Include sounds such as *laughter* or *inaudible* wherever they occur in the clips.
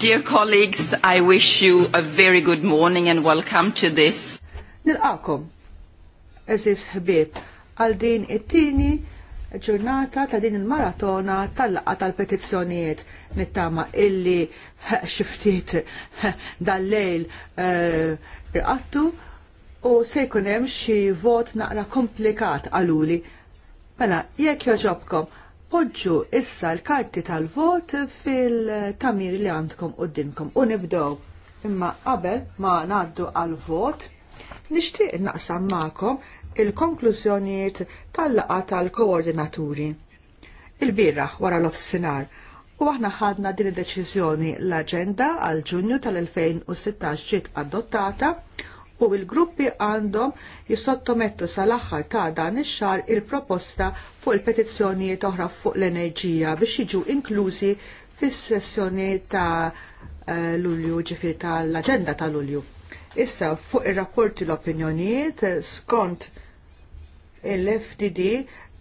Dear colleagues, I wish you a very good morning and welcome to this. Nilqakom, eżis ħbib, għal din it-tini ġurnata ta' din il-maratona tal laqqa tal-petizzjonijiet nittama illi xiftit dal-lejl eh, irqattu u se jkun hemm xi vot naqra komplikat għaluli. Mela, jekk joġobkom, poġġu issa l-karti tal-vot fil-tamir li għandkom dinkom. u nibdow. Imma qabel ma naddu għal-vot, nixtieq naqsam maqom il-konklużjonijiet tal-laqa tal-koordinaturi. il birra wara l-ofsinar u aħna ħadna din id-deċiżjoni l-aġenda għal ġunju tal-2016 ġiet adottata u l-gruppi għandhom jissottomettu sal-aħħar ta' dan ix-xar il-proposta fuq il-petizzjonijiet oħra fuq l-enerġija biex jiġu inklużi fis-sessjoni ta' eh, Lulju ġifiri tal-aġenda ta' Lulju. Issa fuq ir-rapporti l-opinjonijiet skont l-FDD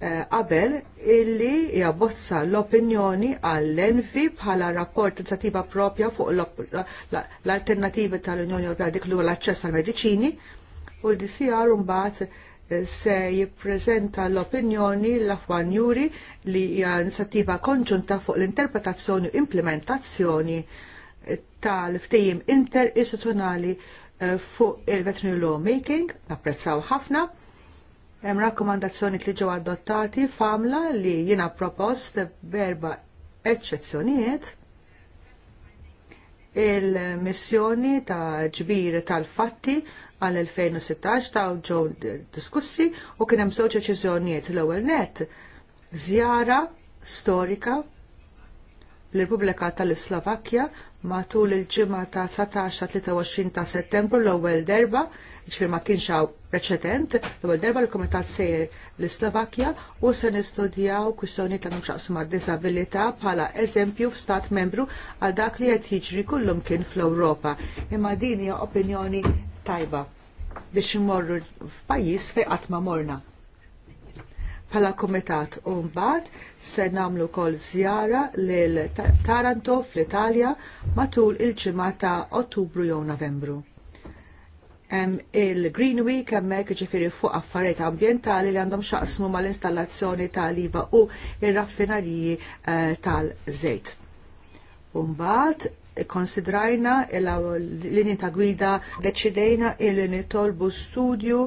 Eh, qabel illi jabbozza l-opinjoni għall-envi bħala rapport inizjattiva propja fuq l-alternativi tal-Unjoni Ewropea dik l l-aċċess għal mediċini u l-DCR mbagħad eh, se jippreżenta l-opinjoni l-Afwan Juri li hija inizjattiva konġunta fuq l-interpretazzjoni u implementazzjoni eh, tal-ftejim interistituzzjonali fuq il-veterinary lawmaking. making, napprezzaw ħafna, Hemm rakkomandazzjoni li ġew adottati famla li jiena propost berba eċċezzjonijiet il-missjoni ta' ġbir tal-fatti għal 2016 ta' ġew diskussi u kien hemm żewġ eċiżjonijiet l-ewwel net żjara storika l-Repubblika tal-Slovakkja matul il-ġimgħa ta' 19-23 ta' Settembru l-ewwel derba, ġifier ma kienx hawn preċedent, l-ewwel darba l-Kumitat sejr l slovakja u se nistudjaw kwistjoni ta' nimxaqsu ma' disabilita bħala eżempju f'stat membru għal dak li qed jiġri kullum kien fl-Ewropa. Imma din hija opinjoni tajba biex imorru f'pajjiż fejn qatt ma morna. Bħala kumitat u mbagħad se nagħmlu wkoll żjara lil Taranto fl-Italja matul il-ġimgħa ta' Ottubru jew Novembru hemm il-Green Week hemmhekk ġifiri fuq affarijiet ambjentali li għandhom xaqsmu mal-installazzjoni tal-iva u eh, il raffinariji tal-żejt. Umbat, konsidrajna l linjen ta' gwida deċidejna il nitolbu studju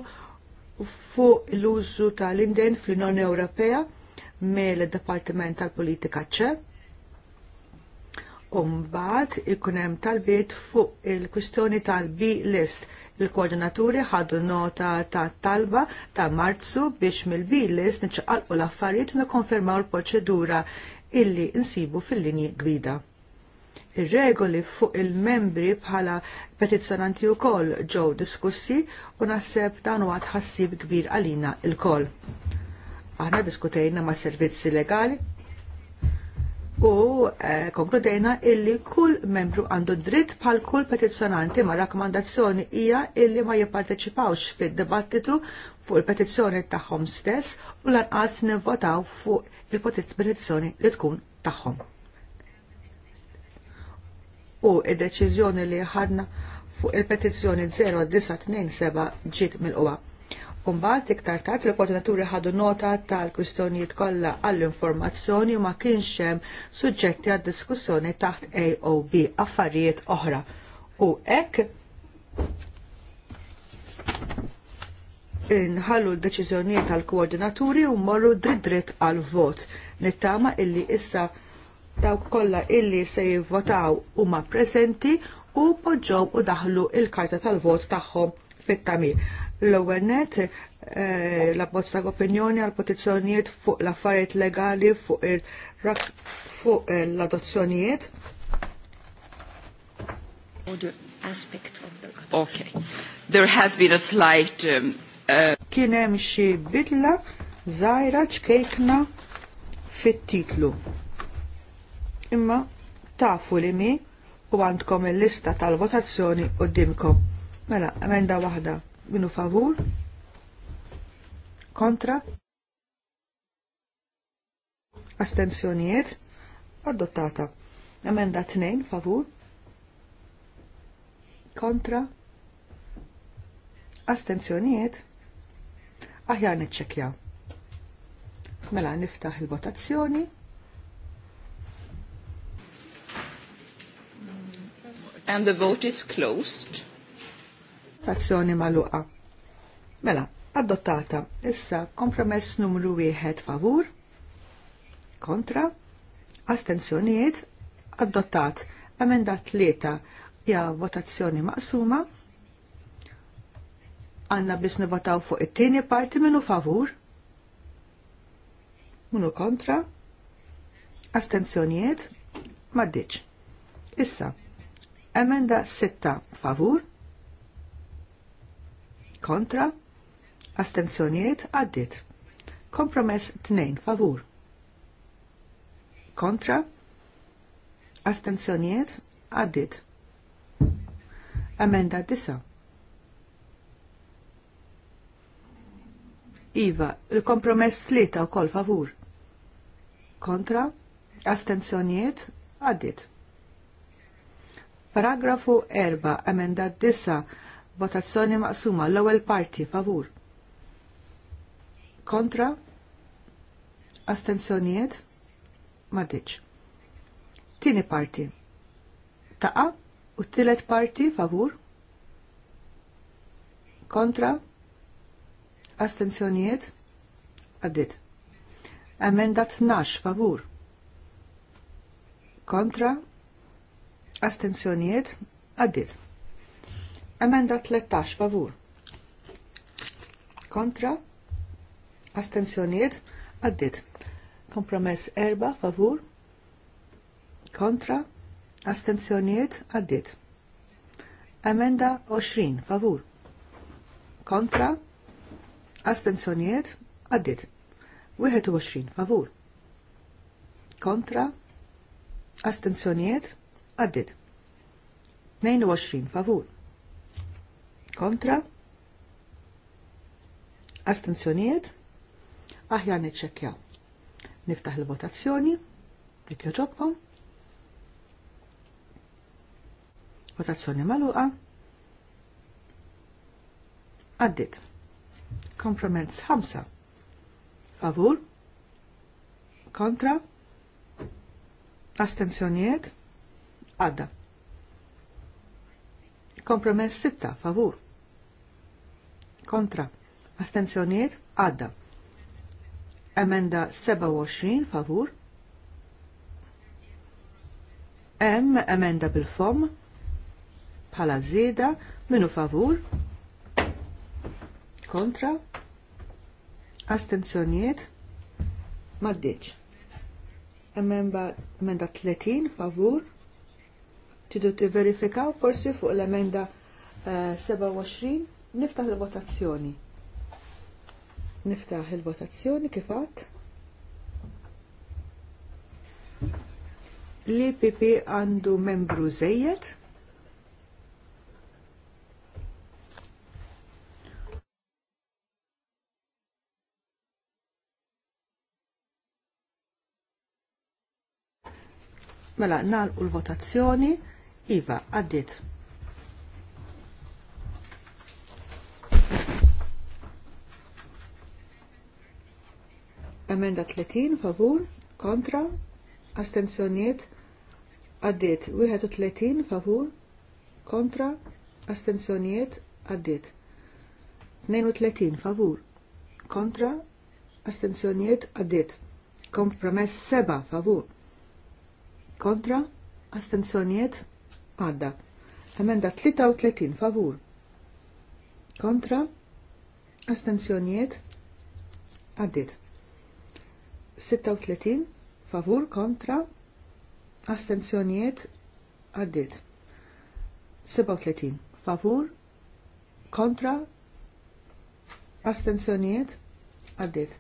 fuq l-użu tal-inden fl-Unjoni Ewropea mill-Dipartiment tal-Politika ċe. Umbat, ikun hemm talbiet fuq il-kwistjoni tal-B list Il-koordinaturi ħadu nota ta' talba ta' marzu biex mill-bilis niċċaqalqu l-affarijiet u nikkonfermaw l-proċedura illi nsibu fil-linji gwida. Ir-regoli fuq il-membri bħala petizzjonanti u kol ġew diskussi u naħseb dan huwa tħassib kbir għalina il-kol. Aħna diskutejna ma' servizzi legali u eh, konkludejna illi kull membru għandu dritt bħal kull petizzjonanti ma' rakkomandazzjoni hija illi ma jipparteċipawx fid-dibattitu fuq il-petizzjoni tagħhom stess u lanqas nivvotaw fuq il-petizzjoni li tkun tagħhom. U id-deċiżjoni li ħadna fuq il-petizzjoni 0927 ġiet mill-qwa Umbat iktar tard il-koordinaturi ħadu nota tal-kwistjonijiet kollha għall-informazzjoni u ma kienx hemm suġġetti għad diskussjoni taħt AOB affarijiet oħra. U hekk inħallu l-deċiżjonijiet tal-koordinaturi u mmorru dritt għal-vot. Nittama illi issa dawk kollha illi se jivvotaw huma preżenti u poġġow u daħlu il-karta tal-vot tagħhom fit-tamir. L-ewwel net eh, la bozz opinjoni għal petizzjonijiet fuq l-affarijiet legali fuq fuq eh, l-adozzjonijiet. Okay. There has been a slight um, uh... kien hemm xi bidla żgħira ċkejkna fit-titlu. Imma tafu li mi u għandkom il-lista tal-votazzjoni qudiemkom. Mela, emenda waħda minu favur, kontra, Astenzjoniet? adottata. Emenda 2, favur, kontra, Astenzjoniet? aħjar niċċekjaw. Mela niftaħ il-votazzjoni. And the vote is closed tazzjoni maluqa. Mela, adottata, issa kompromess numru wieħed favur, kontra, astenzjonijiet, adottat, emenda tlieta ja votazzjoni maqsuma, għanna bis nivotaw fuq it-tieni parti minnu favur, minnu kontra, astenzjonijiet, maddiċ. Issa, emenda sitta favur, kontra, astenzjonijiet għaddit. Kompromess 2 favur. Kontra, astenzjoniet għaddit. Amenda 9. Iva, il-kompromess 3 u kol favur. Kontra, astenzjonijiet għaddit. Paragrafu 4, amenda 9 Votazzjoni maqsuma l-ewwel parti favur. Kontra. Astenzjonijiet m'għaddiġ. Tieni parti. Taqa u t-tielet parti favur. Kontra. Astenzjonijiet għaddit. Emenda 12 favur. Kontra. Astenzjonijiet għaddit. Emenda 13 favur. Kontra. Astenzjoniet Addit. Kompromess 4 favur. Kontra. Astenzjoniet Addit. Emenda 20 favur. Kontra. Astenzjoniet għaddit. 21 favur. Kontra. Astenzjoniet Addit. 22 favur kontra, astenzjonijiet, aħjar niċċekkjaw. Niftaħ il-votazzjoni, jekk joġobkom. Votazzjoni maluqa. Għaddit. Kompromess 5. Favur. Kontra. Astenzjonijiet. Għadda. Kompromess 6. Favur kontra astenzjoniet għadda. Emenda 27 favur. Em emenda bil-fom bħala zida minu favur kontra astenzjoniet maddeċ. Emenda, emenda 30 favur tidu t-verifikaw forsi fuq l-emenda uh, eh, 27 Niftaħ il-votazzjoni. Niftaħ il-votazzjoni kifat. Li Pipi għandu membru zejjed. Mela, nalqu l-votazzjoni. Iva, għaddit. Emenda 30 favur kontra astenzjoniet għaddit 31 favur kontra astenzjoniet għaddit 32 favur kontra astenzjoniet għaddit Kompromess 7 favur kontra astenzjoniet għadda. Emenda 33 favur. Kontra. Astenzjonijiet. Għaddit. 36 favur kontra astenzjonijiet għaddit 37 favur kontra astenzjonijiet għaddit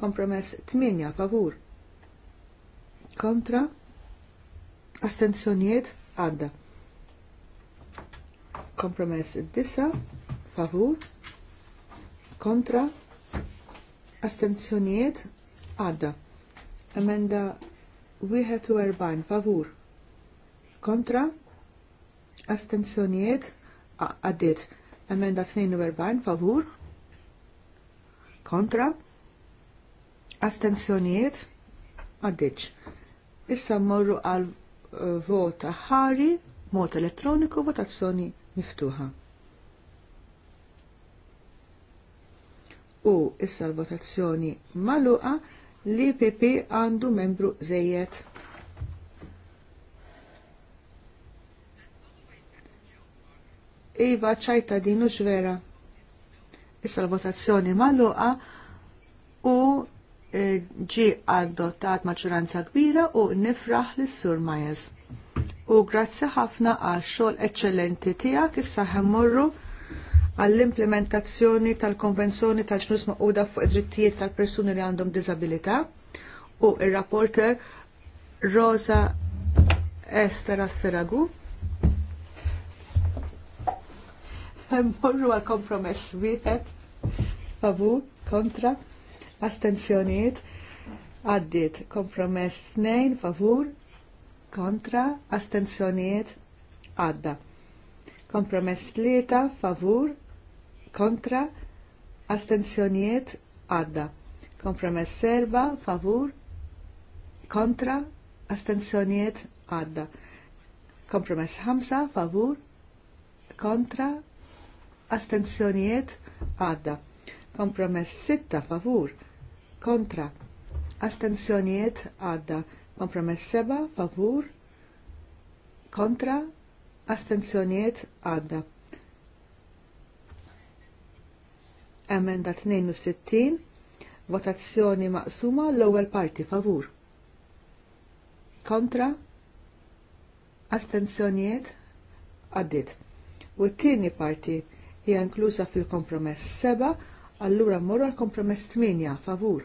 kompromess 8 favur kontra astenzjonijiet għadda kompromess 9 favur kontra astenzjonijiet għadda. Emenda 41 favur kontra Astenzjoniet. għaddit. Emenda 42 favur kontra Astenzjoniet. Għaddit. Issa morru għal eh, vota ħari, mod elettroniku, votazzjoni miftuħa. U issa l-votazzjoni maluqa li PP għandu membru żejjed. Iva ċajta u ġvera. Issa l-votazzjoni mal-luqa u e, ġi adottat maġġoranza kbira u nifraħ lis-Sur Majes. U grazzi ħafna għal xogħol eċċellenti tiegħek issa ħemmorru għall-implementazzjoni tal-Konvenzjoni tal-ġnus maquda fuq id-drittijiet tal-persuni li għandhom disabilità u il rapporter Rosa Ester Asteragu. Morru għal kompromess wieħed favur kontra astenzjoniet għaddiet kompromess tnejn favur kontra astenzjoniet għadda kompromess tlieta favur kontra, astenzjonijiet għadda. Kompromess serba, favur, kontra, astenzjonijiet għadda. Kompromess ħamsa, favur, kontra, astenzjonijiet għadda. Kompromess sitta, favur, kontra, astenzjonijiet għadda. Kompromess seba, favur, kontra, astenzjonijiet għadda. Emenda 62, votazzjoni maqsuma l-ewwel parti favur. Kontra, astenzjonijiet, għaddit. U t-tieni parti hija inklusa fil-kompromess seba' allura morra l kompromess 8 favur.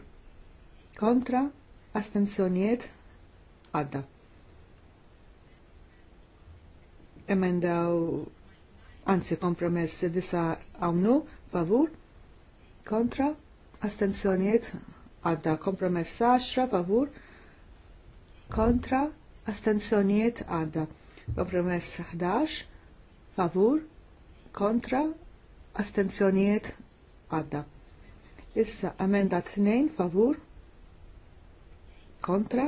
Kontra, astenzjonijiet, għadda. Emendaw, anzi kompromess disa għamnu, favur, kontra, astenzjoniet għadda kompromess 10 favur, kontra, astenzjoniet għadda kompromess 11 favur, kontra, astenzjoniet għadda. Issa amenda 2 favur, kontra,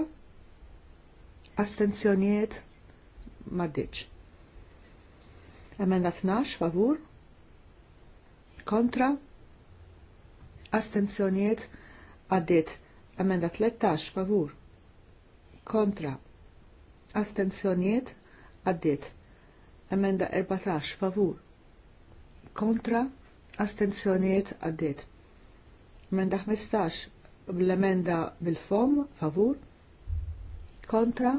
astenzjoniet maddiċ. Emenda 12 favur, kontra, astenzjonijiet għaddit emenda 13 favur kontra astenzjoniet għaddit emenda 14 favur kontra astenzjonijiet għaddit emenda 15 bl-emenda bil-fom favur kontra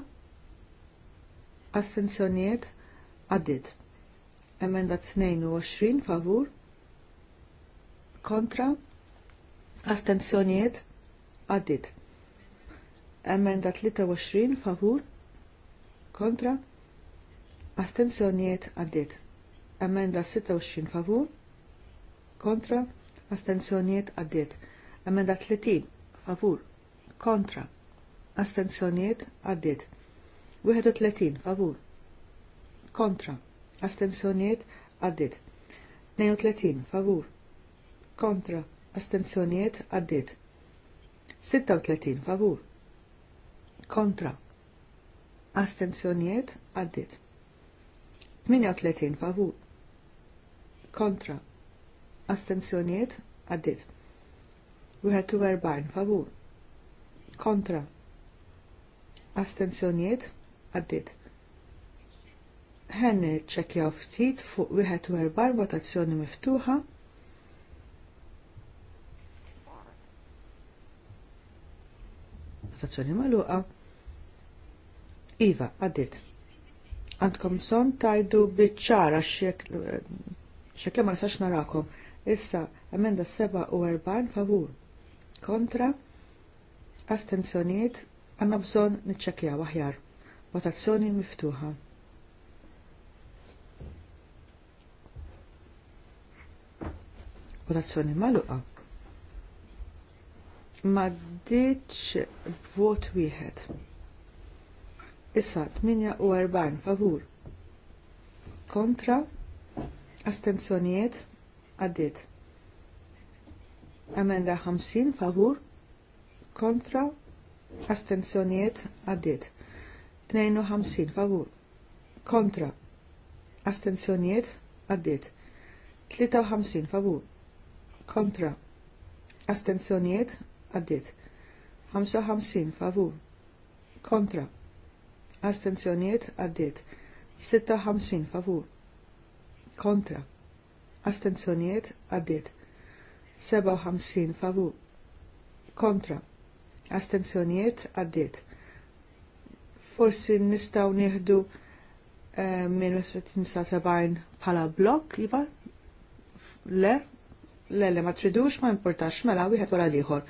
astenzjoniet għaddit emenda 22 favur kontra astenzjoniet għaddit. Emenda 23 favur kontra astenzjoniet għaddit. Emenda 26 favur kontra astenzjoniet għaddit. Emenda 30 favur kontra astenzjoniet għaddit. 31 favur kontra astenzjoniet għaddit. 32 favur kontra astenzjoniet għaddit. 36 favur. Kontra. Astenzjoniet għaddit. 38 favur. Kontra. Astenzjoniet għaddit. 41 favur. Kontra. Astenzjoniet għaddit. Ħen ċekja ftit fuq 41 votazzjoni miftuħa. votazzjoni maluqa. Iva, għaddit. Għandkom son tajdu bitċara li ma nistax narakom. Issa, emenda 47 favur. Kontra, astenzjoniet, għanna bżon nitċekja aħjar. Votazzjoni miftuħa. Votazzjoni maluqa ma maddiċ vot wieħed. Issa 48 favur. Kontra astenzjonijiet għaddiet. Emenda 50 favur. Kontra astenzjonijiet għaddiet. 52 favur. Kontra astenzjonijiet għaddiet. 53 favur. Kontra astenzjonijiet għaddit. 55 favur kontra astenzjoniet għaddit. 56 favur kontra astenzjoniet għaddit. 57 favur kontra astenzjoniet għaddit. Forsi nistaw nieħdu eh, minn 70 pala blok, iva? Le, le, le, ma tridux, ma importax, mela, wieħed wara liħor.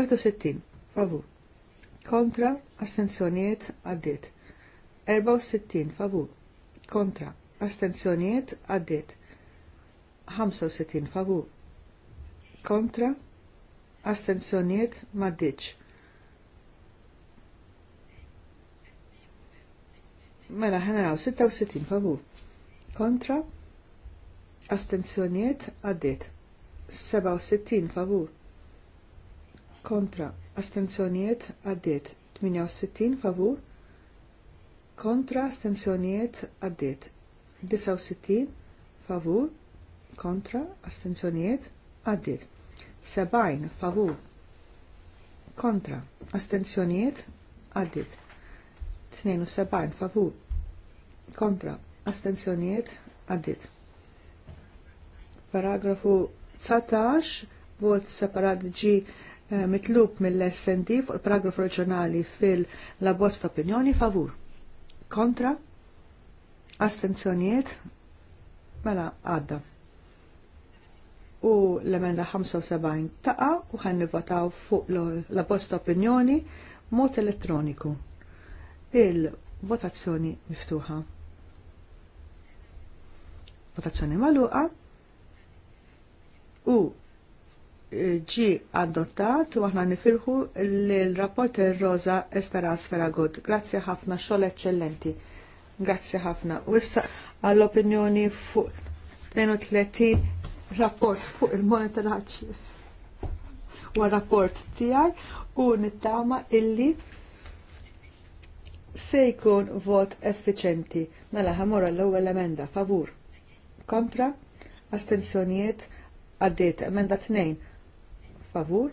61 favur kontra astenzjonijiet għaddit 64 favur kontra astenzjonijiet għaddit 65 favur kontra astenzjonijiet maddiċ Mela ħanaraw 66 favur kontra astenzjonijiet għaddit 67 favur kontra astenzjoniet għaddiet 68 favur kontra astenzjoniet għaddiet 69 favur kontra astenzjoniet għaddiet 70 favur kontra astenzjoniet għaddiet 72 favur kontra astenzjoniet għaddiet paragrafu 19 vot separat ġi Eh, mitlub mill-SND fuq il-paragraf reġjonali fil labost opinjoni favur. Kontra? Astenzjonijiet? Mela għadda. U l-emenda 75 taqa u ħan nivotaw fuq l labost opinjoni mod elettroniku. Il-votazzjoni miftuħa. Votazzjoni maluqa u ġi adottat u aħna nifirħu l-rapporter Rosa Estaras Feragut. Grazzi ħafna, xogħol eccellenti. Grazzi ħafna. U issa għall-opinjoni fuq 32 rapport fuq il-monitoraġġ u rapport tiegħi u nittama illi se jkun vot effiċenti. Mela ħamora l-ewwel emenda favur. Kontra astensjonijiet għaddiet emenda 2 favur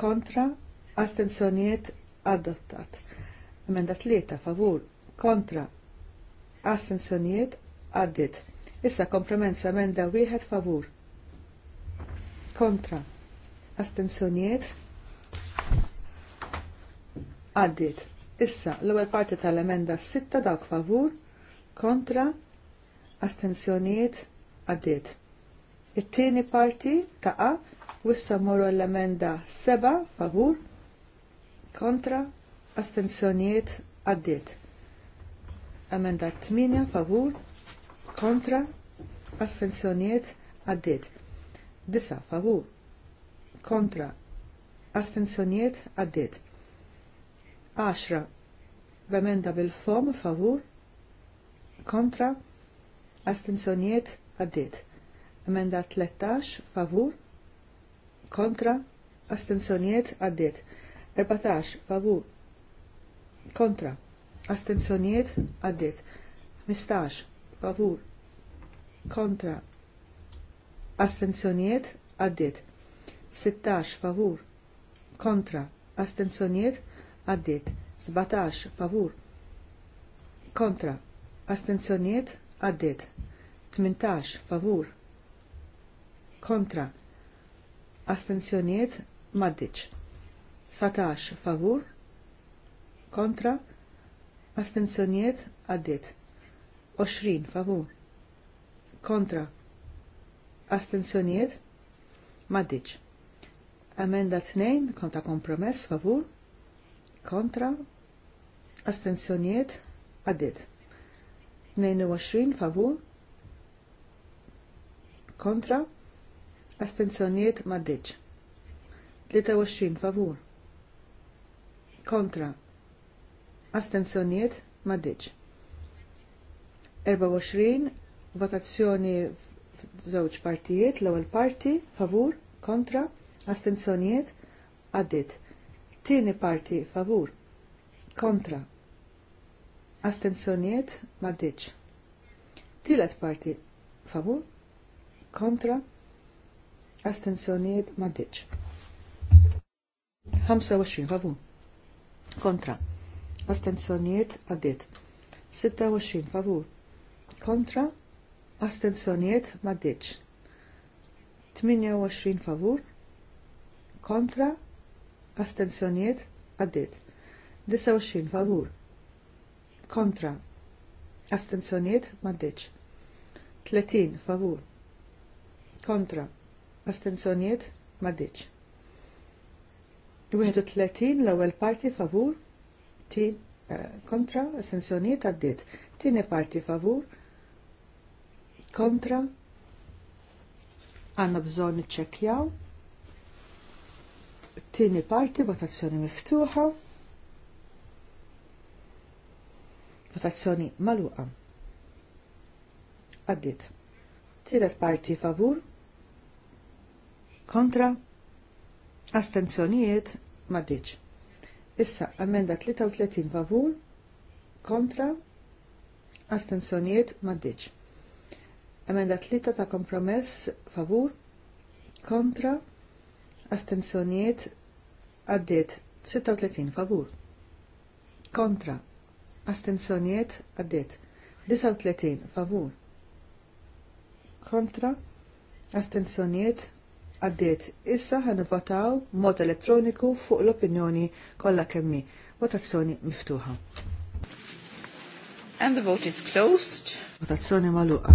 kontra astenzjonijiet adottat. Emenda tlieta favur kontra astenzjonijiet għaddit. Issa kompromessa emenda wieħed favur kontra astenzjonijiet għaddit. Issa, l-ewwel parti tal-emenda sitta dawk favur, kontra, astensjonijiet, għaddiet. It-tieni parti ta' issa morru l-emenda 7 favur kontra astenzjonijiet għaddiet. Emenda 8 favur kontra astenzjonijiet għaddiet. 9 favur kontra astenzjonijiet għaddiet. 10 b'emenda bil-fom favur kontra astenzjonijiet għaddiet. Emenda 13 favur kontra, astenzjoniet għaddiet. 14 favur kontra, astenzjoniet għaddiet. 15 favur kontra, astenzjoniet għaddiet. 16 favur kontra, astenzjoniet għaddiet. 17 favur kontra, astenzjoniet għaddiet. 18 favur kontra, astensjoniet maddiċ. 17 favur kontra astensjoniet għaddit. 20 favur kontra astensjoniet maddiċ. Amenda 2 konta kompromess favur kontra astensjoniet għaddit. 22 favur kontra Astenzjonijiet maddiċ. 23 favur. Kontra. Astenzjonijiet maddiċ. 24 votazzjoni żewġ partijiet, l-ewwel parti favur, kontra, astenzjonijiet għaddit. Tieni parti favur, kontra, astenzjonijiet maddiċ. Tielet parti favur, kontra, Astenzjoniet ma' maddiċ. 25 favur kontra astensjonijiet għaddiet. 26 favur kontra Astenzjoniet ma' maddiċ. 28 favur kontra astensjonijiet għaddiet. 29 favur kontra Astenzjoniet ma' maddiċ. 30 Kontra. kontra astenzjoniet maddiċ. 31 l-ewwel parti favur ti eh, kontra astenzjoniet għaddiet. Tieni parti favur kontra għanna bżon niċċekkjaw. Tieni parti votazzjoni miftuħa. Votazzjoni maluqa. Għaddiet. Tielet parti favur kontra astenzjonijiet maddiċ. Issa emenda 33 favur kontra astenzjonijiet maddiċ. Emenda 3 ta' kompromess favur kontra astenzjonijiet għaddit 36 favur kontra astenzjonijiet għaddit 39 favur kontra astenzjonijiet għaddiet. Issa ħan votaw mod elettroniku fuq l-opinjoni kollha kemmi. Votazzjoni miftuħa. And the vote is closed. Votazzjoni magħluqa.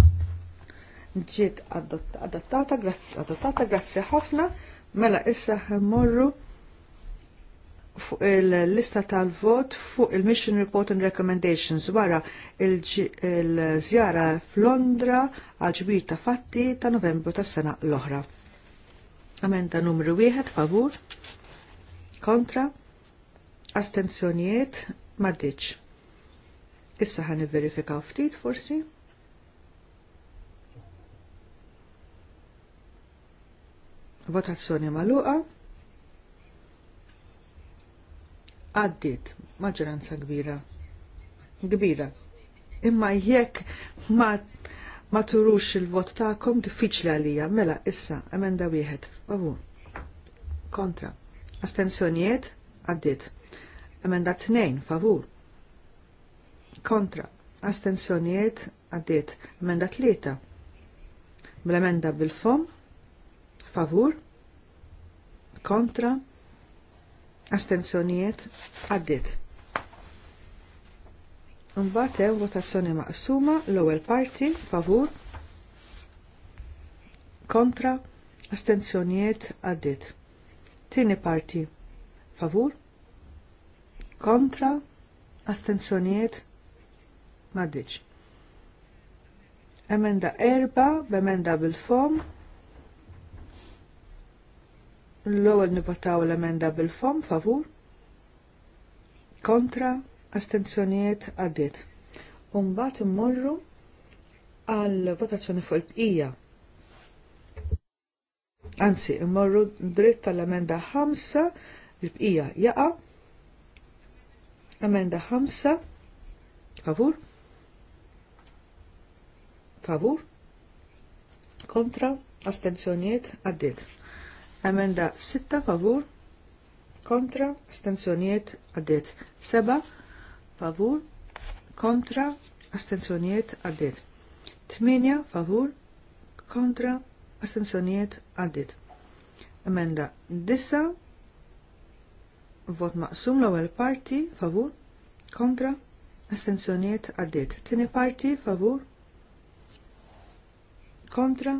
Ġiet adottata, grazzi, adottata, grazzi ħafna. Mela issa morru fuq il-lista tal-vot fuq il-Mission Report and Recommendations wara il-żjara f'Londra għal ġbir ta' fatti ta' novembru tas sena l-oħra. Amenda numru 1 favur kontra astenzjonijiet maddiċ. Issa ħan verifika ftit forsi. Votazzjoni maluqa. Għaddit maġġoranza kbira. Kbira. Imma jekk ma' ma turux il-vot ta'kom diffiċli għalija. Mela, issa, emenda wieħed. Favur. Kontra. astenzjonijiet Għaddit. Emenda tnejn. Favur. Kontra. astenzjonijiet Għaddit. Emenda tlieta. Bl-emenda mela, bil-fom? Favur. Kontra. astenzjonijiet Għaddit. Mbagħad hemm votazzjoni maqsuma l-ewwel parti favur kontra astenzjonijiet għaddiet. Tieni parti favur kontra astenzjonijiet m'għaddiċ. Emenda erba b'emenda bil-fom l-ewwel nivotaw l-emenda bil-fom favur kontra astenzjonijiet għaddit. Umbat immorru għal votazzjoni fuq il-bqija. Anzi, immorru dritt tal amenda 5, il-bqija jaqa. Amenda 5, favur. Favur. Kontra, astenzjonijiet għaddit. Amenda 6, favur. Kontra, astenzjonijiet għaddit. 7, favur kontra astenzjoniet għaddit. 8 favur kontra astenzjoniet għaddit. Emenda disa vot maqsum l-ewwel parti favur kontra astenzjonijiet għaddit. Tieni parti favur kontra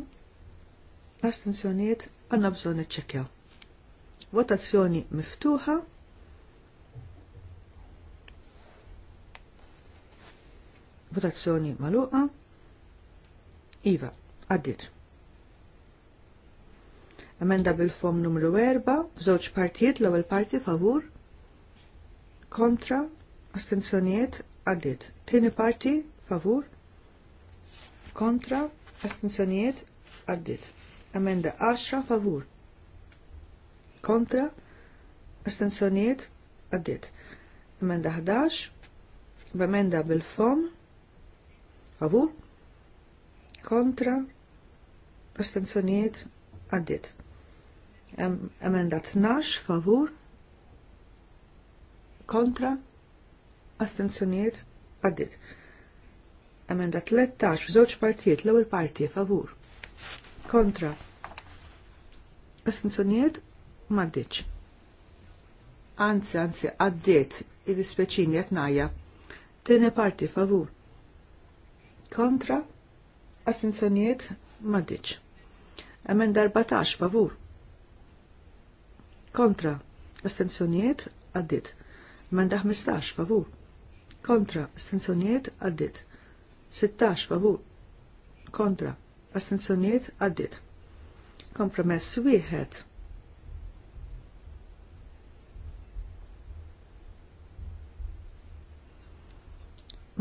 astenzjonijiet għanna bżonn iċċekkjaw. Votazzjoni miftuħa Votazzjoni maluqa. Iva, għaddit. Emenda bil-fom numru 4, żewġ partijiet l-ewwel parti favur, kontra, astenzjonijiet għaddit. Tieni parti favur, kontra, astenzjonijiet għaddit. Emenda 10 favur, kontra, astenzjonijiet għaddit. Emenda 11, b'emenda bil-fom favur kontra astenzjonijiet għaddit. Emenda 12 favur kontra astenzjonijiet għaddit. Emenda 13 żewġ partijiet l-ewwel parti favur kontra astenzjonijiet m'għaddiċ. Anzi, anzi, għaddiet il-speċini għetnajja. Tieni parti favur kontra astenzjonijiet maddiċ. Emenda 14 favur kontra astenzjonijiet għaddit. Emenda 15 favur kontra astenzjonijiet għaddit. 16 favur kontra astenzjonijiet għaddit. Kompromess wieħed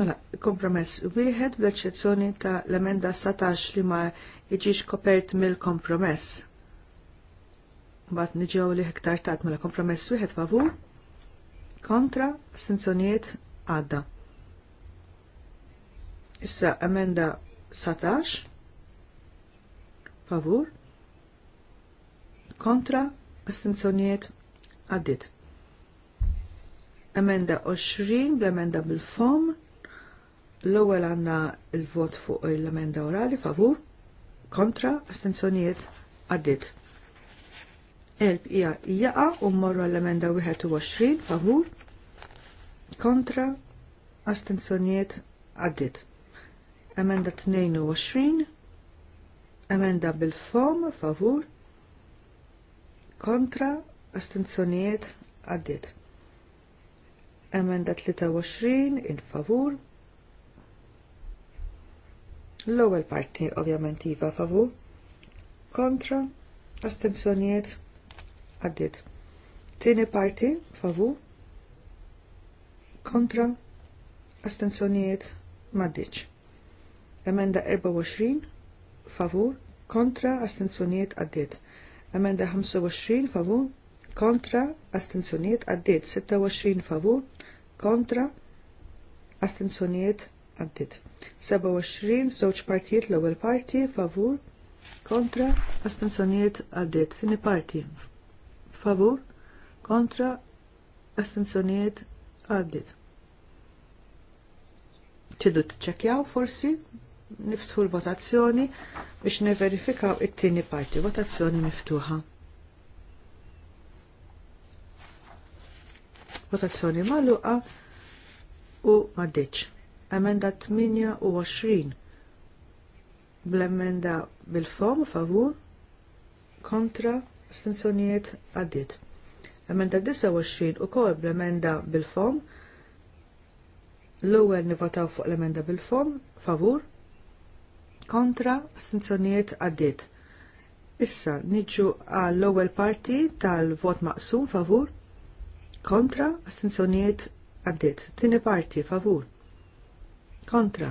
Mela, kompromess wieħed bl-eċċezzjoni ta' l-emenda 17 li ma jiġix kopert mill-kompromess. Mbagħad niġew li iktar tat mela kompromess wieħed favur kontra astenzjonijiet għadda. Issa emenda 17 favur kontra astenzjonijiet għaddit. Emenda 20 bl-emenda bil-fom L-ewwel għandna l-vot fuq l-emenda orali favur, kontra, astenzjonijiet għaddit. Elb hija jaqa u mmorru l-emenda 21 favur, kontra, astenzjonijiet għaddit. Emenda 22, emenda bil-fom favur, kontra, astenzjonijiet għaddit. Emenda 23 in favur, L-ewwel parti ovvjament iva favu kontra astenzjonijiet għaddiet. Tieni parti favu kontra astenzjonijiet m'għaddiċ. Emenda 24 favur kontra astenzjonijiet għaddiet. Emenda 25 favur kontra astenzjonijiet għaddiet. 26 favur kontra astenzjonijiet għaddiet għaddit. 27 żewġ partijiet l-ewwel parti favur kontra astenzjonijiet għaddit. Tini parti favur kontra astenzjonijiet għaddit. Tidu tċekjaw forsi niftħu l-votazzjoni biex neverifikaw it-tieni parti. Votazzjoni miftuħa. Votazzjoni magħluqa u ma' Emenda 28 bl-emenda bil-fom favur kontra astenzjonijiet għaddit. Emenda 29 u kol bl-emenda bil-fom l-ewwel nivotaw fuq l-emenda bil-fom favur kontra astenzjonijiet għaddit. Issa niġu għall l-ewwel parti tal-vot maqsum favur kontra astenzjonijiet għaddit. Tieni parti favur kontra.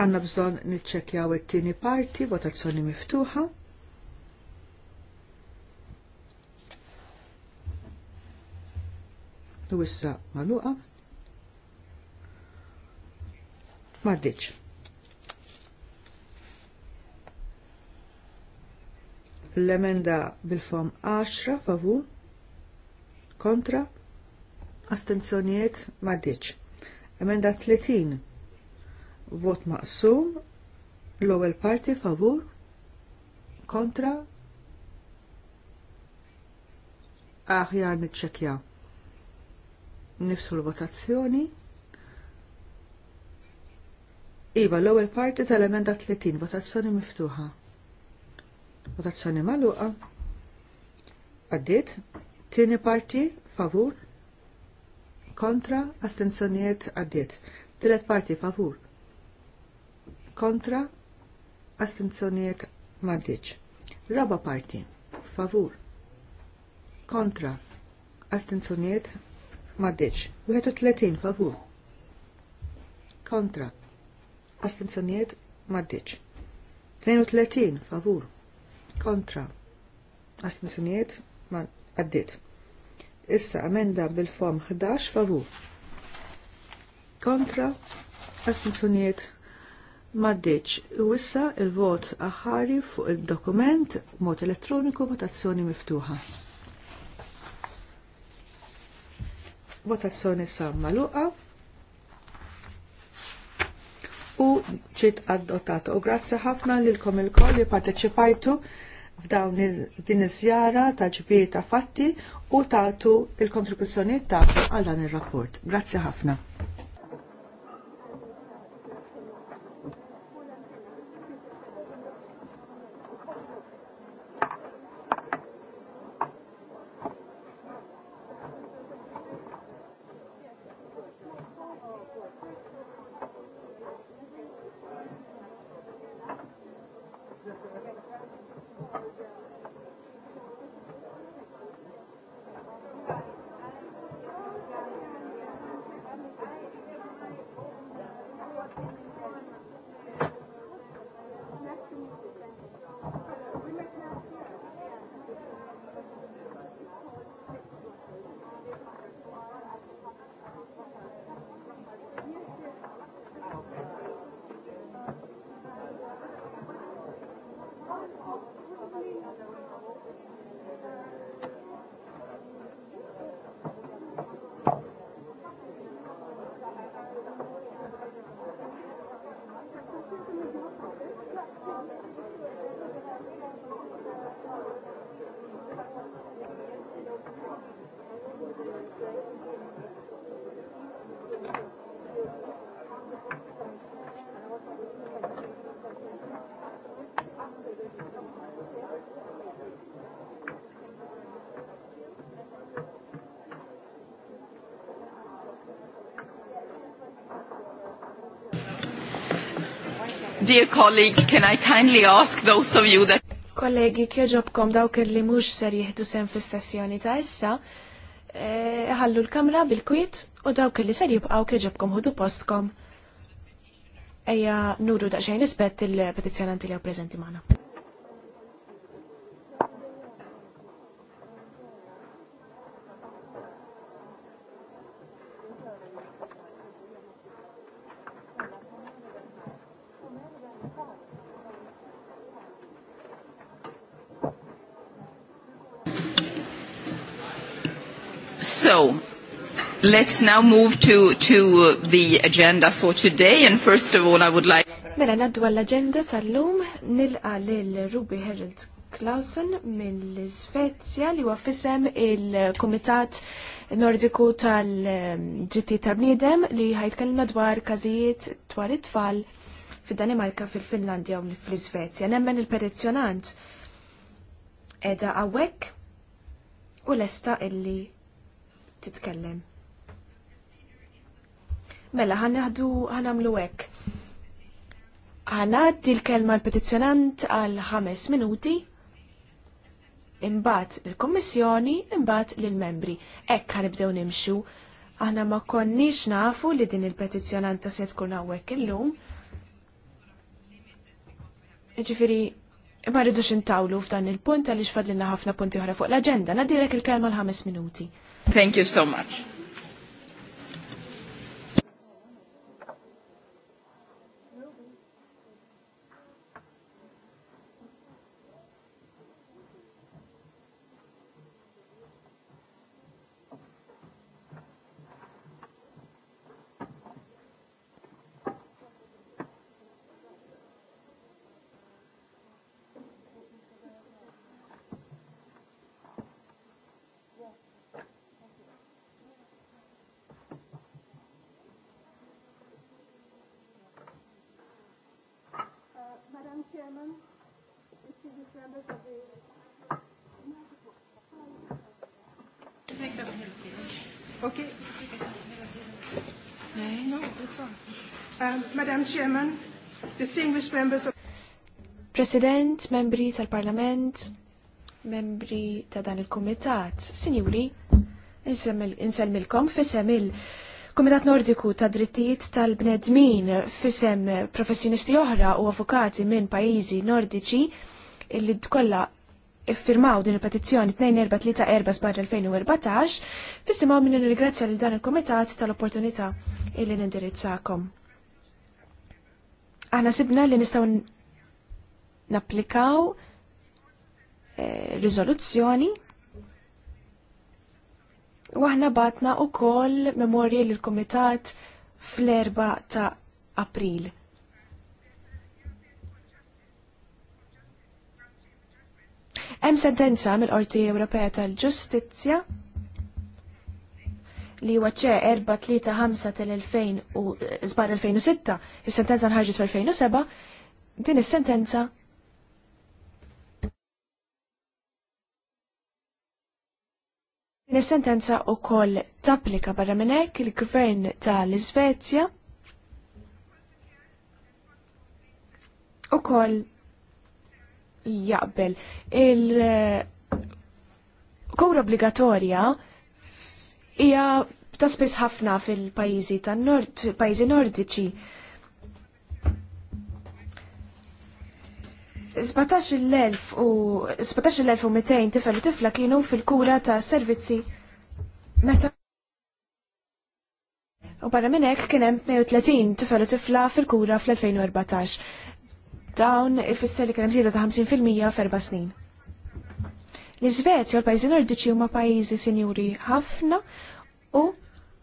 Għanna bżon nitċekjaw it-tieni parti, votazzjoni miftuħa. U issa maluqa. Maddiċ. L-emenda bil-fom 10 favur kontra astenzjonijiet maddiċ. Emenda 30. Vot maqsum. L-ewwel parti favur. Kontra. Aħjar niċċekkja Nifsu l-votazzjoni. Iva, l-ewwel parti tal-emenda 30, votazzjoni miftuħa. Votazzjoni magħluqa. Għaddiet. Tieni parti favur kontra, astenzjoniet għaddiet. Tilet parti favur. Kontra, astenzjoniet maddiċ. Raba parti favur. Kontra, astenzjoniet maddiċ. 31 favur. Kontra, astenzjoniet maddiċ. 32 favur. Kontra, astenzjoniet maddiċ. Issa emenda bil-fom 11 favu Kontra astenzjonijiet maddeċ. U issa il-vot aħari fuq il-dokument mod elettroniku votazzjoni miftuħa. Votazzjoni samma luqa u ċit għaddotat. U grazzi ħafna lilkom il-koll li parteċipajtu f'dawn din iż-żjara ta' ġbir ta' fatti u tagħtu il-kontribuzzjonijiet tagħkom għal dan ir-rapport. Grazzi ħafna. dear colleagues, can I kindly ask those of you that... Kollegi, ġobkom dawk li mux ser jihdu sen fil-sessjoni ta' issa, eh, ħallu l-kamra bil-kwiet u dawk li ser jibqaw ġobkom hudu postkom. Eja, nuru xejn isbet il-petizjonanti li għu prezenti maħna. Let's now move to, to uh, the agenda for today and first of all I would like Mela naddu għall-agenda tal-lum nilqa lil Ruby Herald Clausen mill-Svezja li huwa fisem il-Kumitat Nordiku tal-Dritti tal-Bniedem li ħajtkellimna dwar każijiet dwar it-tfal fid-Danimarka fil-Finlandja u fl-Svezja. Nemmen il-petizzjonant edha għawek u lesta illi titkellem. Mela, ħanaħdu ħanamlu hekk. Ħanaddi l-kelma l-petizzjonant għal ħames minuti, imbagħad il-Kommissjoni, imbagħad lill-membri. Hekk ħanibdew nimxu. Aħna ma konniex nafu li din il-petizzjonanta se tkun hawnhekk illum. Ġifieri ma rridux intawlu f'dan il-punt għaliex fadlilna ħafna punti oħra fuq l-aġenda. Nadilek il-kelma l-ħames minuti. Thank you so much. Chairman, Okay. No, it's on. Um, Madam Chairman, distinguished members of President, membri tal-Parlament, membri ta' dan il-Kumitat, sinjuri, insemmilkom fi semil Komitat Nordiku ta' drittijiet tal-bnedmin fisem professjonisti oħra u avukati minn pajjiżi nordiċi illi kollha iffirmaw din il-petizzjoni 2434-2014 fissimaw minn ringrazzja lil dan il-komitat tal-opportunità illi nindirizzakom. Aħna sibna li nistgħu napplikaw eh, riżoluzzjoni Waħna batna u koll memorja l-Komitat fl-4 ta' April. Hemm sentenza mill-Qorti Ewropea tal-Ġustizzja li huwa ċe 435 tal-2000 u żbar 2006, is-sentenza nħarġet fl-2007, din is-sentenza Nis-sentenza u koll tapplika barra minnek il-gvern tal-Svezja u koll jaqbel il-kura eh, obbligatorja hija ta' spiss ħafna fil-pajjiżi tan-nord, fil-pajjiżi nordiċi. 17,000 u 17,200 tifel u tifla kienu fil-kura ta' servizzi meta U barra minn hekk kien hemm 130 tifel u tifla fil-kura fl-2014. Dawn ifisser li kien hemm żieda ta' 50% f'erba' snin. L-Iżvezja u l-pajjiżi nordiċi huma pajjiżi sinjuri ħafna u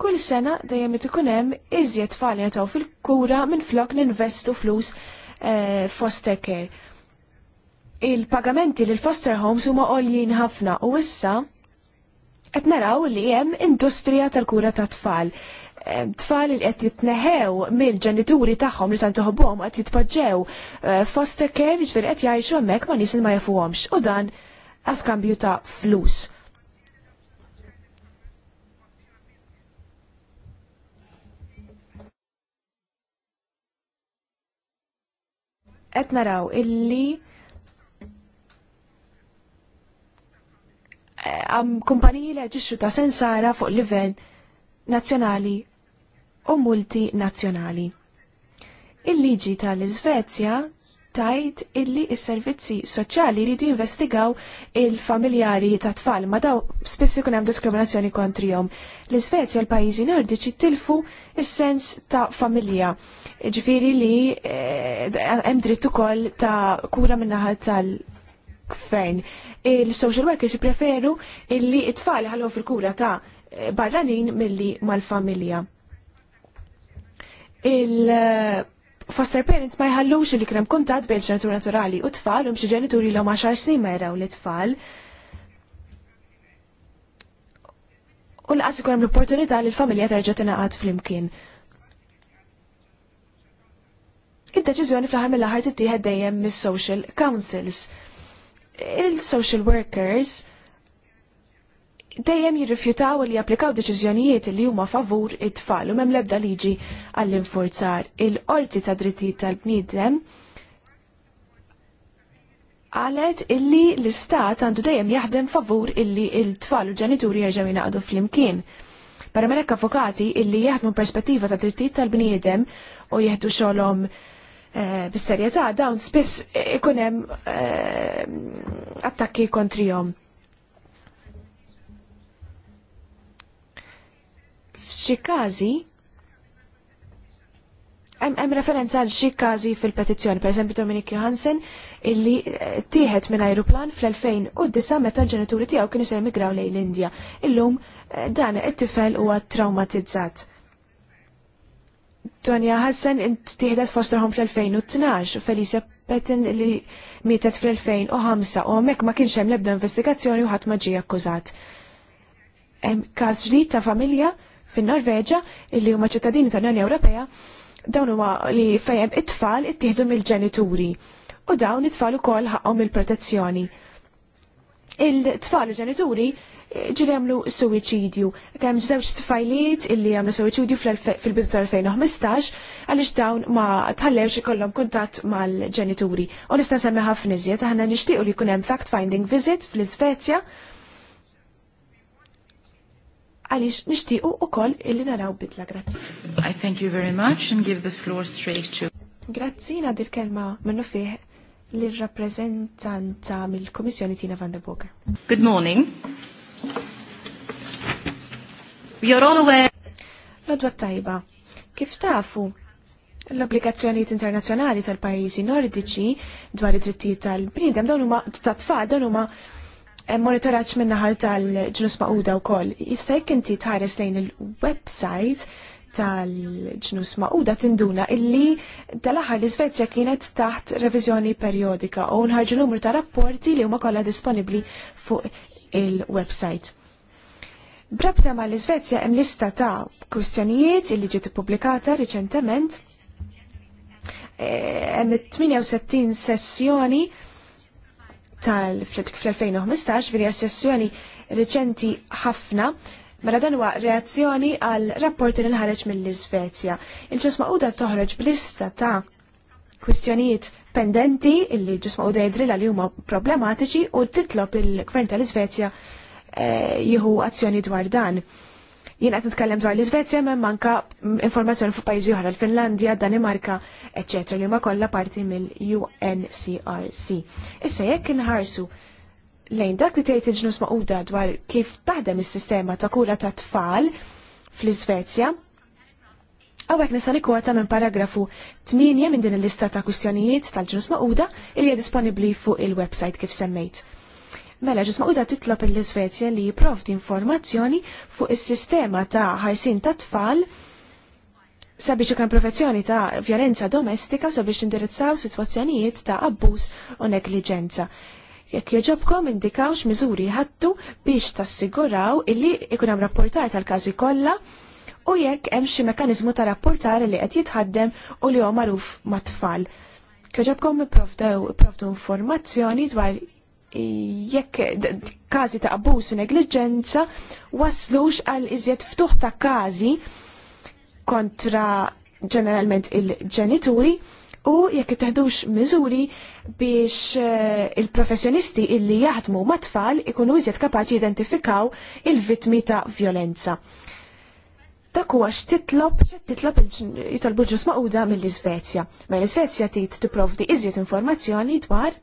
kull sena dejjem ikun hemm iżjed tfal jagħtaw fil-kura minn flok ninvestu flus eh, foster care il-pagamenti lil foster homes huma għoljin ħafna u issa qed naraw li hemm industrija tal-kura ta' tfal. Tfal li qed jitneħew mill-ġenituri tagħhom li tant toħobhom qed jitpoġġew eh, foster care jiġifieri qed jgħixu hemmhekk ma nies ma jafuhomx u dan għaskambju ta' flus. Qed naraw illi għam kumpaniji li ġiċu ta' sensara fuq livell nazzjonali u multinazzjonali. Il-liġi tal-Izvezja tajt illi s-servizzi soċjali jridu investigaw il-familjari ta' tfal, ma daw spessi ikun hemm diskriminazzjoni kontrijom. L-Iżvezja l-pajjiżi nordiċi tilfu is-sens ta' familja. Ġifieri li eh, hemm dritt ukoll ta' kura minnaħat tal- fejn il-social workers preferu illi it-tfal ħallhom fil-kura ta' barranin milli mal-familja. Il- Foster parents ma jħallux li krem kuntat bejn ġenitur naturali u tfal u mxie ġenituri l-om snin ma jraw li tfal. U l-qas ikun l-opportunità li l-familja terġa' fl flimkien. Id-deċiżjoni fl-aħħar mill-aħħar tittieħed dejjem mis-social councils il-social workers dejjem jirrifjutaw li japplikaw deċiżjonijiet li huma favur it-tfal u mem lebda liġi għall-infurzar. Il-qorti ta' drittijiet tal-bniedem għalet illi l-istat għandu dejjem jaħdem favur illi il-tfal u ġenituri jerġgħu fl flimkien. Paramelek avukati illi jaħdmu perspettiva ta' drittijiet tal-bniedem u jieħdu xogħolhom Eh, bis-serjetà dawn spiss ikun hemm eh, attakki kontrihom. F'xi każi Hemm referenza għal xi każi fil-petizzjoni, pereżempju Dominik Johansen, illi eh, tieħed minn ajruplan fl-2009 meta l-ġenituri tiegħu kienu se jemigraw lejn l-Indja. Illum dan it-tifel huwa traumatizzat. Tonja Hassan tieħdet fosterhom fl-2012 u Felicia Petten li mietet fl-2005 u mek ma kienx hemm l-ebda investigazzjoni u ħadd ma ġie akkużat. Hemm każ ġdid ta' familja fin-Norveġa illi huma ċittadini tal-Unjoni Ewropea dawn huma li fejjem it-tfal ittieħdu mill-ġenituri u dawn it-tfal ukoll ħaqhom il-protezzjoni. Il-tfal u ġenituri ġiri għamlu suwiċidju. Kemm żewġ tfajliet illi għamlu suwiċidju fil-bidu tal-2015 għaliex dawn ma tħallewx ikollhom kuntatt mal-ġenituri. U nista' semmi ħafna iżjed aħna nixtiequ li jkun hemm fact-finding visit fl-Iżvezja għaliex nixtiequ koll illi naraw bidla. Grazzi. I thank you very much and give the floor straight to. Grazzi nadir kelma minnu fih l-rappresentanta mill-Komissjoni Tina van der Good morning. You're all aware. tajba. Kif tafu? L-obbligazzjonijiet internazzjonali tal-pajjiżi nordiċi dwar id-drittijiet tal-bniedem dawn huma tat-tfal dawn huma eh, monitoraġġ min-naħal tal-ġnus maquda wkoll. Issa jekk inti tħares lejn il-website tal-ġnus maquda tinduna illi tal-aħħar l-Svezja kienet taħt reviżjoni perjodika u nħarġu numru ta' rapporti li huma kollha disponibbli fuq il-website. Brabta ma l-Svezja hemm lista ta' kwistjonijiet li ġiet ippubblikata riċentement. E, hemm 68 sessjoni tal-2015 virja sessjoni riċenti ħafna Mela dan huwa reazzjoni għal rapporti li nħareġ mill-Iżvezja. Il-ġusma uda toħroġ blista ta' kwistjonijiet pendenti illi ġisma u dejdri li huma problematiċi u titlob il-Gvern tal-Iżvezja eh, jieħu azzjoni dwar dan. Jien qed nitkellem dwar l-Iżvezja hemm manka informazzjoni fuq pajjiżi oħra l-Finlandja, Danimarka, etc. li huma kollha parti mill-UNCRC. Issa jekk inħarsu lejn dak li tgħid il-ġnus dwar kif taħdem is-sistema ta' kura ta' tfal fl-Iżvezja, Għawek nisali kwota minn paragrafu 8 minn din il-lista ta' kwistjonijiet tal ġus maquda li hija disponibbli fuq il-website kif semmejt. Mela ġus maquda titlob il-Svezja li jiprovdi informazzjoni fuq is-sistema ta' ħajsin ta' tfal sabiex ikun profezzjoni ta' violenza domestika sabiex indirizzaw sitwazzjonijiet ta' abbuż u negliġenza. Jekk joġobkom indikawx miżuri ħattu biex tassiguraw illi ikun hemm rapportar tal-każi kollha u jekk hemm xi mekkaniżmu ta' rapportar li qed jitħaddem u li huwa magħruf mat-tfal. Kieġobkom ipprovdu informazzjoni dwar jekk każi ta' abbuż u negliġenza waslux għal iżjed ftuħ ta' każi kontra ġeneralment il-ġenituri u jekk teħdux miżuri biex eh, il-professjonisti illi jaħdmu mat-tfal ikunu iżjed kapaċi identifikaw il-vitmi ta' violenza dak huwa x'titlob titlob jitolbu ġus maquda mill-Iżvezja. Ma l-Iżvezja trid tipprovdi iżjed informazzjoni dwar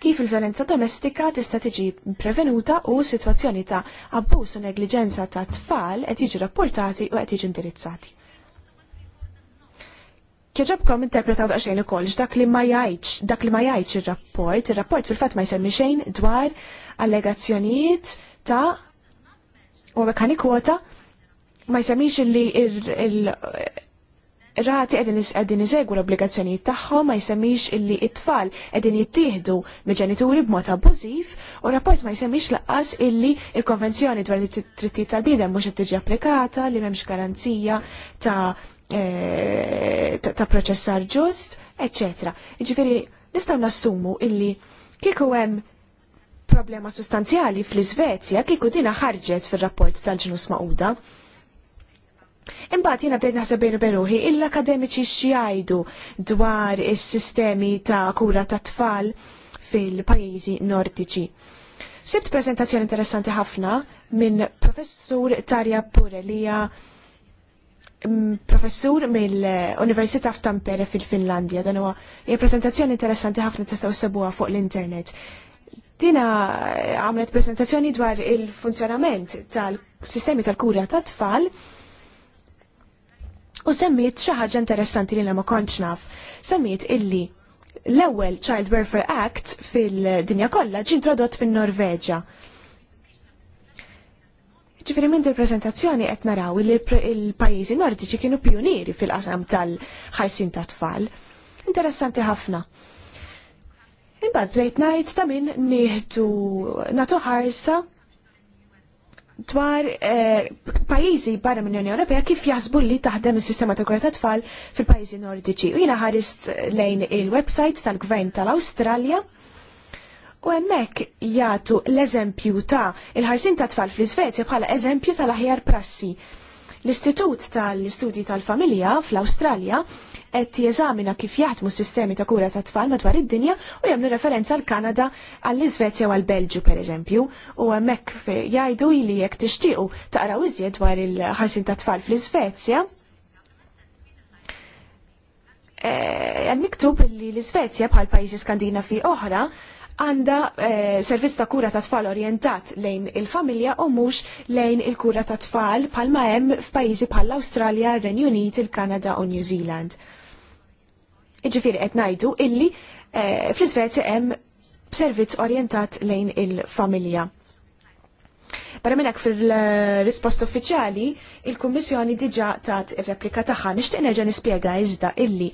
kif il-violenza domestika tista' tiġi prevenuta u sitwazzjoni ta' abbuż u negliġenza ta' tfal qed jiġi rapportati u qed jiġi indirizzati. Kieġabkom interpretaw daqsxejn ukoll dak li ma jgħidx dak li ma jgħidx ir-rapport, ir-rapport fil-fatt ma jsemmi xejn dwar allegazzjonijiet ta' u mekkani kwota ma jisamix li il-rati qegħdin iżegu l-obbligazzjonijiet tagħhom, ma jsemmix illi it-tfal qegħdin jittieħdu mill-ġenituri b'mod abbużif, u rapport ma jsemmix laqqas illi il-konvenzjoni dwar it-trittijiet tal-bidem mhux qed tiġi applikata, li m'hemmx garanzija ta' eh, ta' proċessar ġust, eccetera. Iġifiri, nistgħu nassumu illi kieku hemm problema sustanzjali fl-Iżvezja kieku dina ħarġet fil-rapport tal-ġnus Mauda. Imbagħad jiena bdejt naħseb bejn beruħi l-akademiċi xjajdu dwar is-sistemi ta' kura ta' tfal fil-pajjiżi nordiċi. Sibt prezentazzjoni interessanti ħafna minn professur Tarja Purelija mm, professur mill-Università f'Tampere fil-Finlandja. Dan huwa hija prezentazzjoni interessanti ħafna tistgħu sebuha fuq l-internet. Tina għamlet presentazzjoni dwar il-funzjonament tal-sistemi tal-kura ta' tfal u semmiet xi ħaġa interessanti li ma kontx naf. Semmiet illi l-ewwel Child Welfare Act fil-dinja kollha ġie introdott fin-Norveġa. Ġifieri minn il-preżentazzjoni qed naraw li l-pajjiżi nordiċi kienu pjunieri fil-qasam tal-ħarsin tat-tfal. Interessanti ħafna. Imbagħad late night ta' min nieħdu nagħtu ħarsa dwar eh, pajjiżi barra mill-Unjoni Ewropea kif jaħsbu li taħdem is-sistema ta' kura ta' tfal fil-pajjiżi nordiċi. U jiena ħarist lejn il-website tal-Gvern tal-Awstralja u hemmhekk jagħtu l-eżempju ta' il-ħarsin ta' tfal fl-Iżvezja bħala eżempju tal-aħjar prassi L-Istitut tal-Istudji tal-Familja fl-Awstralja qed jeżamina kif jaħdmu sistemi ta' kura ta' tfal madwar id-dinja u jagħmlu referenza għal Kanada għall-Iżvezja u għall-Belġju pereżempju u hemmhekk jgħidu li jekk tixtiequ taqraw iżjed dwar il-ħarsin ta' tfal fl-Iżvezja eh, hemm miktub li l-Iżvezja bħal pajjiżi Skandinavi oħra għanda eh, servizz ta' kura ta' tfal orientat lejn il-familja u mhux lejn il-kura ta' tfal bħalma hemm f'pajjiżi bħall awstralja Renju Unit, il-Kanada u New Zealand. Iġifieri qed ngħidu illi eh, fl-Iżvezja hemm servizz orientat lejn il-familja. Barra minnak fil-risposta uffiċjali, il-Kummissjoni diġa tat ir-replika tagħha nixtieq nerġa' nispjega iżda illi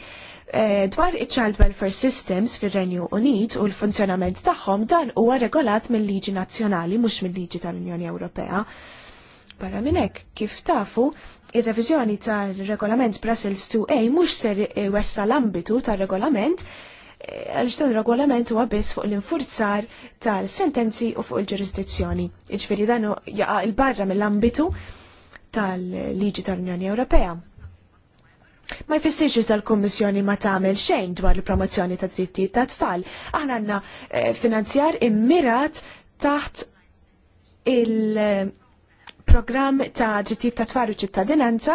Eh, dwar il child Welfare Systems fir-Renju Unit u l-funzjonament tagħhom dan huwa regolat mill-liġi nazzjonali mhux mill-liġi tal-Unjoni Ewropea. Barra minn hekk, kif tafu, ir-reviżjoni tal-regolament Brussels 2A mhux ser wessa l-ambitu tal-regolament eh, għaliex dan regolament huwa biss fuq l-infurzar tal-sentenzi u fuq il-ġurisdizzjoni. Jiġifieri dan jaqa' il-barra mill-ambitu tal-liġi tal-Unjoni Ewropea. Ma jfissirx iżda l-Kommissjoni ma tagħmel xejn dwar il-promozzjoni ta' drittijiet ta' tfal. Aħna għandna eh, finanzjar immirat taħt il-programm ta' drittijiet ta' tfal u ċittadinanza.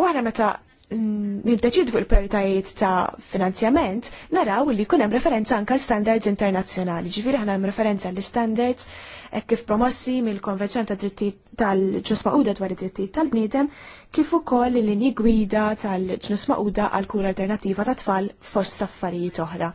U aħna meta niddeċidu fuq il-prioritajiet ta' finanzjament, naraw li jkun hemm referenza anke standards internazzjonali. Ġifiri aħna hemm referenza l standards hekk kif promossi mill-Konvenzjoni ta' dritti tal-Ġnus Maquda dwar id-drittijiet tal-bniedem, kif ukoll l-linji gwida tal-Ġnus Maquda għal kura alternattiva ta' tfal fost affarijiet oħra.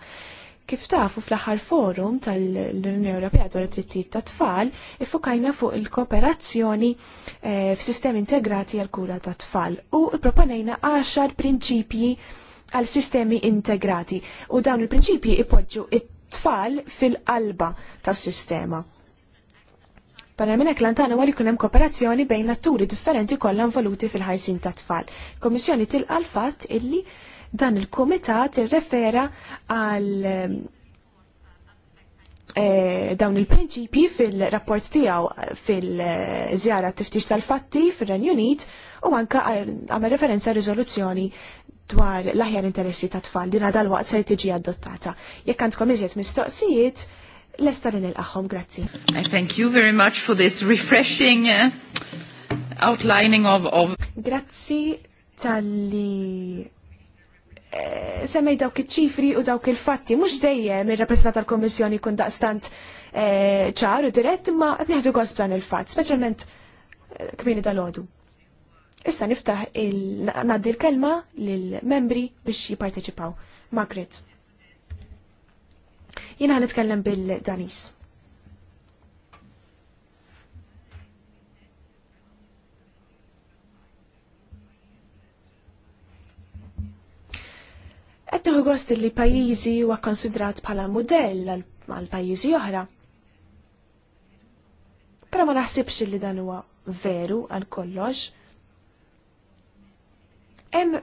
Kif tafu fl-aħħar forum tal-Unjoni Ewropea dwar it-trittijiet ta' tfal, ifukajna fuq il-kooperazzjoni eh, f'sistemi integrati għal kura ta' tfal u proponejna 10 prinċipji għal sistemi integrati u dawn il-prinċipji ipoġġu it-tfal fil-qalba tas-sistema. Barra minnek lantana għal jkun hemm kooperazzjoni bejn natturi differenti kollha involuti fil-ħajsin ta' tfal. Komissjoni tilqa l-fatt illi Dan il-komitat irrefera għal eh, dawn il-prinċipji fil-rapport tiegħu fil-żjara tiftix tal-fatti fir-Renju Unit u anka għamel referenza rizoluzzjoni dwar l-aħjar interessi ta' tfal li nadal waqt se tiġi adottata. Jekk għandkom iżjed mistoqsijiet, lesta il-axom, grazzi. I thank you very much for this refreshing uh, outlining of, of... Grazzi tal-li Eh, semmej dawk iċ-ċifri u dawk il-fatti, mhux dejjem ir-rappresentant tal-Kommissjoni jkun daqstant eh, ċar u dirett, ma qed neħdu gost dan il-fatt, speċjalment eh, kmini dal ħodu Issa niftaħ il-naddi l-kelma lill-membri biex jipparteċipaw. Margaret. Jina ħanitkellem bil-Danis. Qed tieħu gost li pajjiżi huwa konsidrat bħala mudell għal pajjiżi oħra. Però ma naħsibx li dan huwa veru għal kollox. Hemm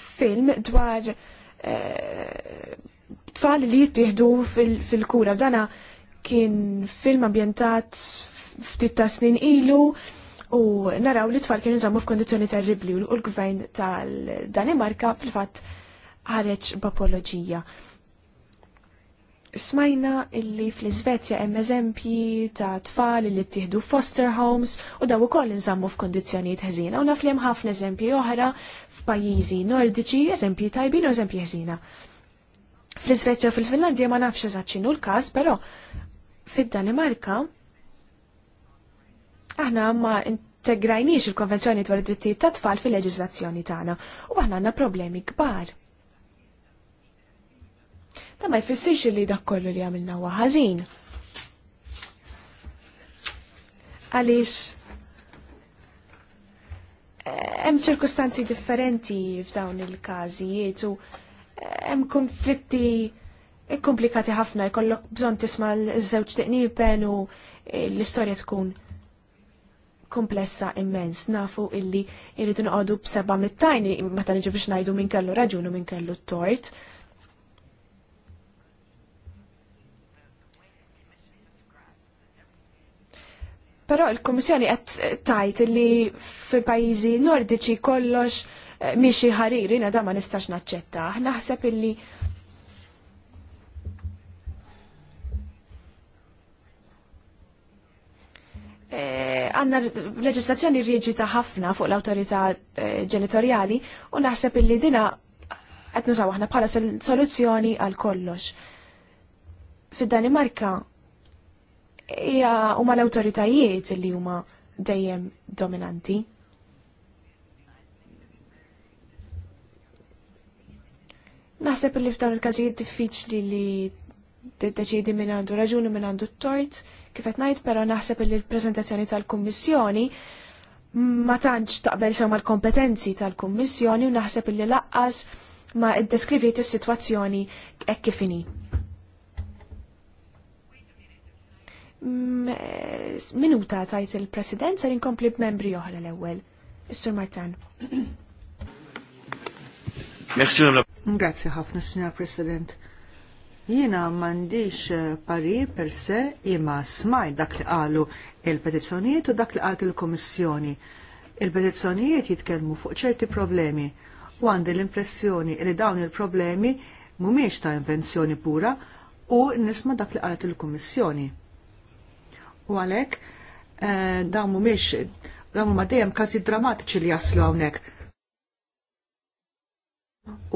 film dwar eh, tfal li jittieħdu fil-kura. Dana kien film ambjentat ftit ta' snin ilu u naraw li tfal kienu nżammu f'kondizjoni terribli u l-gvern tal-Danimarka fil-fatt ħareġ b'apoloġija. Smajna illi fl-Iżvezja hemm eżempji ta' tfal li ttieħdu foster homes u daw ukoll inżammu f'kondizzjonijiet ħżina u naf li hemm ħafna eżempji oħra f'pajjiżi nordiċi, eżempji tajbin u eżempji ħżina. Fl-Iżvezja u fil-Finlandja ma nafx eżatt x'inhu l-każ, però fid-Danimarka aħna ma integrajniex il-Konvenzjoni dwar id-drittijiet ta' tfal fil leġislazzjoni tagħna u aħna għandna problemi kbar. Da ma jfissirx li dak kollu li għamilna huwa ħażin. Għaliex eh, hemm ċirkustanzi differenti f'dawn il-każijiet u eh, hemm konflitti komplikati ħafna jkollok bżonn tisma' l-żewġ teqniben u l-istorja tkun komplessa immens. Nafu illi irridu noqogħdu b'seba' mit-tajni meta niġu biex ngħidu minn kellu raġun u minn kellu t-tort. Però il-Kommissjoni qed tajt illi fil-pajjiżi nordiċi kollox eh, miexi ħariri nadama da ma nistax naċċetta. Naħseb illi Eh, għanna leġislazzjoni riġita ħafna fuq l-autorità eh, ġenitorjali u naħseb illi dina qed nużaw aħna bħala soluzzjoni għal kollox. Fid-Danimarka hija huma l-awtoritajiet li huma dejjem dominanti. Naħseb illi f'dawn il-każijiet diffiċli li tiddeċiedi minn għandu raġuni minn għandu t-tort Kif qed ngħid però naħseb li l prezentazzjoni tal-Kummissjoni ma tantx taqbel sew mal-kompetenzi tal-Kummissjoni u naħseb li laqqas ma iddeskrivit is-sitwazzjoni hekk kif Minuta tajt il-President se inkompli b'membri oħra l-ewwel. Is-Sur Martan. Grazie ħafna, Signor President. Jiena m'għandix eh, pari per se imma smaj dak li qalu il-petizzjonijiet u dak li għalu il-Kummissjoni. Il-petizzjonijiet jitkellmu fuq ċerti problemi u għandi l-impressjoni li dawn il-problemi mhumiex ta' invenzjoni pura u nisma' dak li qalet il-Kummissjoni. U għalhekk eh, dawn mumiex, dawn huma dejjem każi drammatiċi li jaslu hawnhekk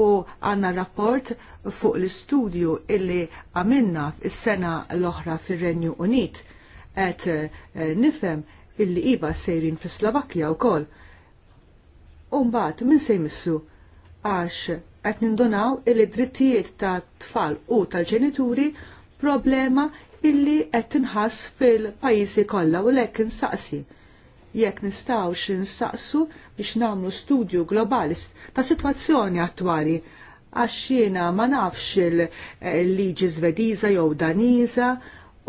u għanna rapport fuq l-istudju illi għamilna s-sena l-oħra fil-Renju Unit għet eh, nifem illi iba sejrin fi slovakkja u kol. Umbat, minn sejmissu, għax għet nindunaw illi drittijiet ta' tfal u tal-ġenituri problema illi qed tinħass fil-pajjiżi kollha u lek insaqsi jekk nistawx insaqsu biex namlu studju globali ta' situazzjoni attwali għax jiena ma nafx il-liġi svediża jew daniża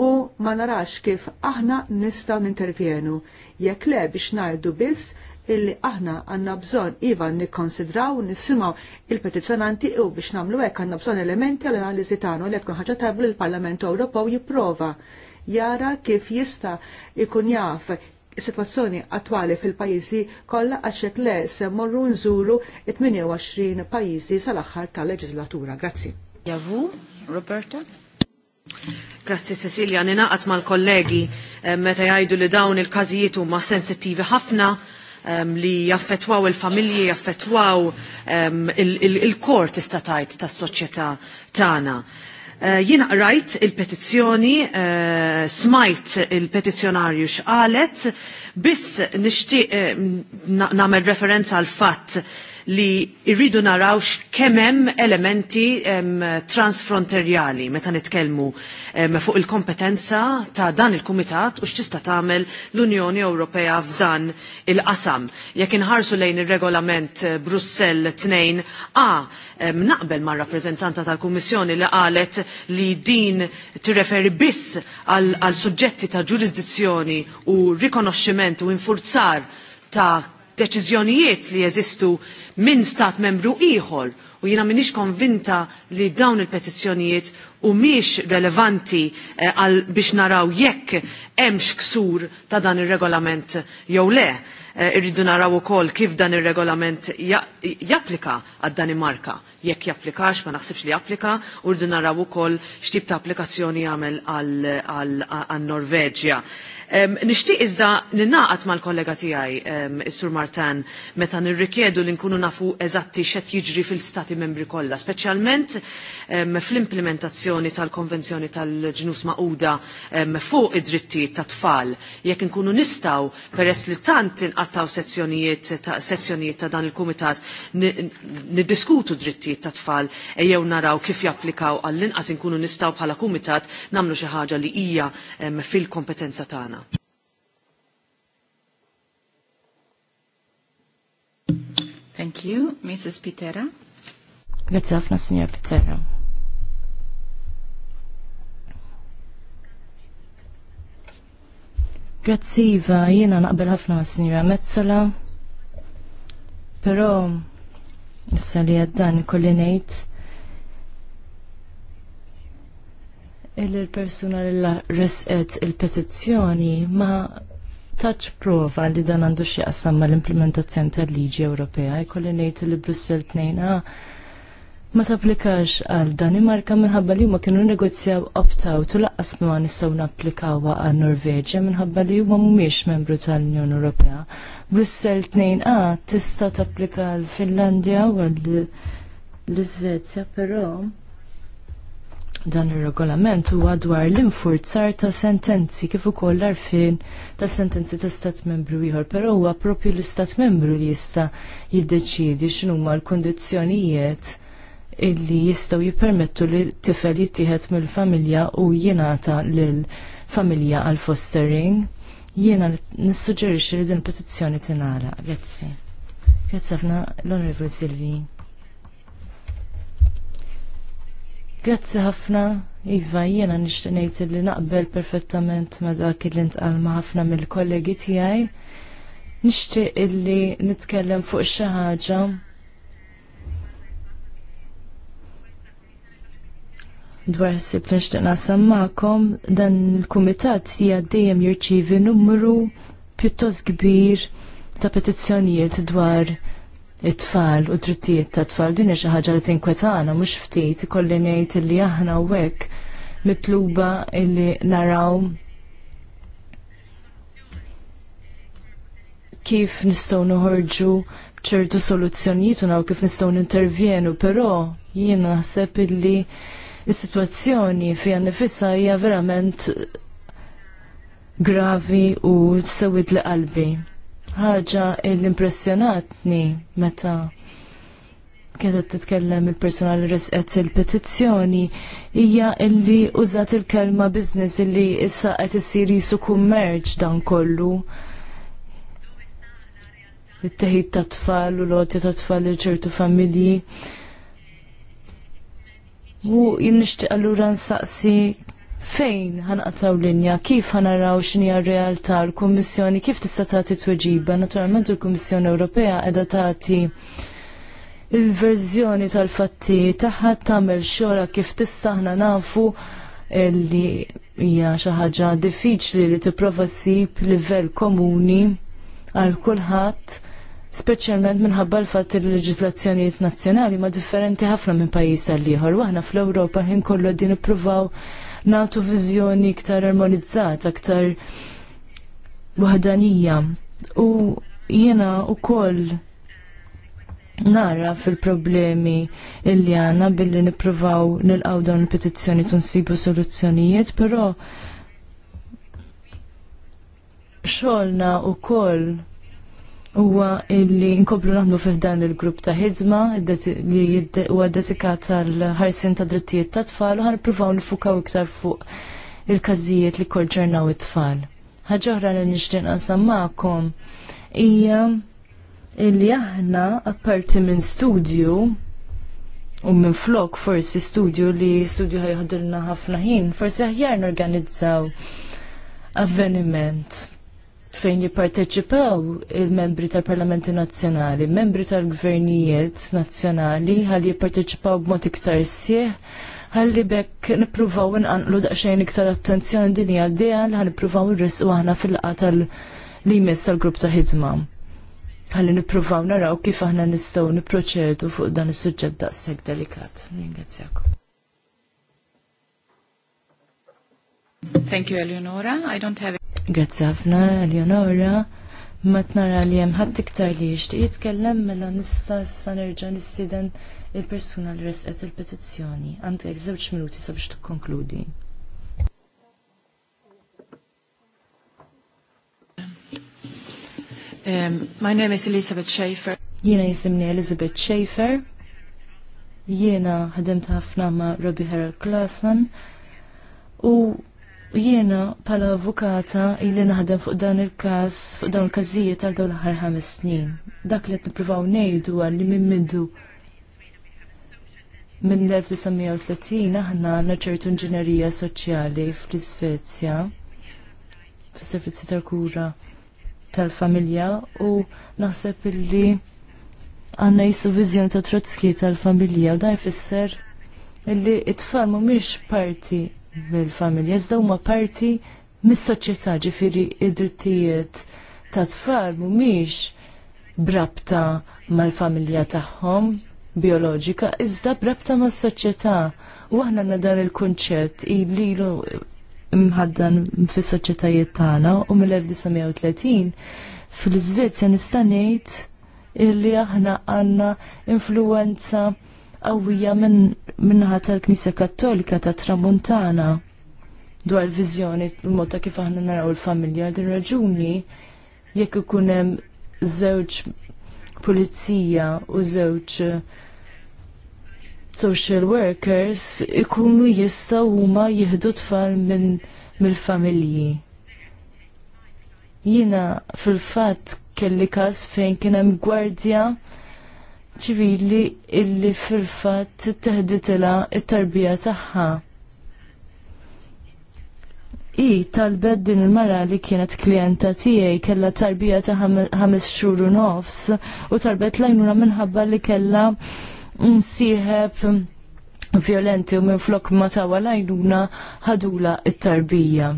u ma narax kif aħna nistgħu nintervjenu. Jekk le biex ngħidu biss illi aħna għandna bżonn iva nikkonsidraw nisimgħu il-petizzjonanti u biex nagħmlu hekk għandna bżonn elementi għal analiżi tagħna li tkun ħaġa tajbu lill parlament Ewropew jipprova jara kif jista ikun jaf is-sitwazzjoni attwali fil-pajjiżi kollha għax hekk le se nżuru 28 pajjiżi sal-aħħar tal-leġislatura. Grazzi. Javu, Roberta. Grazzi Cecilia, ninaqat mal-kollegi eh, meta jgħidu li dawn il-każijiet huma sensittivi ħafna ehm, li jaffetwaw il-familji, jaffetwaw ehm, il-kort istatajt tas soċjetà tagħna. Eh, jina rajt il-petizzjoni, eh, smajt il-petizzjonarju xqalet, biss nishtiq eh, namel referenza għal fatt li irridu naraw kemm hemm elementi transfronterjali meta nitkellmu fuq il-kompetenza ta' dan il-Kumitat u x'tista' tagħmel l-Unjoni Ewropea f'dan il-qasam. Jekk inħarsu lejn ir-regolament eh, Brussell 2 a naqbel mar rappreżentanta tal-Kummissjoni li qalet li din tirreferi biss għal suġġetti ta' ġurisdizzjoni u rikonoxximent u infurzar ta' deċiżjonijiet li jeżistu minn stat membru ieħor u jiena m'iniex konvinta li dawn il-petizzjonijiet miex relevanti eh, għal eh, biex naraw jekk hemmx ksur ta' dan ir-regolament jew le. Eh, Irridu naraw ukoll kif dan ir-regolament japplika għad-Danimarka jekk japplikax, ma naħsibx li japplika, u rridu naraw ukoll x'tip ta' applikazzjoni jagħmel għal Norveġja. Nixtieq iżda ninaqat mal-kollega tiegħi is-Sur Martan meta nirrikjedu li nkunu nafu eżatti x'qed jiġri fil-Stati membri kollha, speċjalment fl-implementazzjoni tal-Konvenzjoni tal-Ġnus Maquda fuq id-drittijiet ta' tfal, jekk nkunu nistgħu peress li tant inqattaw sezzjonijiet ta' dan il-Kumitat niddiskutu dritti drittijiet ta' tfal ejjew naraw kif japplikaw għall-inqas inkunu nistgħu bħala kumitat nagħmlu xi ħaġa li hija fil-kompetenza tagħna. Thank you, Mrs. Pitera. Grazie ħafna, Signor Pitera. Iva, jiena naqbel ħafna Signora Mezzola, però Issa li għaddan kolli nejt il-persuna li resqet il-petizzjoni ma taċ prova li dan għandu xieqsam ma l-implementazzjoni tal-liġi Ewropea. Kolli ngħid li Brussel 2 ma tapplikax għal Danimarka minħabba li huma kienu negozjaw opt-out u laqqas ma nistgħu napplikawha għal Norveġja minħabba li huma mhumiex membru tal-Unjoni Ewropea. Brussel 2A ah, tista' tapplika għal Finlandja u l-Iżvezja, però dan ir-regolament huwa dwar l-infurzar ta' sentenzi kif ukoll l-arfin ta' sentenzi ta' stat membru ieħor, però huwa proprju l-istat membru li jista' jiddeċiedi x'inhuma l-kundizzjonijiet illi jistaw jippermettu li tifel jittieħed mill-familja u jingħata lil familja għal fostering. Jiena nissuġġerixxi li din petizzjoni tingħala. Grazzi. Grazzi ħafna l-Onorevoli Silvi. Grazzi ħafna. Iva, jiena nixtieq ngħid li naqbel perfettament ma dak li ntqal ma' ħafna mill-kollegi tiegħi. Nixtieq illi nitkellem fuq xi ħaġa dwar sib nixtieq nasam dan il-kumitat hija dejjem jirċievi numru pjuttost kbir ta' petizzjonijiet dwar it-tfal u drittijiet ta' tfal din xi ħaġa li tinkwetana mhux ftit ikolli ngħid li aħna hekk mitluba illi naraw kif nistgħu noħorġu ċertu soluzzjonijiet u kif nistgħu nintervjenu, però jiena naħseb illi is-sitwazzjoni fija nifissa hija verament gravi u sewid li qalbi. Ħaġa l-impressjonatni meta kienet titkellem il-personal risqet il-petizzjoni hija illi użat il-kelma business illi issa qed issir jisu kummerġ dan kollu it-teħid tat tfal u loti ta' tfal li ċertu familji. U jinnixtieq allura nsaqsi fejn ħanqataw linja, kif ħanaraw x'inhi r-realtà l-Kummissjoni, kif tista' tagħti tweġiba. Naturalment il-Kummissjoni Ewropea qiegħda tagħti il-verżjoni tal-fatti tagħha tagħmel xogħol kif tista' ħna nafu li hija xi ħaġa diffiċli li tipprova ssib livell komuni għal kulħadd speċjalment minħabba l-fatt li l-leġislazzjonijiet nazzjonali ma differenti ħafna minn pajjiż għal ieħor. Waħna fl-Ewropa ħin kollu din ippruvaw nagħtu viżjoni iktar armonizzata, aktar waħdanija. U jiena ukoll nara fil-problemi illi għana billi nippruvaw nilqaw dawn il-petizzjoni tunsibu soluzzjonijiet, però xolna u koll huwa illi nkomplu naħdmu fih dan il-grupp ta' ħidma li huwa dedikat għall ħarsin ta' drittijiet ta' tfal u ippruvaw nifukaw iktar fuq il-każijiet li kolġernaw it-tfal. Ħaġa oħra li nixtieq qasam magħkom hija illi aħna apparti minn studju u minn flok forsi studju li studju ħajħodilna ħafna ħin, forsi aħjar norganizzaw avveniment fejn jipparteċipaw il-membri tal-Parlamenti Nazzjonali, membri tal-Gvernijiet Nazzjonali ħalli jipparteċipaw b'mod iktar sieħ ħalli bekk nipruvaw nqanqlu daqsxejn iktar attenzjoni din hija dejal ħalli nippruvaw nrisqu aħna fil-qa tal-limis tal-grupp ta' ħidma. Ħalli nippruvaw naraw kif aħna nistgħu nipproċedu fuq dan is-suġġett daqshekk delikat. Ningrazzjakom. Thank you, Eleonora. I don't have... Grazie ħafna, Eleonora. Matnara li hemm ħadd iktar li jishti jitkellem mela nista' issa nerġa' nissieden il-persuna li resqet il-petizzjoni. Għandek żewġ minuti sabiex tikkonkludi. Um, my name is Elizabeth Schaefer. Jiena jisimni Elizabeth Schaefer. Jiena ħadem ħafna ma' Robbie Harold Klassen. U Jiena pala avukata illi naħdem fuq dan il-każ, fuq dawn il-każijiet għal dawn l-aħħar ħames snin. Dak li qed nippruvaw ngħidu għalli minn middu minn l-1930 aħna naċertu inġinerija soċjali fl-Iżvezja fis-servizzi tal-kura tal-familja u naħseb illi għanna jissu vizjoni ta' trotzki tal-familja u dan jfisser illi it-tfal mumiex parti mill-familja, iżda huma parti mis-soċjetà ġifieri id-drittijiet ta' tfal mhumiex brabta mal-familja tagħhom bioloġika, iżda brabta mas-soċjetà. U aħna dan il-kunċett li ilu mħaddan fis-soċjetajiet tagħna u mill-1930 fil-Iżvezja nista' ngħid illi aħna għandna influenza qawwija minnaħa tal-Knisja Kattolika ta' Tramuntana dwar viżjoni mod ta' kif aħna naraw il-familja din raġuni jekk ikun hemm żewġ pulizija u żewġ eh, social workers ikunu jistgħu huma jieħdu tfal minn mill-familji. Jina fil-fatt kelli każ fejn kien hemm gwardja ċivili illi fil-fat teħditila it-tarbija tagħha. I talbed din il-mara li kienet klienta tiegħi kellha tarbija ta' ħames xhur u nofs u talbed lajnuna minħabba li kellha msieħeb violenti u minn flok ma tawa lajnuna ħadula it-tarbija.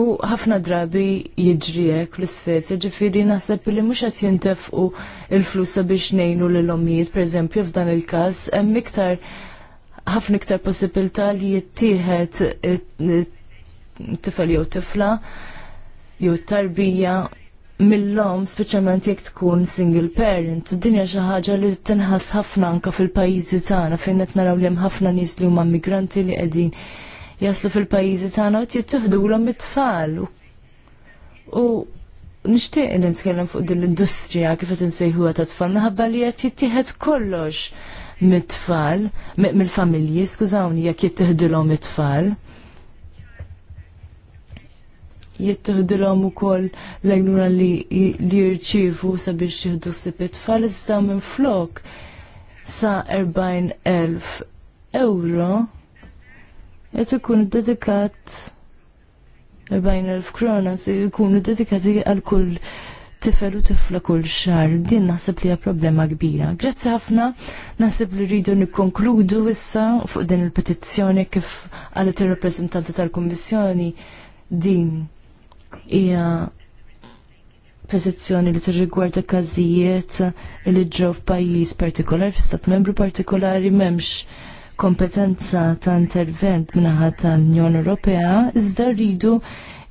U ħafna drabi jiġrijek l-isfet, ġifiri naħseb li mux għat jintefqu il-flus biex nejnu l-lomijiet, per eżempju, f'dan il-kas, hemm iktar ħafna iktar possibilità li jittieħed tifel jew tifla jew tarbija mill-lom, speċjalment jekk tkun single parent, dinja xi ħaġa li tinħass ħafna anke fil-pajjiżi tagħna fejn qed naraw li hemm ħafna nies li huma migranti li qegħdin jaslu fil-pajjiżi tagħna u jittuħdulhom it-tfal. U nixtieq li nitkellem fuq din l-industrija kif qed insejħuha ta' tfal minħabba li qed jittieħed kollox mit-tfal, mill-familji, skużawni, jekk jittihdilhom it-tfal jittuħdilom ukoll koll l li jirċievu sabiex jieħdu ssib it-tfal iżda minn flok sa 40.000 euro qed ikun dedikat il-bajn 40,000 krona ikunu dedikati għal kull tifel u tifla kull xar, din naħseb li hija problema kbira. Grazzi ħafna, naħseb li rridu nikkonkludu issa fuq din il-petizzjoni kif għalet ir-rappreżentanti tal-Kummissjoni din hija petizzjoni li tirrigwarda każijiet li ġew f'pajjiż partikolari, f'stat membru partikolari m'hemmx kompetenza ta' intervent minnaħa tal-Unjoni Ewropea, iżda rridu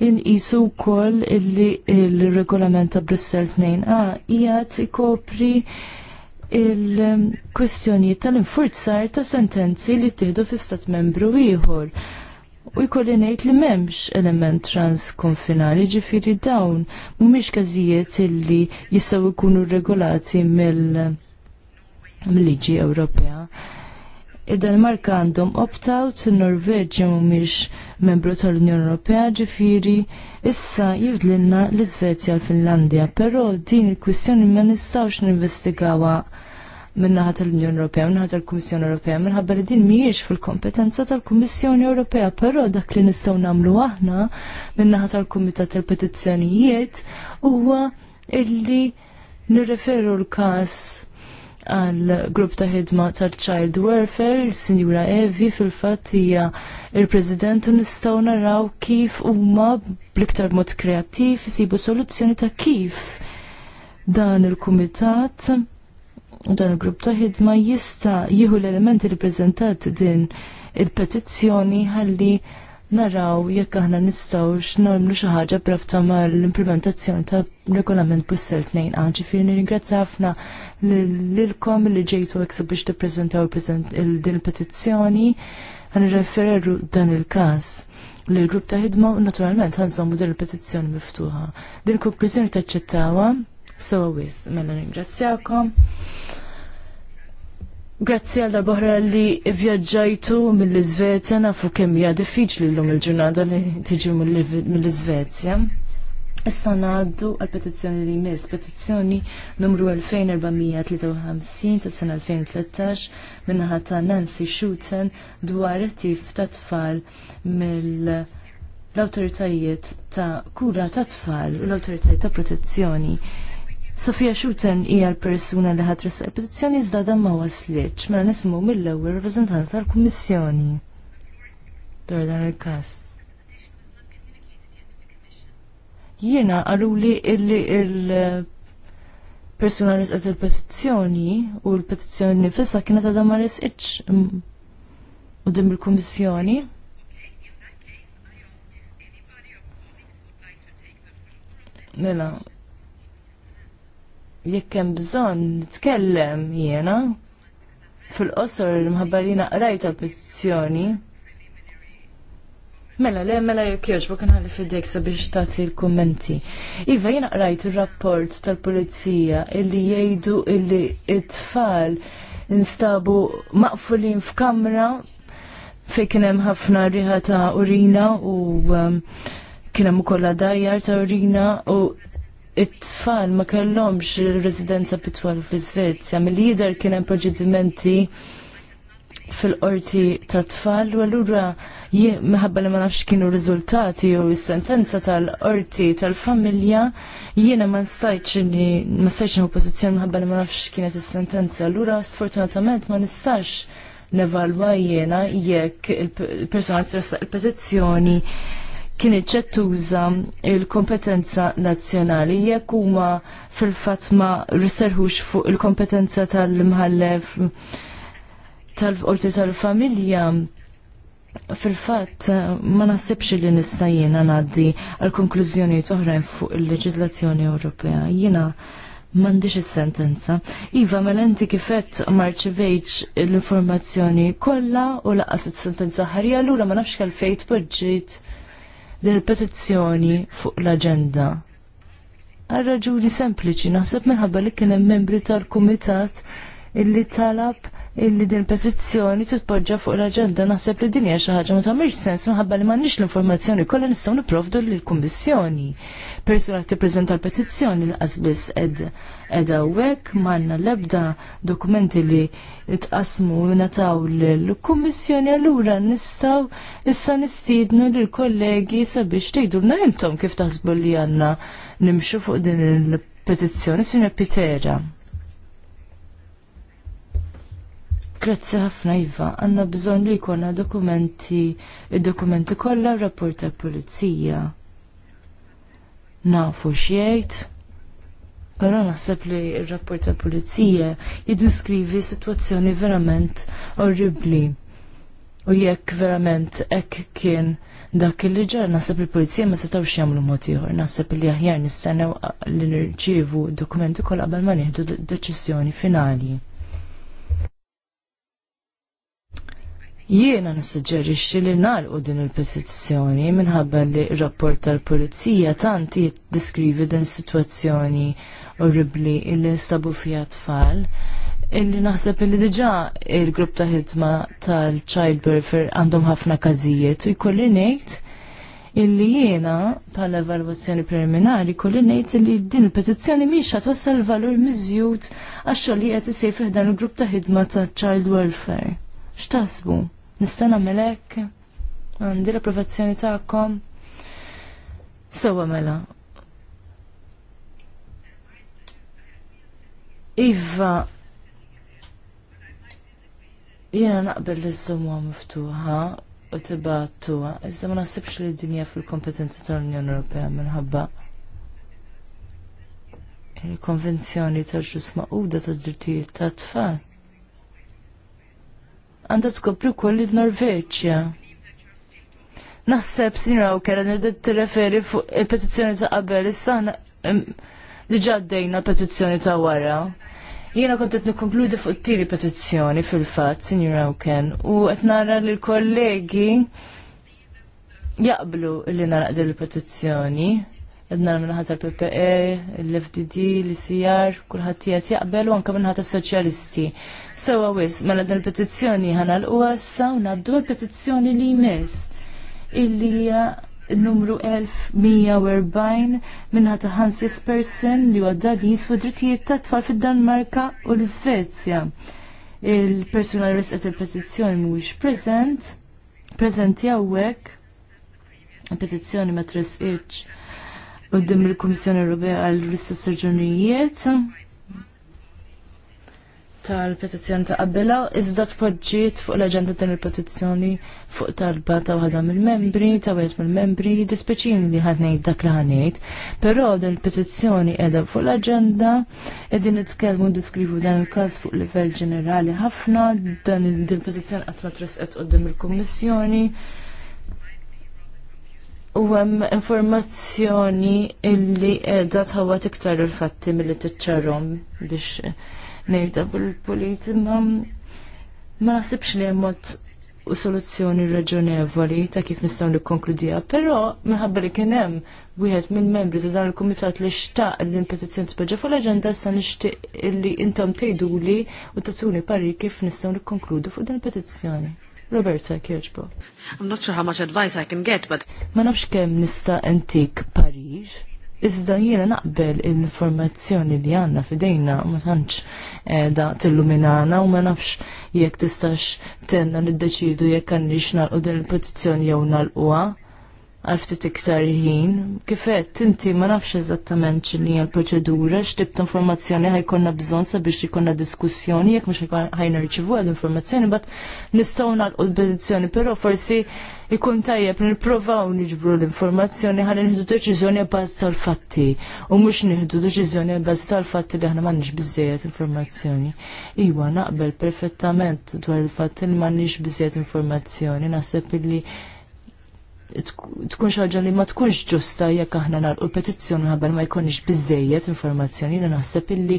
inqisu wkoll il-regolament ta' Brussel 2A hija tikopri il-kwistjonijiet tal-infurzar ta' sentenzi li ttieħdu fi stat membru ieħor. U jkolli ngħid li m'hemmx element transkonfinali ġifieri dawn mhumiex każijiet illi jistgħu jkunu regolati mill-liġi Ewropea id-Danmarka għandhom opt-out, il mhumiex membru tal-Unjoni Ewropea ġifieri issa jifdlilna l-Iżvezja l-Finlandja, però din il-kwistjoni ma nistgħux ninvestigawha minnaħat l-Unjoni Ewropea, minnaħat l-Kummissjoni Ewropea, minħabba li din mhijiex fil-kompetenza tal-Kummissjoni Ewropea, però dak li nistgħu nagħmlu aħna minnaħat tal-Kumitat tal-Petizzjonijiet huwa illi nirreferu l-każ għal grupp ta' ħidma tal-Child Welfare, il-Sinjura Evi fil-fatt hija il-President u nistgħu naraw kif huma bliktar mod kreattiv isibu soluzzjoni ta' kif dan il-kumitat u dan il-grupp ta' ħidma jista' jieħu l-elementi li din il-petizzjoni ħalli naraw jekk aħna nistgħux nagħmlu xi ħaġa b'rabta mal-implementazzjoni ta' regolament Bussell 2 ġifieri nirringrazzja ħafna lilkom li ġejtu eksa biex tippreżentaw din il-petizzjoni għan referru dan il-kas li l-grupp ta' ħidma naturalment ħanżommu din il-petizzjoni miftuħa. Din il-konklużjoni taċċettawa, so wis, mela ringrazzjakom. Grazzi għal darbohra li vjaġġajtu mill-Izvezja nafu kemm hija diffiċli l-lum il-ġurnata li tiġi mill-Izvezja. Issa ngħaddu għal petizzjoni li jmiss, petizzjoni numru 2453 tas sena 2013 minnaħa ta' Nancy Shooten dwar it-tif ta' tfal mill-awtoritajiet ta' kura ta' tfal u l autoritajiet ta' protezzjoni. Sofia Shuten hija l-persuna li ħadd resaq petizzjoni iżda ma waslitx mela nisimgħu mill-ewwel rappreżentant tal-Kummissjoni. Dwar dan il-każ. Jiena għaluli illi il-persuna li sqet il-petizzjoni u l-petizzjoni nifissa kienet għadha ma resqitx u dim il-kummissjoni. Mela, jekk hemm bżonn nitkellem jiena fil-qosor il mħabbarina qrajt tal-petizzjoni. Mela, le, mela jek joġbu kanħalli għalli fidek sabiex tagħti l-kummenti. Iva, jina qrajt ir rapport tal-pulizija illi jgħidu illi it-tfal instabu maqfulin f'kamra fejn kien hemm ħafna riħa ta' urina u um, kien hemm ukoll dajjar ta' urina u it-tfal ma kellhomx residenza pitwal fl-Iżvezja. Mill-lider kien hemm fil-qorti ta' tfal u allura minħabba li ma nafx kienu riżultati u s-sentenza tal-qorti tal-familja jiena ma nistajċ li ma nistajċ nħu pożizzjoni minħabba li ma nafx kienet is-sentenza. Allura sfortunatament ma nistax nevalwa jiena jekk il-persona tressaq il-petizzjoni kien iċċettuża il-kompetenza nazzjonali jekk huma fil-fatt ma riserħux fuq il-kompetenza tal-imħallef tal-qorti tal-familja Fil-fatt, ma nasibx li nista' jiena ngħaddi għal konklużjoni toħrajn fuq il leġislazzjoni Ewropea. Jiena m'għandix is-sentenza. Iva, mela inti kifett marċivejġ l-informazzjoni kollha u laqqas il sentenza l lura ma nafx fejt tpoġġiet din il-petizzjoni fuq l-aġenda. Għal raġuni sempliċi, naħseb minħabba li kien hemm membri tal-kumitat illi talab illi din petizzjoni titpoġġa fuq l-aġenda naħseb li din hija xi ħaġa ma tagħmilx sens minħabba li m'għandniex l-informazzjoni kollha nistgħu nipprovdu lill-Kummissjoni. Persuna tippreżenta l-petizzjoni l biss qed qiegħda hawnhekk m'għandna l-ebda dokumenti li tqasmu u nataw l kummissjoni allura nistgħu issa nistiednu lill-kollegi sabiex tgħidulna intom kif taħsbu li għandna nimxu fuq din il-petizzjoni, Sinja Pitera. Grazzi ħafna Iva, għanna bżon li jkollna dokumenti, id-dokumenti kollha rapport tal pulizija. Nafu xjgħid, però naħseb li r-rapport tal pulizija jiddiskrivi sitwazzjoni verament orribli. U jekk verament hekk kien dak il ġar naħseb li l-polizija ma setawx jagħmlu mod ieħor, naħseb li aħjar nistennew li nirċievu dokumenti kollha qabel ma nieħdu deċiżjoni finali. Jiena nissuġġerixxi li nagħlqu din il-petizzjoni minħabba li r-rapport tal-Pulizija tant jiddeskrivi din is-sitwazzjoni orribli illi nstabu fiha tfal illi naħseb illi diġa il-grupp ta' ħidma tal-child Welfare għandhom ħafna każijiet u jkolli ngħid illi jiena bħala evalwazzjoni preliminari kolli ngħid illi din il-petizzjoni mhix ħadd wassal valur miżjud għax-xogħol li qed isir fih dan il-grupp ta' ħidma tal-child welfare. X'taħsbu? nista' nagħmel hekk, għandi l-approvazzjoni mela. Iva, jiena naqbel li s-sumwa miftuħa u tibattuha, iżda ma naħsibx li d-dinja fil-kompetenza tal-Unjoni Ewropea minħabba il-konvenzjoni tal-ġus maquda tad drittijiet tal tfal għandha tkopri wkoll il-Norveġġja. Naħseb sinra u kera t tirreferi fuq il-petizzjoni ta' qabel issa diġà għaddejna l-petizzjoni ta' wara. Jiena kont qed nikkonkludi fuq it-tieni petizzjoni fil-fatt, Sinjur ken, u qed nara li l-kollegi jaqblu li naraq il-petizzjoni. Edna minnaħat tal-PPE, l-FDD, l-CR, kullħat jgħat jaqbel u anka minnaħat tal-Soċjalisti. Sewa wis, mela dan il-petizzjoni ħana l-USA u naddu il-petizzjoni li jmiss illi hija numru 1140 minna ta' Hans Jespersen li għadda li jisfu drittijiet ta' tfal fid-Danmarka u l-Svezja. Il-persuna li resqet il-petizzjoni mhuwiex prezent, prezenti hawnhekk, il-petizzjoni ma tresqitx għoddim il-Kummissjoni Ewropea għall-istess Ġunijiet tal-petizzjoni ta' qabbela, iżda tpoġġiet fuq l-aġenda din il-petizzjoni fuq talba ta' waħda mill-membri, ta' wieħed mill-membri, dispeċini li ħad ngħid dak li ħanejt. Però din il-petizzjoni qiegħda fuq l-aġenda qegħdin nitkellmu diskrivu dan il-każ fuq livell ġenerali ħafna, dan il-petizzjoni qatt ma tresqet qudiem il-Kummissjoni U hemm informazzjoni illi qiegħda tħawat iktar il-fatti milli tiċċarhom biex nejda bil-pulit ma nasibx li hemm mod u soluzzjoni raġonevoli ta' kif nistgħu konkludija, però minħabba li kien hemm wieħed mill-membri ta' dan il-kumitat li xtaq li l-petizzjoni tpoġġa fuq l-aġenda issa nixtieq li intom tgħiduli u tatuni pari kif nistgħu nikkonkludu fuq din il-petizzjoni. Roberta Kirchbo. I'm not sure how much advice I can get, but... Ma nafx kem nista antik parir, iżda jiena naqbel l-informazzjoni li għanna fidejna ma tantx eh, da tilluminana u ma nafx jekk tistax tenna niddeċidu jekk għandix nalqu din il-petizzjoni jew nal-qwa għal ftit iktar ħin. Kifet, inti ma nafx eżattament x'inhi l-proċedura, x'tib ta' informazzjoni ħajkonna bżonn sabiex ikonna diskussjoni, jekk mhux ħajna rċivu għal informazzjoni, bat nistgħu nagħlqu l-petizzjoni, però forsi ikun tajjeb nippruvaw niġbru l-informazzjoni ħalli nħidu deċiżjoni għabaz tal-fatti u mhux nħidu deċiżjoni għabaz tal-fatti li aħna m'għandniex biżejjed informazzjoni. Iwa naqbel perfettament dwar il-fatt li m'għandniex biżejjed informazzjoni, naħseb illi tkun xaġa li ma tkunx ġusta jekk aħna narqu l-petizzjoni minħabba ma jkunx biżejjed informazzjoni li naħseb illi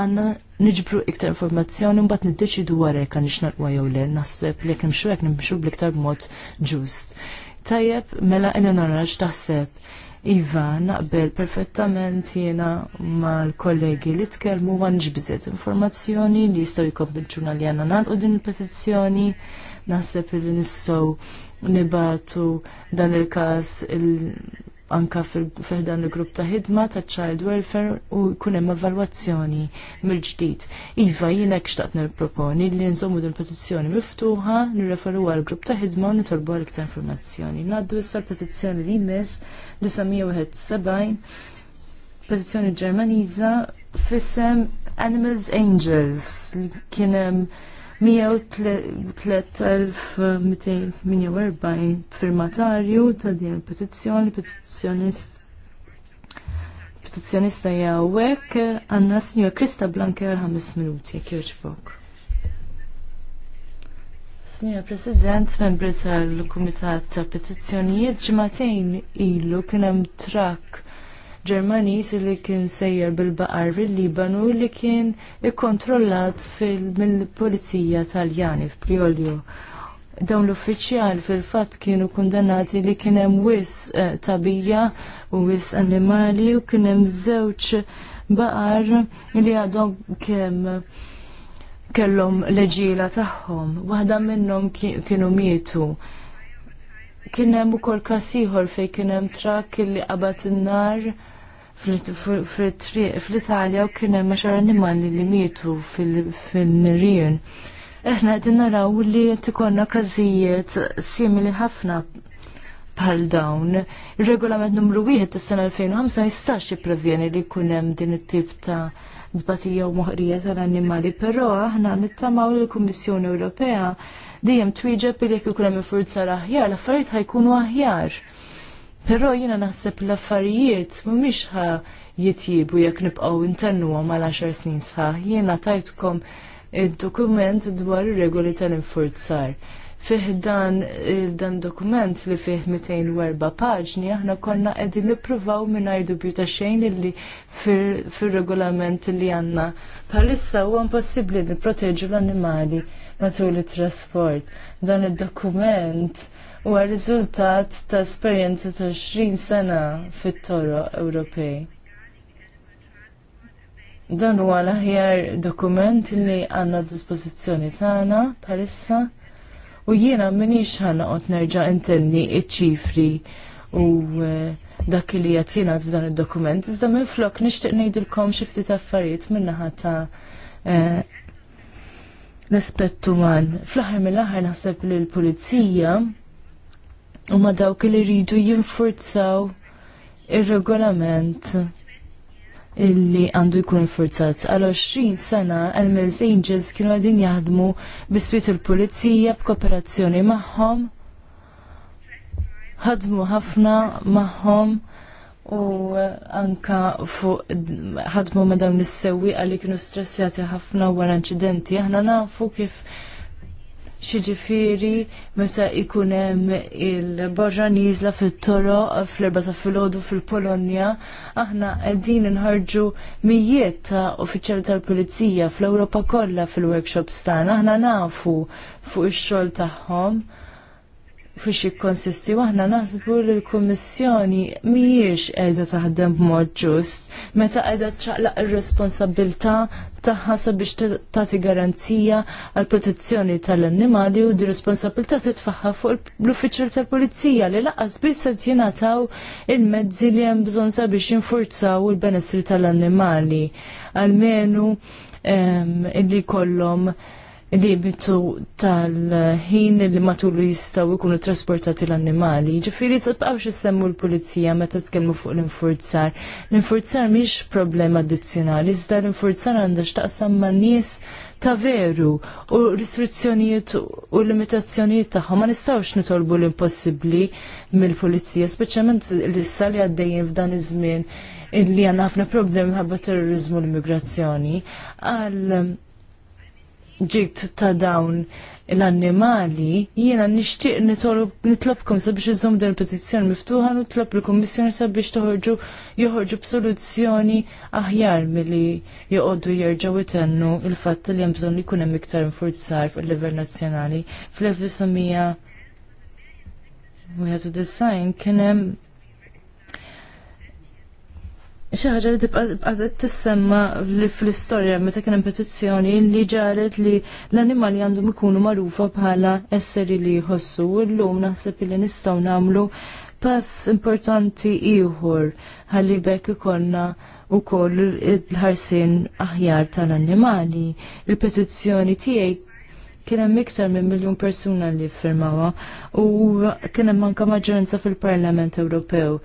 għandna niġbru iktar informazzjoni mbagħad niddeċidu wara jekk għandix narqwa jew le naħseb li jekk nimxu jekk nimxu bl-iktar b'mod ġust. Tajjeb, mela Eleonora taħseb Iva, naqbel perfettament jena mal-kollegi li tkellmu ma nġbizet informazzjoni li jistaw jikobbilġuna li għandna nalqu din il-petizzjoni, naħseb li nistaw nibatu dan il-każ il anka fil-fehdan il-grupp ta' ħidma ta' child welfare u kunem evalwazzjoni mill-ġdid. Iva, jienek xtaqt nil-proponi li nżommu din petizzjoni miftuħa, nirreferu għal grupp ta' ħidma u nitolbu għal iktar informazzjoni. Naddu issa l-petizzjoni li jmes li samijawihet petizzjoni ġermaniza fissem Animals Angels li kienem 103.248 firmatarju ta' din il-petizzjoni, petizzjonist petizzjonista jawek għanna signor Krista Blanke għal 5 minuti, kjoċbok. Signor President, membri tal-Kumitat ta' Petizzjonijiet, ġimatejn ilu kienem trak Ġermaniż li kien sejjer bil-baqar fil-Libanu li kien ikkontrollat mill-Pulizija Taljani f'Priolju. Dawn l-uffiċjal fil-fatt kienu kundannati li kien hemm wis eh, tabija u wis animali u kien hemm żewġ baqar li għadhom kemm kellhom leġila tagħhom, waħda minnhom kienu mietu. Kien hemm ukoll każ ieħor fejn kien hemm trakk li qabad in-nar fl-Italja u kien hemm xar animali li mietu fil-nirien. Eħna qegħdin naraw li qed ikollna każijiet simili ħafna bħal dawn. Il-regolament numru wieħed tas-sena 2005 ma jistax jipprevjeni li jkun hemm din it-tip ta' dbatija u moħrija tal-annimali, però aħna nittamaw li l-Kummissjoni Ewropea dejjem twieġeb li jekk ikun hemm l aħjar, l-affarijiet ħajkunu aħjar. Però jiena naħseb l-affarijiet mhumiex ħa jitjibu jekk nibqgħu ntennuhom għal 10 snin sħaħ. Jiena tajtkom id-dokument dwar ir-regoli tal-infurzar. Fih dan dan dokument li fih 204 paġni aħna konna qegħdin nippruvaw mingħajr dubju ta' xejn illi fir-regolament li għandna bħalissa huwa impossibbli nipproteġu l-annimali matul it-trasport. Dan id-dokument u għal-riżultat ta' esperjenza ta' 20 sena fit-toro Ewropej. Dan huwa l-aħjar dokument li għandna dispożizzjoni tagħna bħalissa u jiena minix ħanaqot nerġa' intenni iċ-ċifri u e, dak li jatina f'dan id dokument iżda minn flok xi ftit affarijiet min minnaħa ta' e, l-aspett uman. fl aħħar mill aħħar naħseb li l pulizija ma dawk li rridu jinfurzaw ir-regolament illi għandu jkun forzat. Għal 20 sena, għal-Mills Angels kienu għadin jaħdmu biswit il-polizija b'kooperazzjoni magħhom. Ħadmu ħafna magħhom u anka fuq ħadmu ma dawn is-sewwieqa li kienu stressjati ħafna wara inċidenti. Aħna nafu kif xieġifiri meta ikunem il-barra nizla fil-toro fl-erba ta' fil-ħodu fil-Polonja, aħna għedin nħarġu mijiet ta' uffiċjali tal-Pulizija fl-Ewropa kollha fil-workshops tagħna, aħna nafu fuq ix-xogħol tagħhom fiex jikkonsisti waħna naħsbu li l-Kummissjoni mhijiex qiegħda taħdem b'mod ġust meta qiegħda ċaqlaq ir-responsabilità tagħha sabiex tagħti garanzija għal protezzjoni tal-annimali u di responsabilità titfaħħa fuq l uffiċer tal-Pulizija li laqas biss qed jingħataw il-mezzi li hemm bżonn sabiex jinfurzaw il-benessri tal-annimali. Almenu illi kollhom limitu tal-ħin li matulu jistaw ikunu trasportati l-annimali. Ġifiri, tibqawx semmu l-polizija meta tkellmu fuq l-infurzar. L-infurzar miex problem addizzjonali, iżda l-infurzar għandax x'taqsam ma' nies ta' veru u restrizzjonijiet u limitazzjonijiet tagħhom ma nistgħux nitolbu l-impossibbli mill-pulizija, speċjalment l-issa li għaddejjin f'dan iż-żmien li għanna ħafna problemi ħabba terrorizmu l-immigrazzjoni ġit ta' dawn l-annimali, jiena nixtieq nitlobkom sabiex iżżomm din il-petizzjoni miftuħa nitlob il-Kummissjoni sabiex toħorġu joħorġu b'soluzzjoni aħjar milli joqogħdu jerġgħu itennu il-fatt li hemm bżonn li jkun hemm iktar infurzar fuq il-livell nazzjonali. Fl-1991 kien hemm xi ħaġa li tibqa' tissemma li fl-istorja meta kien hemm petizzjoni li ġaret li l-annimali għandhom ikunu magħrufa bħala esseri li jħossu u llum naħseb li nistgħu nagħmlu pass importanti ieħor ħalli bekk u wkoll il-ħarsien aħjar tal-annimali. Il-petizzjoni tiegħi kien hemm iktar minn miljun persuna li firmawa u kien hemm anke maġġoranza fil-Parlament Ewropew.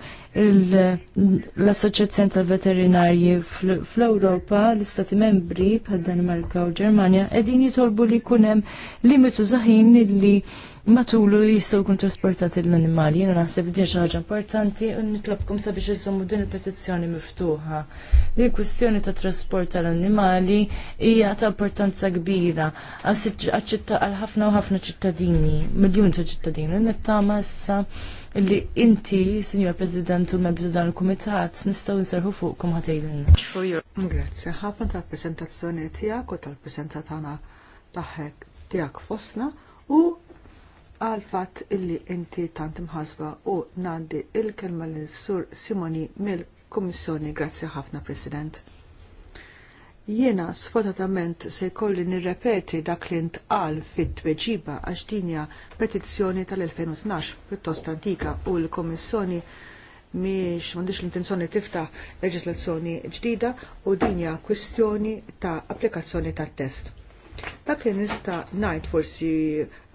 L-Assoċjazzjoni tal-Veterinarji fl-Ewropa, l-Istati Membri bħad Danimarka u Ġermanja qegħdin jitolbu li jkun hemm limitu zaħin li matulu jistgħu jkun trasportati l-annimali. Jiena naħseb din xi ħaġa importanti u nitlobkom sabiex insommu din il-petizzjoni miftuħa. Din l-kwestjoni ta' trasport tal-annimali hija ta' importanza kbira għal ħafna u ħafna ċittadini, miljun ta' ċittadini. Nittama issa li inti, Signor President, u mebdu dan il-Kumitat, nistaw nserħu fuqkom ħatejlin. Grazie, ħafna tal-presentazzjoni tijak u tal-presenza tana taħek tijak fosna u għal fatt illi inti tant imħasba u nandi il-kelma l-sur Simoni mill-Kommissjoni. Grazzi ħafna, President. Jiena sfortunatament se kolli nirrepeti dak li ntqal fit-tweġiba għax dinja petizzjoni tal-2012 pjuttost antika u l-Kommissjoni miex m'għandix l-intenzjoni tifta leġislazzjoni ġdida u dinja kwistjoni ta' applikazzjoni tat-test Dak li nista ngħid forsi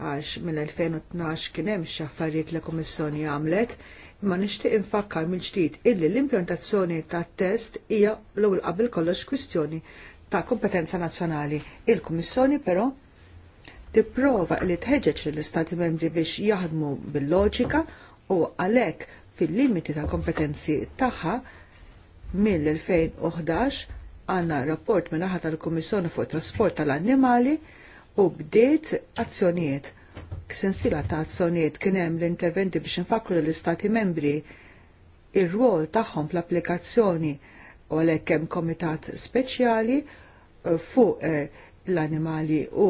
għax mill-2012 kien hemm xi affarijiet li kummissjoni għamlet, imma nixtieq infakkar mill-ġdid illi l-implementazzjoni tat-test hija l-ewwel qabel kollox kwistjoni ta' kompetenza nazzjonali. Il-Kummissjoni però tipprova li tħeġġeġ l-Istati membri biex jaħdmu bil-loġika u għalhekk fil-limiti ta' kompetenzi tagħha mill-2011 għanna rapport minn aħat tal-Komissjoni fuq trasport tal-annimali u bdejt azzjonijiet. Sensila ta' azzjonijiet kien hemm l-interventi biex infakru l-Istati membri ir-rwol tagħhom fl-applikazzjoni u għalhekk hemm komitat speċjali eh, fuq eh, l-annimali u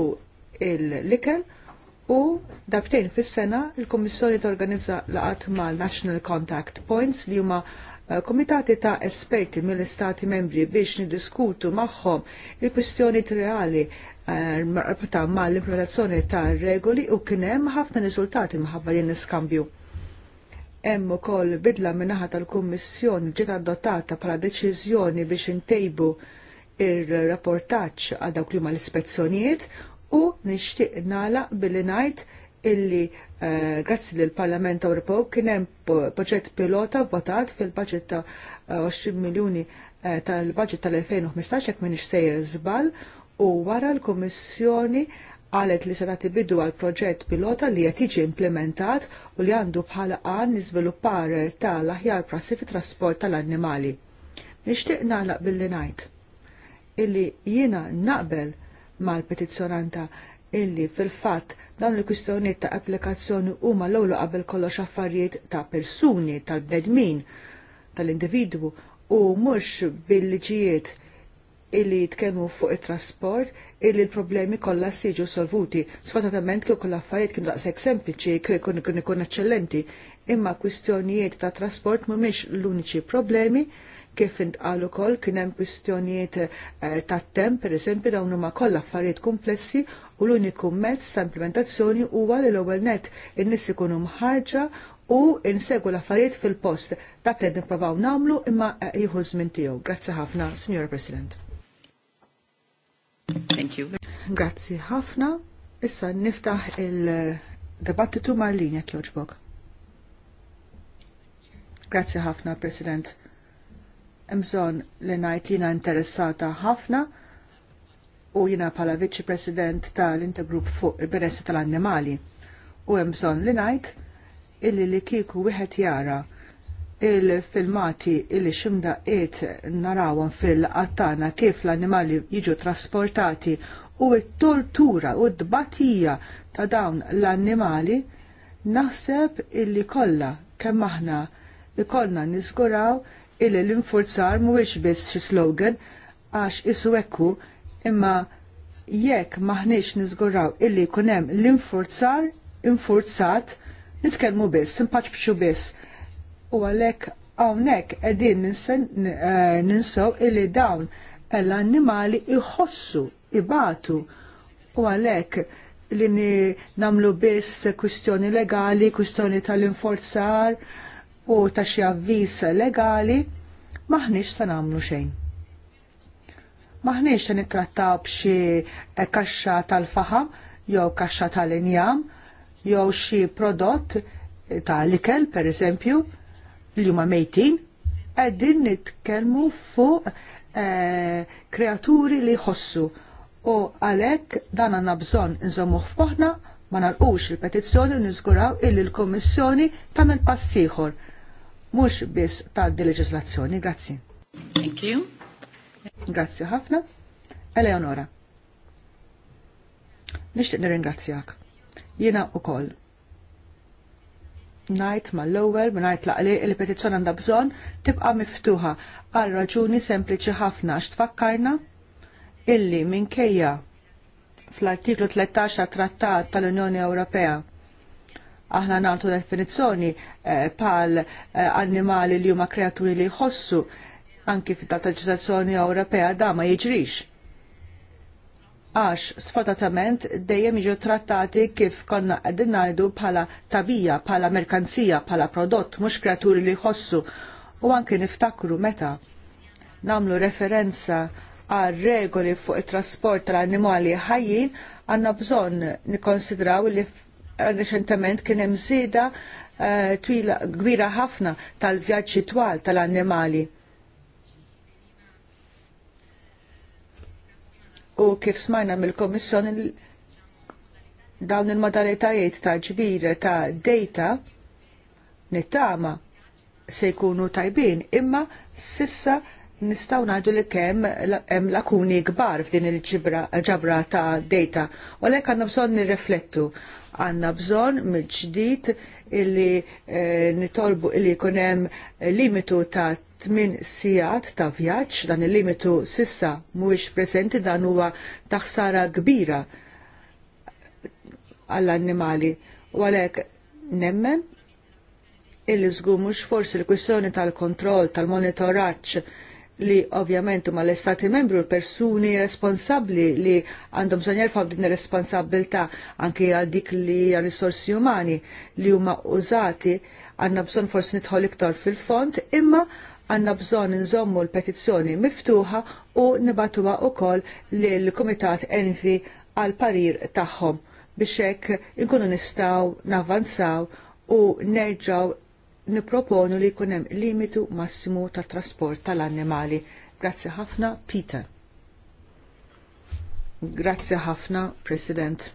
l-likel u darbtejn fis-sena l kummissjoni torganizza laqat mal National Contact Points li huma Eh, komitati ta' esperti mill-istati membri biex nidiskutu magħhom il-kwistjoni reali eh, ta' ma' l-implementazzjoni ta' regoli u kien hemm ħafna riżultati minħabba din niskambju. iskambju Hemm ukoll bidla minaħa tal-Kummissjoni ġiet adottata bħala deċiżjoni biex intejbu ir-rapportaġġ għal dawk li huma l-ispezzjonijiet u nixtieq nagħlaq billi ngħid illi eh, grazzi lill parlament Ewropew kien hemm proġett pilota votat fil budget ta' 20 eh, miljuni eh, tal budget tal-2015 jekk m'iniex sejjer żball u wara l-Kummissjoni qalet li se tagħti bidu għal proġett pilota li qed jiġi implementat u li għandu bħala għan niżviluppar tal-aħjar prassi fi trasport tal-annimali. Nixtieq nagħlaq billi ngħid illi jiena naqbel mal-petizzjonanta illi fil-fatt dawn il-kwistjonijiet ta' applikazzjoni huma l-ewwel qabel kollox affarijiet ta' persuni, tal-bnedmin, tal-individwu u mhux bil-liġijiet illi jitkellmu fuq it-trasport illi l-problemi kollha siġu solvuti. Sfortunatament kieku l-affarijiet kienu daqshekk sempliċi kieku ikun eċċellenti, imma kwistjonijiet ta' trasport mhumiex l-uniċi problemi kif intqal ukoll kien hemm kwistjonijiet eh, tat-temp, pereżempju dawn huma kollha affarijiet komplessi u l-uniku mezz ta' implementazzjoni huwa li l-ewwel net in-nies ikunu mħarġa u insegu l-affarijiet fil-post. Dak li nippruvaw nagħmlu imma eh, jieħu żmien tiegħu. Grazzi ħafna, Signora President. Thank you. Grazzi ħafna. Issa niftaħ il-dibattitu mal-linja kjoġbok. Grazzi ħafna, President bżonn li najt li interessata ħafna u jiena bħala viċi president tal-intergrupp fuq il-benessi tal-annimali. U hemm bżonn li ngħid illi li kieku wieħed jara il-filmati illi qiet narawhom fil-qattana kif l-annimali jiġu trasportati u t-tortura u d-batija ta' dawn l-annimali naħseb illi kollha kemm aħna ikollna nisguraw illi l-infurzar mhuwiex biss xi slogan għax isu ekku imma jekk maħniex niżguraw illi jkun hemm l-infurzar infurzat nitkellmu biss, impaċċu biss. U għalhekk hawnhekk qegħdin eh, ninsew illi dawn l-annimali iħossu, ibatu u għalhekk li namlu biss kwistjoni legali, kwistjoni tal-inforzar, u ta' xi avviż legali maħniex se nagħmlu xejn. Maħniex se nittrattaw b'xi eh, kaxxa tal-faħam jew kaxxa tal-injam jew xi prodott eh, ta' likel per eżempju li huma mejtin qegħdin nitkellmu fuq eh, kreaturi li jħossu u għalhekk dan għandna bżonn nżommuh f'moħħna ma narqux il-petizzjoni u niżguraw illi l-Kummissjoni tagħmel pass ieħor mhux biss tgħaddi leġislazzjoni. Grazzi. Thank you. Grazzi ħafna. Eleonora. Nixtieq nirringrazzjak. Jiena koll. Najt mal-ewwel najt laqli il petizzjoni għandha bżonn tibqa' miftuħa għal raġuni sempliċi ħafna għax tfakkarna illi minkejja fl-artiklu 13 ta' Trattat tal-Unjoni Ewropea aħna nagħtu definizzjoni eh, pal eh, annimali li huma kreaturi li jħossu anki fit leġislazzjoni Ewropea da ma jiġrix. Għax sfatatament dejjem jiġu trattati kif konna qegħdin ngħidu bħala tabija, bħala merkanzija, bħala prodott, mhux kreaturi li jħossu u anki niftakru meta namlu referenza għal regoli fuq it-trasport tal-annimali ħajjin, għanna bżon nikonsidraw li reċentament kien hemm żieda eh, twila kbira ħafna tal-vjaġġi twal tal-annimali. U kif smajna mill-Komissjoni dawn il-modalitajiet ta' ġbir ta' data nittama se jkunu tajbin, imma sissa nistaw ngħidu li kemm hemm lakuni kbar f'din il-ġabra ta' data, u għalhekk għandna bżonn nirriflettu għandna bżonn mill-ġdid illi eh, nitolbu illi jkun hemm limitu ta' 8 sigħat ta' vjaġġ dan il-limitu sissa mhuwiex presenti dan huwa taħsara kbira għall-annimali u għalhekk nemmen illi żgur mhux forsi l-kwistjoni tal-kontroll tal-monitoraġġ li ovvjament huma l-Istati membru l-persuni responsabbli li għandhom bżonn jerfgħu din ir-responsabilità anke għal dik li risorsi umani li huma użati għandna bżonn forsi nidħol iktar fil-fond imma għanna bżon nżommu l-petizzjoni miftuħa u nibatuwa u koll l-Komitat Envi għal parir tagħhom biex hekk inkunu nistgħu navanzaw u nerġaw niproponu li kunem limitu massimu ta' trasport tal-annimali. Grazzi ħafna, Peter. Grazzi ħafna, President.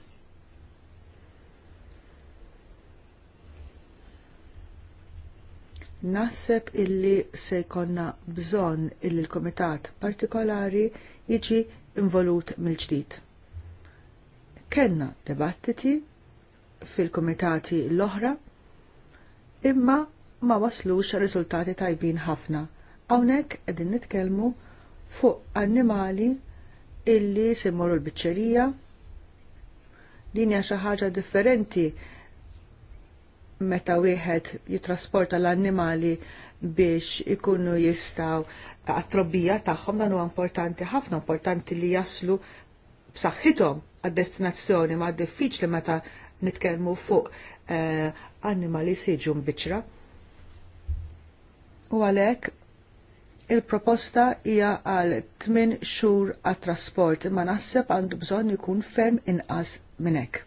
Naħseb illi se jkollna bżonn illi l-Komitat partikolari jiġi involut mill-ġdid. Kenna debattiti fil-komitati l-oħra imma ma waslux riżultati tajbin ħafna. Hawnhekk qegħdin nitkellmu fuq annimali illi se l-biċċerija din hija xi ħaġa differenti meta wieħed jitrasporta l-annimali biex ikunu jistaw għat-trobbija tagħhom dan huwa importanti ħafna importanti li jaslu b'saħħithom għad-destinazzjoni ma' diffiċli meta nitkellmu fuq eh, annimali siġu mbiċra. U għalhekk il-proposta hija għal 8 xhur għat trasport imma naħseb għandu bżonn ikun ferm inqas minn hekk.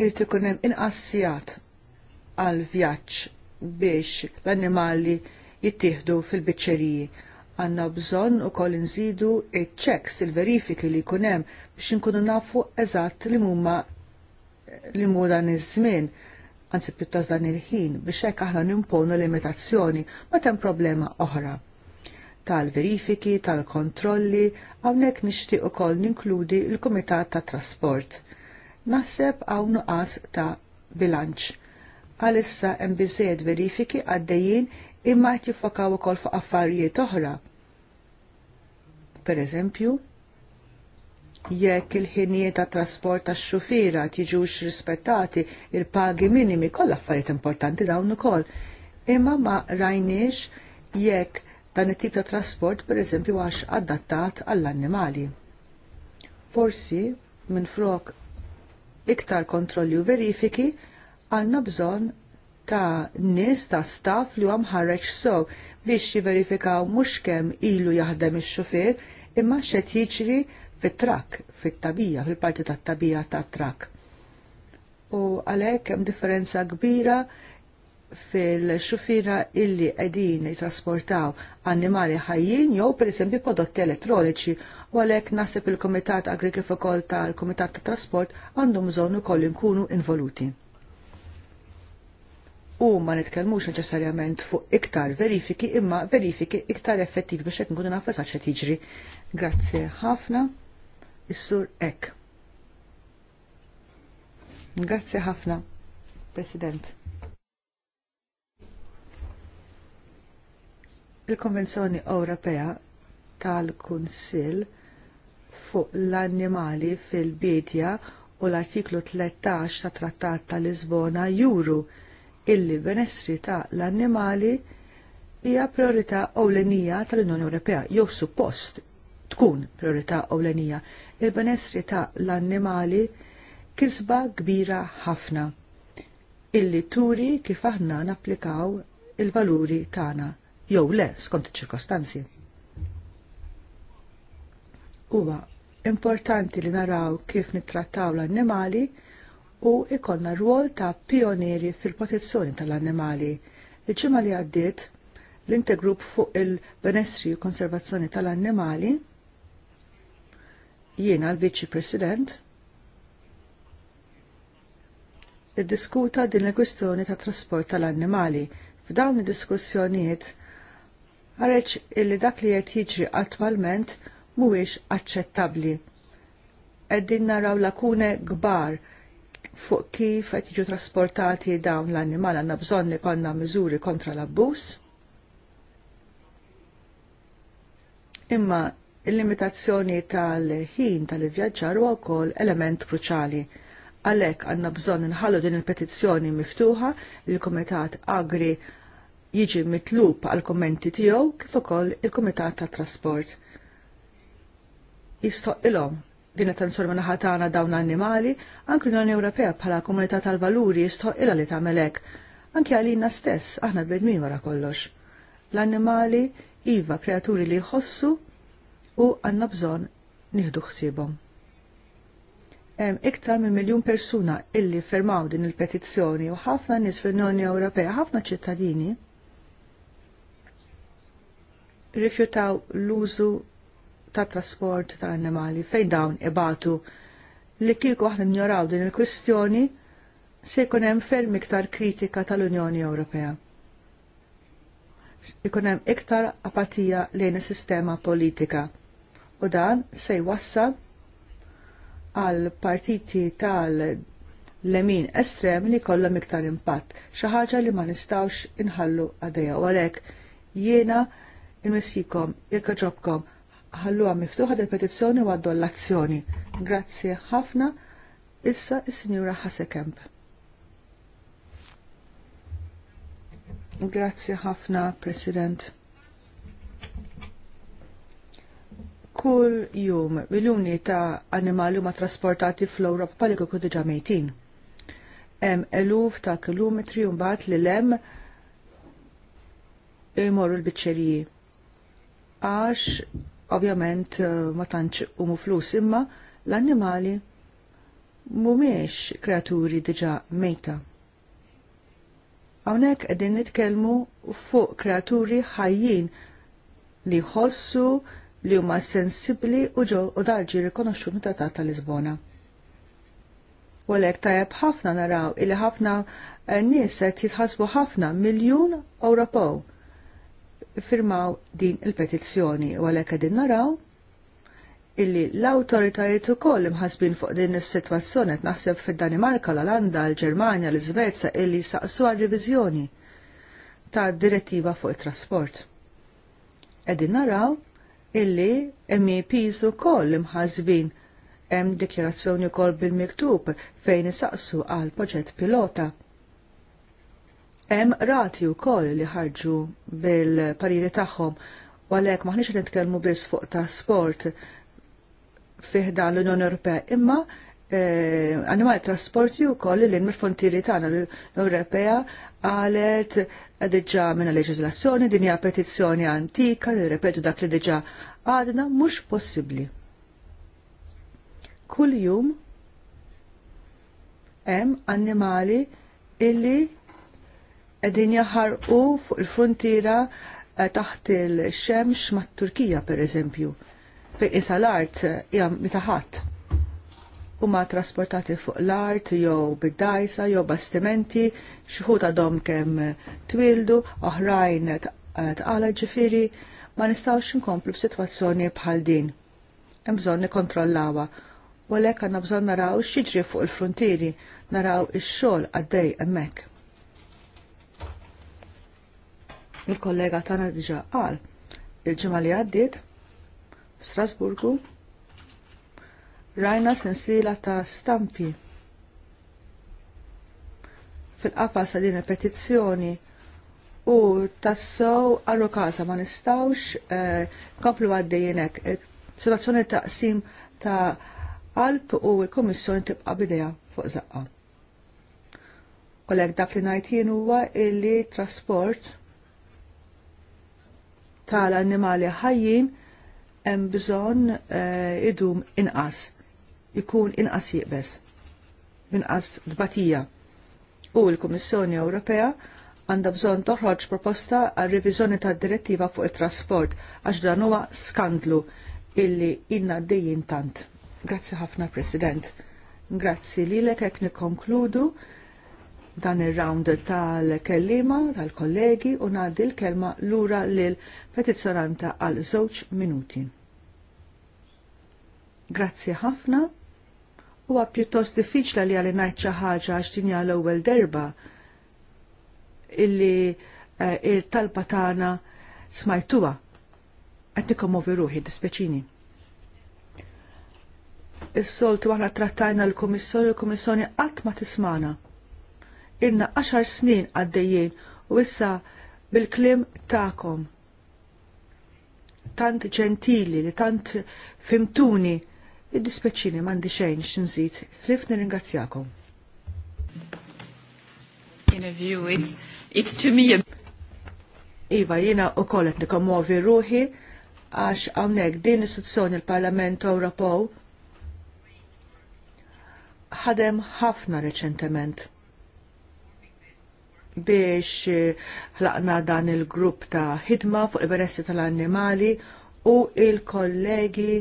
Irid ikun hemm inqas sigħat għal vjaġġ biex l-annimali jittieħdu fil-biċċeriji. Għanna bżonn u koll nżidu il-checks, il-verifiki li jkun hemm biex inkunu nafu eżatt li mumma li mu dan iż-żmien anzi pjuttost dan il-ħin biex hekk aħna nimponu limitazzjoni ma hemm problema oħra tal-verifiki, tal-kontrolli, hawnhekk nixtieq ukoll ninkludi l-Kumitat tat Trasport. Naħseb hawn nuqqas ta' bilanċ. Għalissa hemm biżejjed verifiki għaddejjin imma qed jiffokaw ukoll fuq affarijiet oħra. Pereżempju, jekk il-ħinijiet ta' trasport tax xufiera tiġux rispettati il-pagi minimi kollha affarijiet importanti dawn ukoll. Imma ma rajniex jekk dan it-tip ta' trasport pereżempju għax adattat għall-annimali. Forsi minn frok iktar kontrolli u verifiki għandna bżonn ta' nies ta' staff li għam ħarreċ sew biex jiverifikaw mhux kemm ilu jaħdem ix-xufier imma xet jiġri fit-trak, fit-tabija, fil-parti tat-tabija tat-trak. U għalhekk hemm differenza kbira fil-xufira illi qegħdin jitrasportaw annimali ħajjin jew esempio prodotti elettroniċi u għalhekk naħseb il-Kumitat Agri tal-Kumitat tat Trasport għandhom bżonn ukoll inkunu involuti. U ma nitkellmux neċessarjament fuq iktar verifiki imma verifiki iktar effettivi biex qed nkunu nafu sa xed jiġri. Grazzi ħafna. Is-sur ek. Grazzi ħafna, President. Il-Konvenzjoni Ewropea tal kunsil fuq l-annimali fil-bidja u l-artiklu 13 ta' Trattat ta' Lisbona juru illi benessri ta' l-annimali hija priorità ewlenija tal-Unjoni Ewropea jew suppost tkun priorità ewlenija il-benessri ta' l-annimali kisba kbira ħafna illi turi kif aħna napplikaw il-valuri tagħna jew le skont iċ-ċirkostanzi. Huwa importanti li naraw kif nittrattaw l-annimali u ikonna rwol ta' pionieri fil-protezzjoni tal-annimali. Il-ġimgħa li għaddiet l-intergrupp fuq il-benessri u konservazzjoni tal-annimali jiena l-Viċi President iddiskuta din il-kwistjoni ta' trasport tal-annimali. F'dawn id-diskussjonijiet għareċ illi dak li qed jiġri attwalment mhuwiex aċċettabbli. Qegħdin naraw lakune kbar fuq kif qed jiġu trasportati dawn l-annimali għandna bżonn konna miżuri kontra l-abbuż. Imma il-limitazzjoni tal-ħin tal-ivvjaġġar huwa wkoll element kruċali. Għalhekk għandna bżonn inħallu din il-petizzjoni miftuħa il kumitat Agri jiġi mitlub għal kommenti tiegħu kif ukoll il-Kumitat tat-Trasport. ilhom din attenzjoni minn ħatana dawn l-annimali, anke l-Unjoni Ewropea bħala komunità tal-valuri ilha li tagħmel hekk. Anke għalina stess aħna bidmin wara kollox. L-annimali iva kreaturi li jħossu u għandna bżonn nieħdu ħsiebhom. Hemm iktar minn miljun persuna illi fermaw din il-petizzjoni u ħafna nies fil-Unjoni Ewropea, ħafna ċittadini rifjutaw l-użu ta' trasport ta' annimali fejn dawn ibatu li kieku aħna ignoraw din il-kwistjoni se jkun hemm ferm iktar kritika tal-Unjoni Ewropea. Ikun hemm iktar apatija lejn is-sistema politika u dan se jwassal għal partiti tal-lemin estrem li kollhom iktar impatt, xi ħaġa li ma nistgħux inħallu għadejja u għalhekk jiena inwissikom jekk ġobkom ħalluha miftuħa il petizzjoni u għaddu l-azzjoni. Grazzi ħafna issa is-Sinjura Ħasekemp. Grazzi ħafna, President. Kull jum miljuni ta' animali huma trasportati fl europa pali kukku diġà mejtin. Hemm eluf ta' kilometri u mbagħad li lem imorru l-biċċeriji. Għax ovvjament ma tantx umu flus imma l-annimali mumiex kreaturi diġa mejta. Hawnhekk qegħdin nitkellmu fuq kreaturi ħajjin li jħossu li huma sensibbli u ġo u dalġi rikonoxxuni ta' trattat ta' Lisbona. U għalhekk tajjeb ħafna naraw illi ħafna eh, nies qed jitħasbu ħafna miljun Ewropew firmaw din il-petizzjoni u għalhekk qegħdin naraw illi l-autoritajiet ukoll imħasbin fuq din is-sitwazzjoni qed naħseb fid-Danimarka, l-Olanda, l-Ġermanja, l-Iżvezja illi saqsu għar-riviżjoni ta' direttiva fuq it-trasport. Qegħdin naraw illi emmi pisu koll imħazbin hemm dikjerazzjoni wkoll bil-miktub fejn saqsu għal proġett pilota. Hemm rati wkoll li ħarġu bil-pariri tagħhom u għalhekk maħniex nitkellmu biss fuq ta' sport fih dan l-Unjoni Ewropea imma Eh, animali trasporti u koll li l-mirfontieri tagħna l-Ewropea għalet diġa minna leġislazzjoni, dinja petizzjoni antika, li ripetu dak li diġa għadna mhux possibbli. Kull jum hemm annimali illi qegħdin jaħarqu fuq il-frontiera eh, taħt il-xemx mat-Turkija pereżempju. eżempju. isa insalart art hija mitaħat huma trasportati fuq l-art jew bid-dajsa jew bastimenti, xħut għadhom kemm twildu, oħrajn tqala ġifiri, ma nistgħux nkomplu b'sitwazzjoni bħal din. Hemm bżonn nikkontrollawha. U għalhekk għandna bżonn naraw x'jiġri fuq il frontiri naraw ix-xogħol għaddej hemmhekk. Il-kollega tagħna diġà qal il-ġimgħa li għaddiet Strasburgu rajna sensila ta' stampi fil-qafas din il-petizzjoni u tassow għarru kaza ma nistawx eh, komplu għaddejjenek. Eh, situazzjoni ta' sim ta' qalb u l-Komissjoni tibqa' bideja fuq zaqqa. Kolleg dak li najtien huwa illi trasport tal-annimali ħajjin hemm bżonn eh, idum inqas ikun inqas jiqbes, inqas dbatija. U l-Kummissjoni Ewropea għandha bżonn toħroġ proposta għal riviżjoni tad direttiva fuq it-trasport għax dan huwa skandlu illi inna dejjin tant. Grazzi ħafna President. Grazzi lilek hekk nikkonkludu dan ir-round tal-kellima tal-kollegi u ngħaddi l-kelma lura lil petizzjonanta għal żewġ minuti. Grazzi ħafna huwa pjuttost diffiċla li għalli ngħid xi ħaġa għax dinja l-ewwel derba illi eh, il-talba tagħna smajtuha qed nikkomovi ruħi dispeċini. Is-soltu aħna trattajna l-Kummissjoni, l-Kummissjoni qatt ma tismana. Inna 10 snin għaddejjin u issa bil-klim tagħkom. Tant ġentili li tant fimtuni Id-dispeċini mandi xejn xinżid. Rif nirringrazzjakom. In a view, it's, it's to me a... Iva, jina u kollet nikomovi ruħi għax għamnek din istituzzjoni l-Parlament Ewropew ħadem ħafna reċentement biex eh, ħlaqna dan il-grupp ta' ħidma fuq il-benessi tal-annimali u il-kollegi il kollegi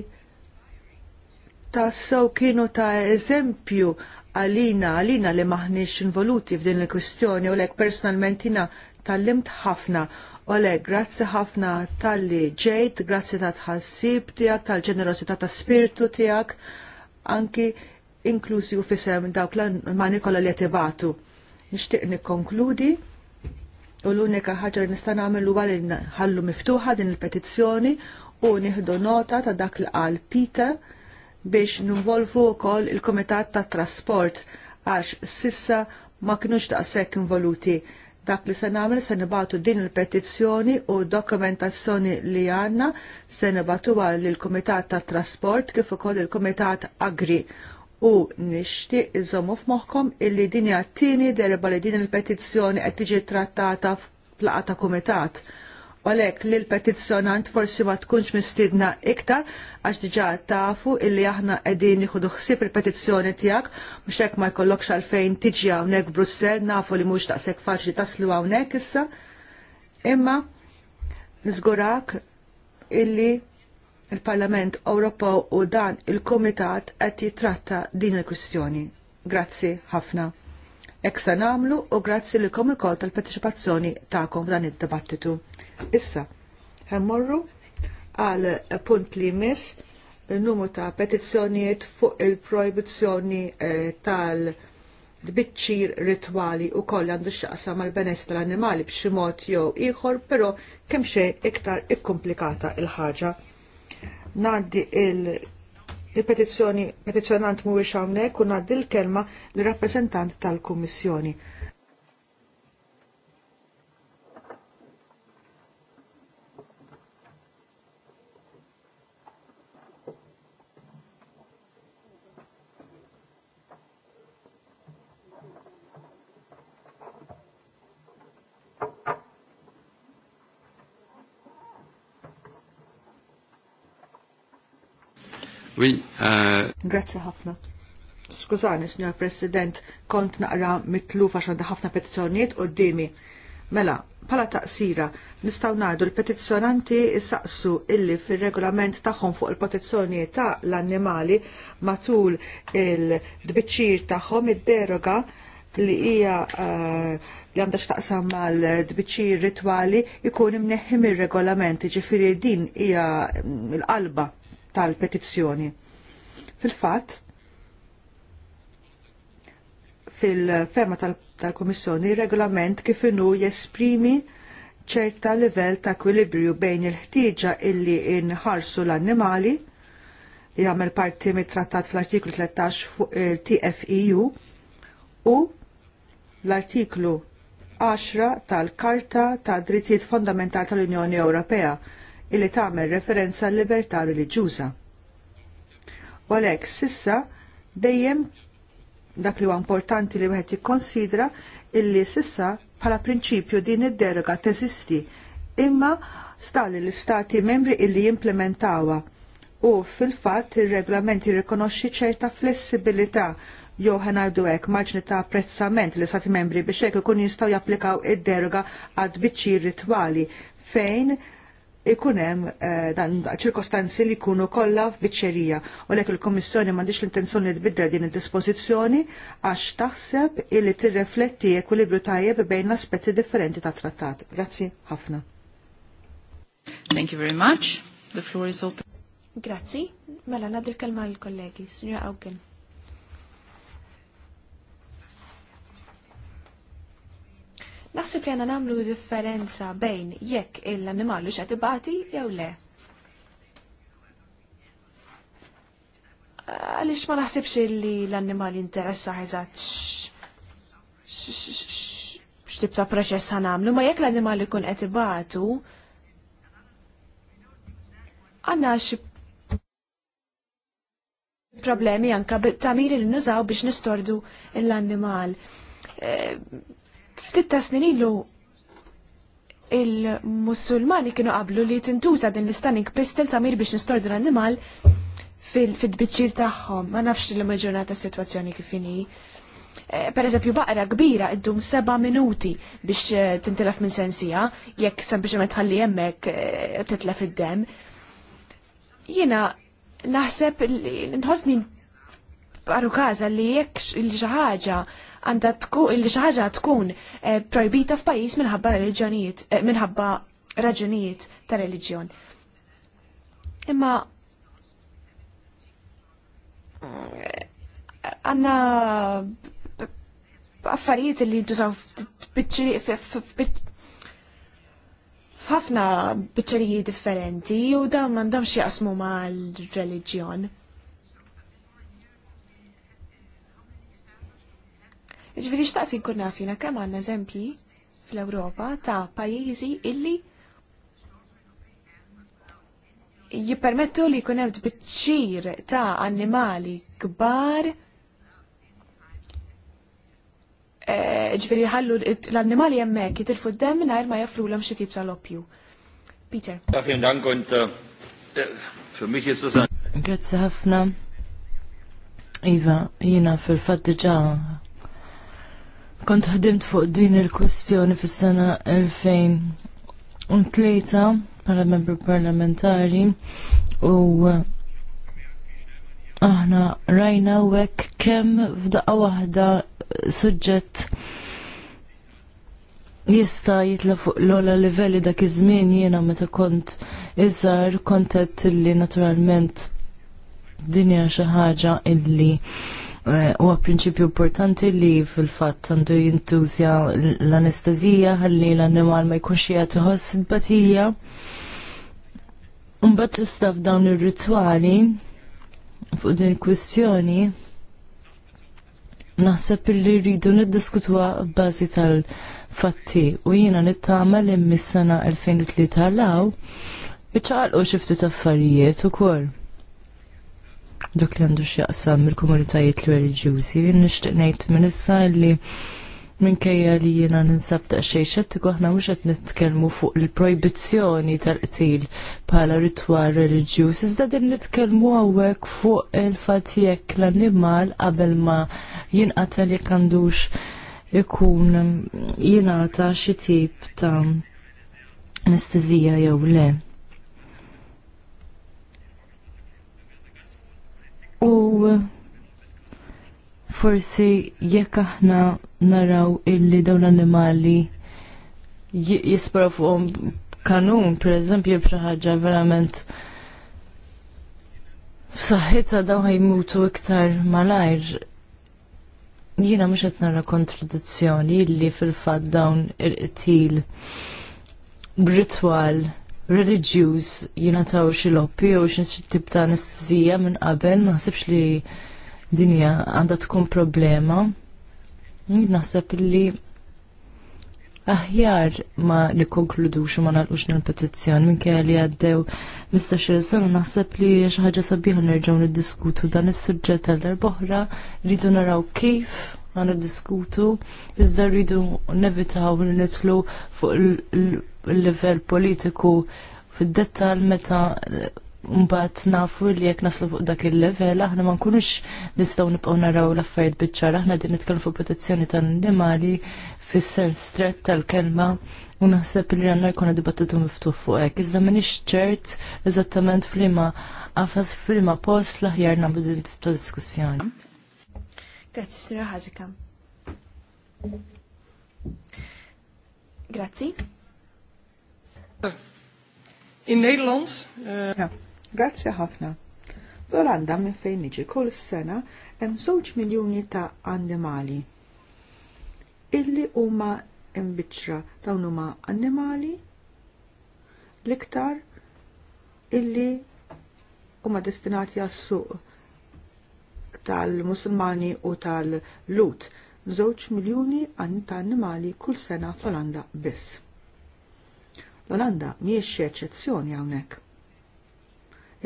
ta' kienu ta' eżempju għalina, għalina li maħniex involuti f'din il kustjoni u lek personalment jina tal-limt ħafna Ole, grazzi ħafna tal-li ġejt, grazzi ta' tħassib tijak, tal-ġenerosità ta' spiritu tijak, anki inklusi u fisem dawk l-manikola li jatibatu. Nishtiq nikkonkludi u l-unika ħagġa li nista' nagħmel u għalin ħallu miftuħa din il-petizzjoni u nieħdu nota ta' dak li qal Peter biex ninvolvu wkoll il-Kumitat tat Trasport għax sissa ma kinux daqshekk involuti. Dak li se nagħmel se nibatu din il-petizzjoni u dokumentazzjoni li għandna se nibatuha lill-Kumitat tat Trasport kif ukoll il-Kumitat Agri u nixtieq iżommu f'moħħkom illi din hija t-tieni derba li din il-petizzjoni qed tiġi trattata f'laqa ta' kumitat U għalhekk li l-petizzjonant forsi ma tkunx mistiedna iktar għax diġà tafu illi aħna qegħdin nieħdu ħsieb il-petizzjoni tiegħek mhux hekk ma jkollokx għalfejn tiġi hawnhekk Brussell nafu li mhux taqsek faċli taslu hawnhekk issa. Imma nizgurak illi il-Parlament Ewropew u dan il-Kumitat qed jitratta din il-kwistjoni. Grazzi ħafna. Ek namlu u grazzi li kom il-kol tal-partecipazzjoni ta'kom f'dan id-dibattitu. Issa, hemmorru għal punt li mis numru ta' petizzjonijiet fuq il-proibizzjoni eh, tal- biċċir ritwali u koll għandu xaqsa mal-benessi tal-annimali b'xi mod jew ieħor, però kemm xejn iktar ikkomplikata il-ħaġa. Ngħaddi il il-petizzjoni petizzjonant mhuwiex hawnhekk u ngħaddi l-kelma lir-rappreżentant tal-Kummissjoni. Oui. Uh... Grazie ħafna. Skużani, signor President, kont naqra mitluf għax għandha ħafna petizzjonijiet dimi Mela, pala taqsira, nistaw ngħidu l-petizzjonanti saqsu illi fir-regolament tagħhom fuq il-protezzjoni ta' l-annimali matul il-dbiċċir tagħhom id-deroga li hija eh, li għandha x'taqsam mal-dbiċċir ritwali ikun imneħħim ir-regolament, ġifieri din hija l-qalba tal-petizzjoni. Fil-fatt, fil-fema tal-Komissjoni, tal regolament kif inhu jesprimi ċerta livell ta' ekwilibrju bejn il-ħtieġa illi inħarsu l-annimali li jagħmel parti mit-trattat fl-artiklu 13 fuq il-TFEU u l-artiklu 10 tal-Karta ta' Drittijiet Fondamentali tal-Unjoni Ewropea illi tagħmel referenza l libertà reliġjuża. U għalhekk sissa dejjem dak li huwa importanti li wieħed jikkonsidra illi sissa bħala prinċipju din id-deroga teżisti imma stali l-istati membri illi jimplementawa u fil-fatt ir-reglament jirrikonoxxi ċerta flessibilità jew ħanajdu hekk marġni ta' apprezzament li stati membri biex hekk ikun jistgħu japplikaw id-deroga għad biċċir ritwali fejn ikun hemm eh, dan ċirkostanzi li jkunu kollha f'biċċerija. U lek il komissjoni mandiċ l-intenzjoni li tbiddel din id-dispożizzjoni għax taħseb illi tirrefletti ekwilibru tajjeb bejn aspetti differenti ta' trattat. Grazzi ħafna. Thank you very much. The floor is open. Grazzi. Mela nadil kalma l-kollegi, Signora Augen. Naħseb jena namlu differenza bejn jekk l-animal xa tibati jew le. Għalix ma naħsibx li l-animal interessa ħizat x'tib ta' proċess għanamlu, ma jekk l-animal ikun qed ibatu, għanna x problemi għanka ta' il li nużaw biex nistordu l-annimal. Ftitta snin ilu il-Musulmani kienu qablu li tintuża din l-istanik pistol tamir biex nistordu l-annimal fil-bitċir tagħhom. Ma nafx l ġurnata situazzjoni kif inhi. Eh, per eżempju, baqra kbira iddum seba' minuti biex eh, tintilef minn sensija, jekk sempliċement ħalli hemmhekk eh, titlef id-dem. Jiena naħseb li nħossni paru kaza li jekk il-ġaħġa għandha tkun li xi ħaġa tkun eh, projbita f'pajjiż minħabba reliġjonijiet eh, minħabba raġunijiet ta' reliġjon. Imma eh, għanna affarijiet li jintużaw f'ħafna biċċeriji differenti u dawn m'għandhomx jaqsmu mal-reliġjon. Ġviri xtaqt nkun nafina kemm għandna eżempji fl-Ewropa ta' pajjiżi illi jippermettu li jkun hemm tbiċċir ta' annimali kbar eh, ġifiri ħallu l-annimali jemmek jitilfu d-dem minnajr ma jaffru l xi tip tal-oppju. Peter. Vielen äh, Grazie ħafna. Iva, jina fil-fat diġa Kont ħdimt fuq din il-kwestjoni fis-sena 2003 bħala membru parlamentari u aħna rajna hekk kemm f'daqqa waħda suġġett jista' jitla fuq l-ola livelli dak iż-żmien jiena meta kont iżgħar kontet illi naturalment dinja xi ħaġa illi Eh, huwa prinċipju importanti li fil-fatt għandu jintużja l-anestezija ħalli l-annimal ma jkunx qiegħed iħoss il-batija. Mbagħad tista' dawn ir-ritwali fuq din il-kwistjoni naħseb li rridu niddiskutwa b'bażi tal-fatti u jiena nittama li mis-sena 2003 law iċċaqalqu xi ftit affarijiet ukoll dak li għandu x'jaqsam mill-komunitajiet reliġjużi. Nixtieq ngħid minn issa li minkejja li jiena ninsab ta' xejn xettiku aħna mhux qed nitkellmu fuq il-projbizzjoni tal-qtil bħala ritwal reliġjuż, iżda din nitkellmu hawnhekk fuq il fatijek l-annimal qabel ma jinqata jekk għandux ikun jingħata xi tip ta' anestezija jew le. U forsi jekk aħna naraw illi dawn l-animali jisparaw fuqhom kanun, per eżempju, ħaġa verament f'saħħitha daw ħajmutu iktar malajr. Jiena mhux qed nara kontradizzjoni li fil-fatt dawn il-qtil ritwal reliġjuż jingħataw xi loppi jew xi tip ta' anestezija minn qabel, ma naħsibx li dinja hija għandha tkun problema. Naħseb li aħjar ma nikkonkludux u ma nalqux nil-petizzjoni minn li għaddew mista il-sena naħseb li xi ħaġa sabiħa nerġgħu niddiskutu dan is-suġġett għal darb'oħra rridu naraw kif għana diskutu, iżda rridu nevitaw nitlu fuq il-level politiku fid-dettal meta eh, Mbagħad nafu li jekk naslu fuq dak il-level aħna ma nkunux nistgħu nibqgħu naraw l-affarijiet biċ aħna din nitkellmu fuq protezzjoni tal-annimali fis-sens strett tal-kelma u naħseb li għandna jkun dibattitu miftuħ fuq hekk. Iżda m'iniex ċert eżattament f'liema qafas f'liema post l-aħjar nagħmlu din ta' diskussjoni. Grazzi, Sura Ħażika. Grazzi. In Nederland. Uh... Eh, Grazzi ħafna. Volanda minn fejn niġi kull sena hemm żewġ miljuni ta' annimali. Illi huma mbiċċra dawn huma annimali l-iktar illi huma destinati għas-suq tal-Musulmani u tal-Lut. Żewġ miljuni ta' annimali kull sena fl-Olanda biss. L-Olanda mhijiex xi eċċezzjoni hawnhekk.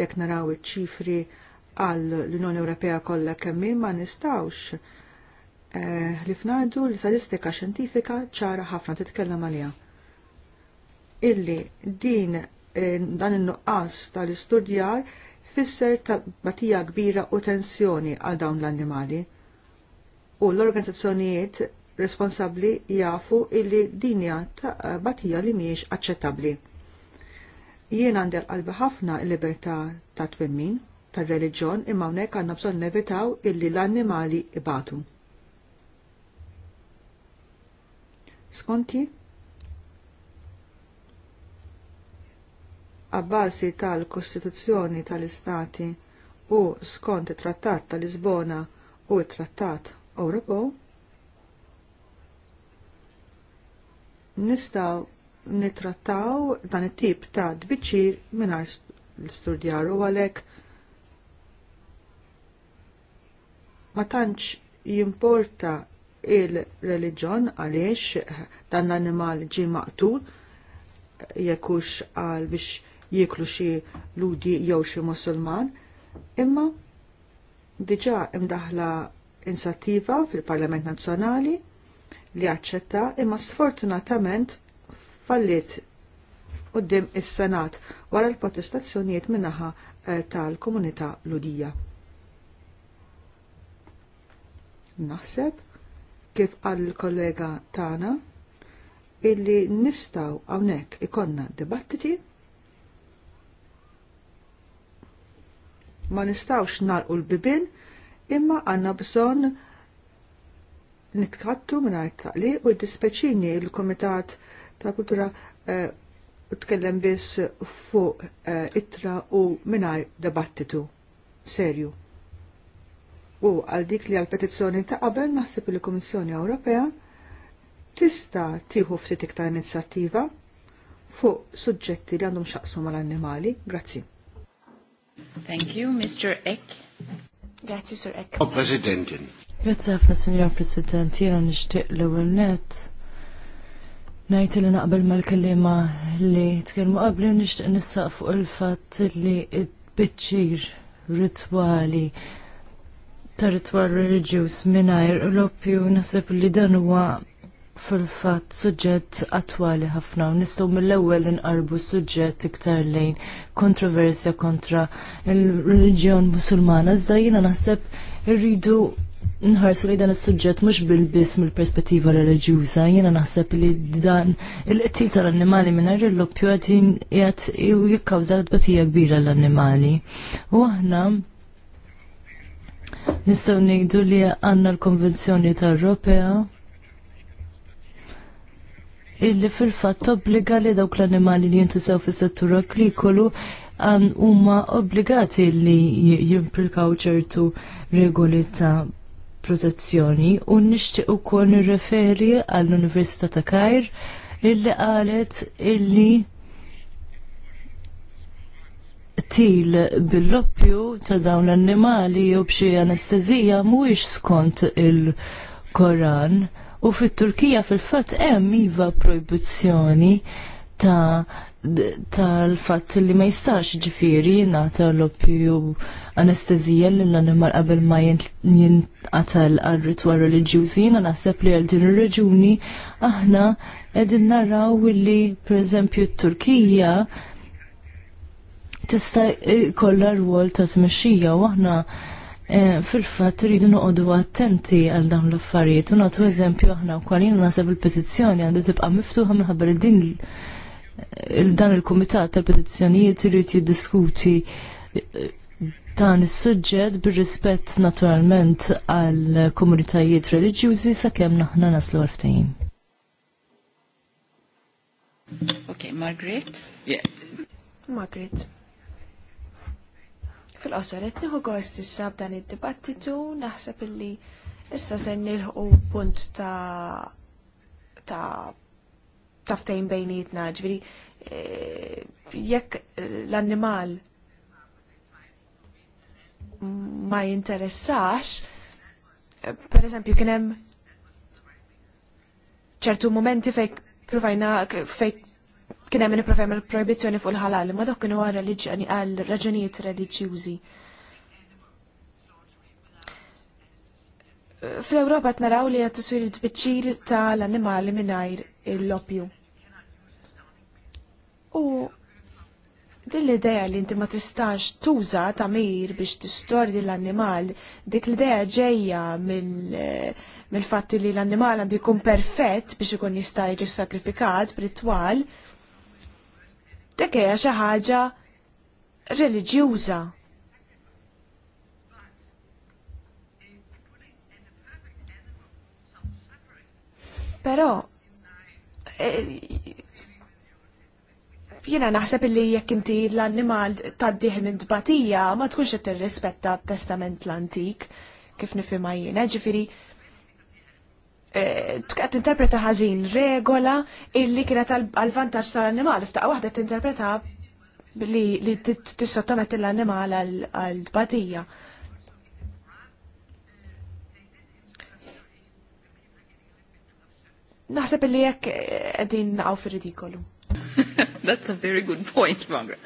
Jekk naraw iċ-ċifri għal l-Unjoni Ewropea kollha kemm ma nistgħux eh, li fnajdu l-statistika xjentifika ċara ħafna titkellem għaliha. Illi din eh, dan in-nuqqas tal-istudjar fisser ta' batija kbira u tensjoni għal dawn l-annimali. U l-organizzazzjonijiet responsabbli jafu illi dinja ta' batija li mhijiex aċċettabbli. Jien għandel qalbi ħafna l-libertà ta' twemmin tar-reliġjon imma hawnhekk għandna bżonn nevitaw illi l-annimali ibatu. Skonti? Abbasi tal-Kostituzzjoni tal-Istati u skont it-Trattat tal-Lisbona u it-Trattat Ewropew, nistaw nitrattaw dan it-tip ta' dbiċir minar l studjaru għalek ma tantx jimporta il-reliġjon għaliex dan l-animal ġi maqtul jekkux għal biex jiklu xi ludi jew xi musulman, imma diġà imdaħla insattiva fil-Parlament Nazzjonali li aċċetta imma sfortunatament falliet qudiem is-Senat wara l-protestazzjonijiet min-naħa eh, tal-komunità ludija. Naħseb kif qal il-kollega tagħna illi nistaw hawnhekk ikonna dibattiti ma nistawx nalqu l-bibin imma għanna bżonn nitkattu mingħajr taqli u dispeċini l-Komitat ta' Kultura eh, tkellem biss fuq eh, ittra u mingħajr dibattitu serju. U għal dik li għal petizzjoni ta' qabel naħseb il l-Kummissjoni Ewropea tista' tieħu ftit iktar inizjattiva fuq suġġetti li għandhom xaqsu mal-annimali. Grazzi. Thank you, Mr. Eck. Grazzi, Sir Eck. Oh, Presidentin. Grazzi ħafna, Sinjor President, jiena nixtieq l-ewwel nett. Ngħid li naqbel mal-kelliema li tkellmu qabli nixtieq nissaq fuq il-fatt li biċċir ritwali ta' ritwal reliġjuż mingħajr Ewropju naħseb li dan huwa fil-fatt suġġett attwali ħafna u nistgħu mill-ewwel inqarbu suġġett iktar lejn kontroversja kontra il-reliġjon Musulmana iżda jiena naħseb irridu nħarsu li dan is-suġġett mhux bil-biss mill-perspettiva reliġjuża, jiena naħseb li dan il-qtil tal-annimali mingħajr il-loppju qed jikkawża tbatija kbira l-annimali. U aħna nistgħu ngħidu li għandna l-Konvenzjoni tal-Ewropea illi fil fat obbliga li dawk l-annimali li jintużaw fis-settur agrikolu għan umma obbligati li jimplikaw ċertu regoli ta' protezzjoni u nixtieq ukoll nirreferi għall-Università ta' Kajr illi qalet illi til bil-loppju ta' dawn l-annimali jew bxie anestezija mhuwiex skont il-Koran u fit-Turkija fil-fatt hemm iva proibizzjoni ta' tal-fatt li ma jistax ġifiri nata l-oppju anestezija l-animal qabel ma jinqatal għal-ritwal religjużi jina naħseb li għal din ir-reġuni aħna qegħdin narraw li pereżempju t-Turkija tista' kollha rwol ta' tmexxija u aħna eh, Fil-fat rridu noqogħdu attenti għal dawn l-affarijiet u nagħtu eżempju aħna wkoll jien naħseb il-petizzjoni għandha tibqa' miftuħa minħabba din dan il-Kumitat tal-Petizzjonijiet irid jiddiskuti eh, dan is-suġġett bir-rispett naturalment għal komunitajiet reliġjużi sakemm naħna naslu għal Ok, Margaret? Yeah. Margaret. Fil-qosor, etniħu għost issa dan id-dibattitu, naħseb illi issa ser nilħu punt ta' ta' taftajn bejnietna, ġviri, eh, jekk eh, l-annimal ma jinteressax, eh, per eżempju, kienem ċertu momenti fejk provajna fejk kien hemm nipprofem l proibizzjoni fuq l ħalal ma dak kienu għal raġunijiet reliġjużi. Fl-Ewropa t naraw li qed isir il-tbiċċir tal-annimali mingħajr il-lopju. U din l-ideja li inti ma tistax tuża tamir biex tistordi l-annimal, dik l-ideja ġejja eh, mill-fatti li l-annimal għandu jkun perfett biex ikun jista' jiġi sakrifikat b'ritwal, dik hija xi ħaġa reliġjuża. Però eh, jina naħseb illi jekk inti l-annimal taddih minn tbatija ma tkunx qed tirrispetta t-testament l-antik kif nifhimha jiena, ġifieri eh, qed tinterpreta ħażin regola illi kienet għal vantaġġ tal-annimal f'taqgħa waħda tinterpreta li tissottomet l-annimal għal tbatija. Naħseb illi jekk eh, qegħdin naqgħu fir-ridikolu. *laughs* That's a very good point, Margaret.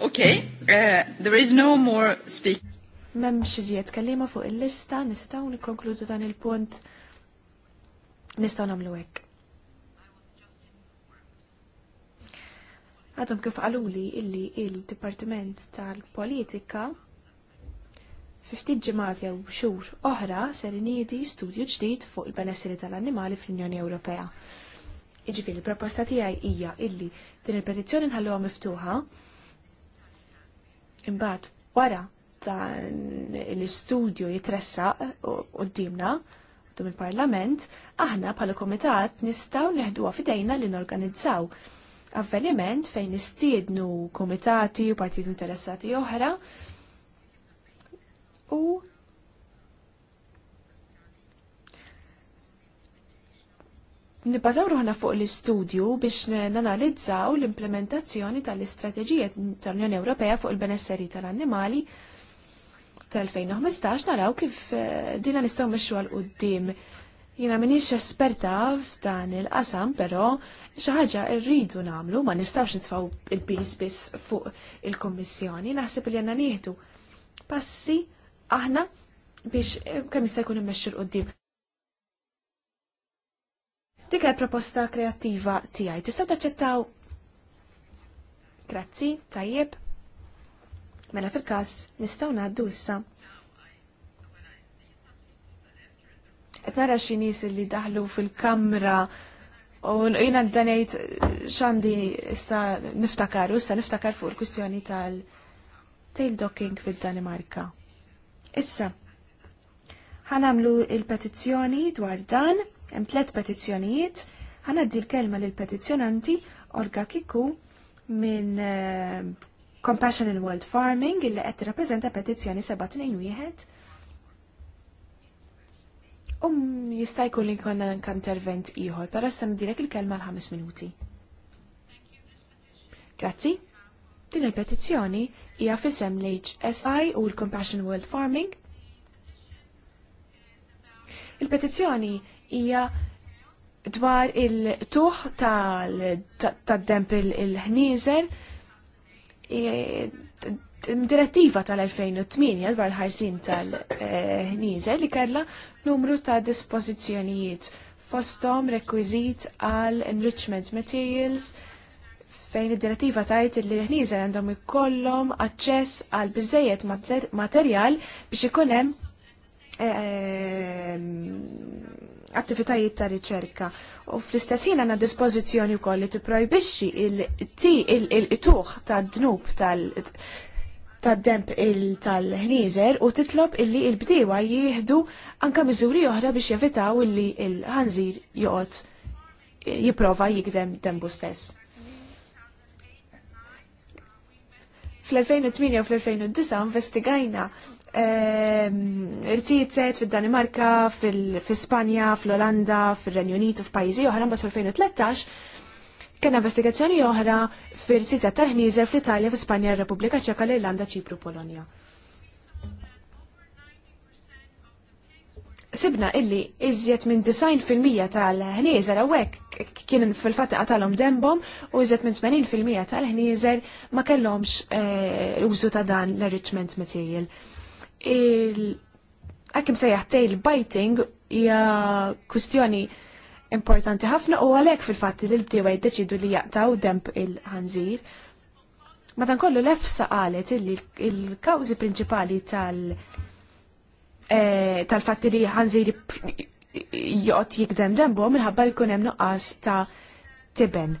Okay, uh, there is no more speak. Mem xiziet kallima fuq il-lista, nistaw nikonkludu dan il-punt, nistaw namlu hekk. Għadhom kif għaluli illi il-Dipartiment tal-Politika ftit ġimgħat jew xhur oħra ser iniedi studju ġdid fuq il-benessiri tal-annimali fl-Unjoni Ewropea Iġifieri il-proposta tiegħi hija illi din il-petizzjoni nħalluha miftuħa imbagħad wara dan l-istudju jitressaq qudiemna dum il-Parlament, aħna bħala komitat nistgħu neħduha f'idejna li norganizzaw avveniment fejn nistiednu komitati u partit interessati oħra u nibbażaw ruħna fuq l-istudju biex nanalizzaw l-implementazzjoni tal istrateġija tal-Unjoni Ewropea fuq il-benesseri tal-annimali tal-2015 naraw kif eh, dina nistgħu mexxu għal qudiem. Jiena m'iniex esperta f'dan il-qasam, però xi ħaġa rridu nagħmlu ma nistgħux nitfgħu il-biss biss fuq il-Kummissjoni, naħseb li għandna nieħdu passi aħna biex eh, kemm jista' jkun immexxu l qudiem Dik proposta kreattiva tiegħi. Tistgħu taċċettaw? Grazzi, tajjeb. Mela fil-każ nistgħu ngħaddu issa. Qed nara xi nies li daħlu fil-kamra U jina d-danejt xandi issa niftakar, u issa niftakar fuq il-kustjoni tal-tail docking fil-Danimarka. Issa, ħanamlu il-petizzjoni dwar dan Hemm tliet petizzjonijiet, ħanaddi l-kelma lil petizzjonanti Olga Kiku minn uh, eh, Compassion in World Farming illi qed tirrappreżenta petizzjoni 721. Um jista' jkun li konna anke intervent ieħor, però issa nidilek il-kelma l ħames minuti. Grazzi. Din il-petizzjoni hija fisem l-HSI u l-Compassion World Farming Il-petizzjoni hija dwar il-tuħ tal demp il ħnizer direttiva tal-2008 dwar ħarsin tal ħnizer li kellha numru ta' dispozizjonijiet fostom rekwiżit għal enrichment materials fejn id-direttiva tajt li l-ħnieżer għandhom ikollhom aċċess għal biżejjed materjal biex ikun hemm eh, attivitajiet ta' riċerka. U fl-istess ħin għandna dispożizzjoni wkoll li tipprojbixxi il-tuħ tad-dnub tal- tad-demp tal-ħnieżer u titlob illi il-bdiewa jieħdu anka miżuri oħra biex jevitaw illi il-ħanżir joqgħod jipprova jikdem dembu stess. Fl-2008 u fl-2009 investigajna Ehm, irtijiet sejt fil-Danimarka, fil-Spanja, fil-Olanda, fil-Renju Unitu, f'pajjiżi oħra mbagħad fil-2013 kien investigazzjoni oħra fil sizja tal fil fl-Italja, fil spanja r-Repubblika Ċeka, l-Irlanda, Ċipru, Polonja. Sibna illi iżjed minn 90% tal-ħnieżer hawnhekk kien fil fatta qatalhom dembom u iżjed minn 80% tal-ħnieżer ma kellhomx eh, użu ta' dan l-enrichment material il-għakim sejja tail-biting hija kwistjoni importanti ħafna u għalek fil fat li l-bdiewa jiddeċidu li jaqtaw demp il-ħanżir. Madankollu kollu lefsa qalet illi il-kawzi prinċipali tal- tal-fatti li ħanżir jgħot jikdem dembu minħabba jkun hemm nuqqas ta' tiben.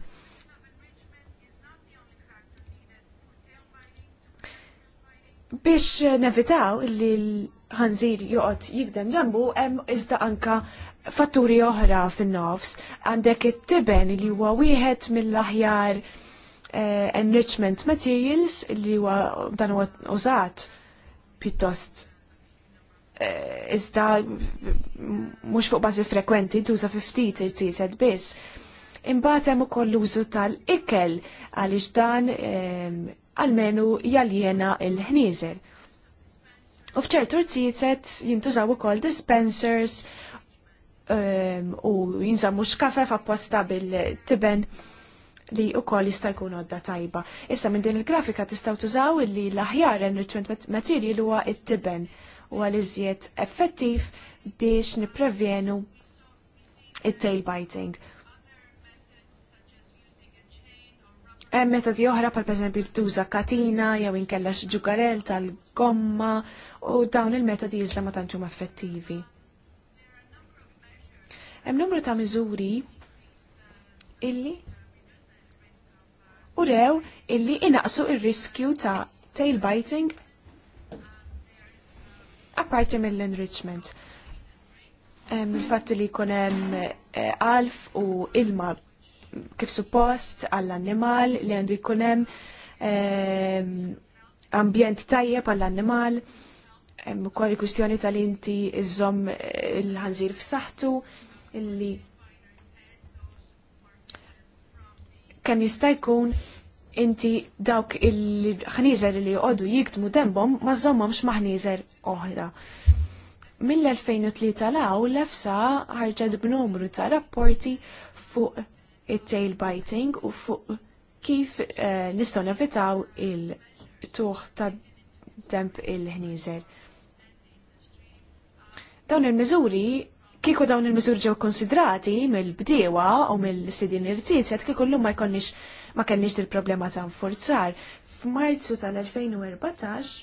biex nevitaw li l-ħanżir joqgħod jikdem ġambu hemm iżda anka fatturi oħra fin-nofs għandek it-tiben li huwa wieħed mill-aħjar eh, enrichment materials li huwa dan huwa użat pjuttost eh, iżda mhux fuq bażi frekwenti tuża fi ftit irtiset biss. Imbagħad hemm ukoll l-użu tal-ikel għaliex dan għalmenu jaljena il-ħnieżer. U fċertu rtizet jintużaw ukoll dispensers u jinżammu xkafef apposta bil-tiben li u koll jista' jkun għodda tajba. Issa minn din il-grafika tistgħu tużaw li l-aħjar enrichment material huwa it-tiben u għal effettiv biex niprevjenu it-tail biting Hemm metodi oħra pal pereżempju tuża katina jew inkella ġugarel tal-gomma u dawn il-metodi iżda ma tantx huma effettivi. Hemm numru ta' miżuri illi u rew illi inaqsu ir-riskju ta' tail biting apparti mill-enrichment. Il-fatt li jkun hemm eh, alf u ilma kif suppost għall-annimal li għandu jkun hemm ehm, ambjent tajjeb għall-annimal hemm ukoll kwistjoni tal-inti iżom eh, il-ħanżir f'saħħtu illi kemm jista' jkun inti dawk il-ħnieżer li jqogħdu jiktmu dembhom ma żommhomx ma' ħnieżer oħra. Mill-2003 l-EFSA ħarġet b'numru ta' rapporti fuq it biting u fuq kif eh, nistgħu nevitaw il-tuħ ta' demp il-ħnieżer. Dawn il-miżuri kieku dawn il miżuri ġew konsidrati mill-bdiewa u mill-sidin irtizet kieku l-lum ma jkonniex ma kenniex il-problema ta' nforzar. F'Marzu tal-2014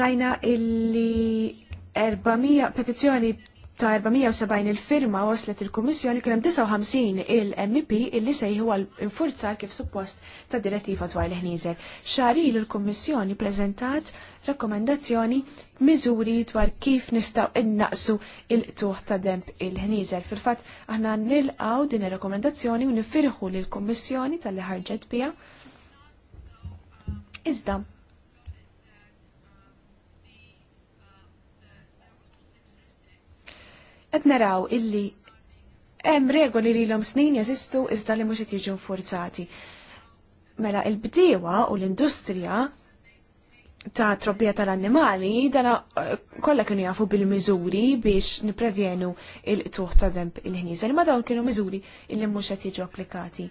rajna illi 400 petizjoni ta' 470 il-firma waslet il-Kummissjoni kien hemm 59 il-MP illi sejħu għal infurzar kif suppost ta' direttiva dwar il ħnieżer Xaril il-Kummissjoni prezentat rakkomendazzjoni miżuri dwar kif nistgħu innaqsu il-tuħ ta' demp il-ħnieżer. Fil-fatt aħna nilqgħu din ir-rakkomendazzjoni u nifirħu lill-Kummissjoni tal-li ħarġet biha. Iżda, qed naraw illi hemm regoli li l-om snin jeżistu iżda li mhux qed jiġu Mela il-bdiewa u l-industrija ta' trobbija tal-annimali dana eh, kollha kienu jafu bil-miżuri biex niprevjenu il-tuħ ta' il-ħnieżel ma dawn kienu miżuri illi mhux qed jiġu applikati.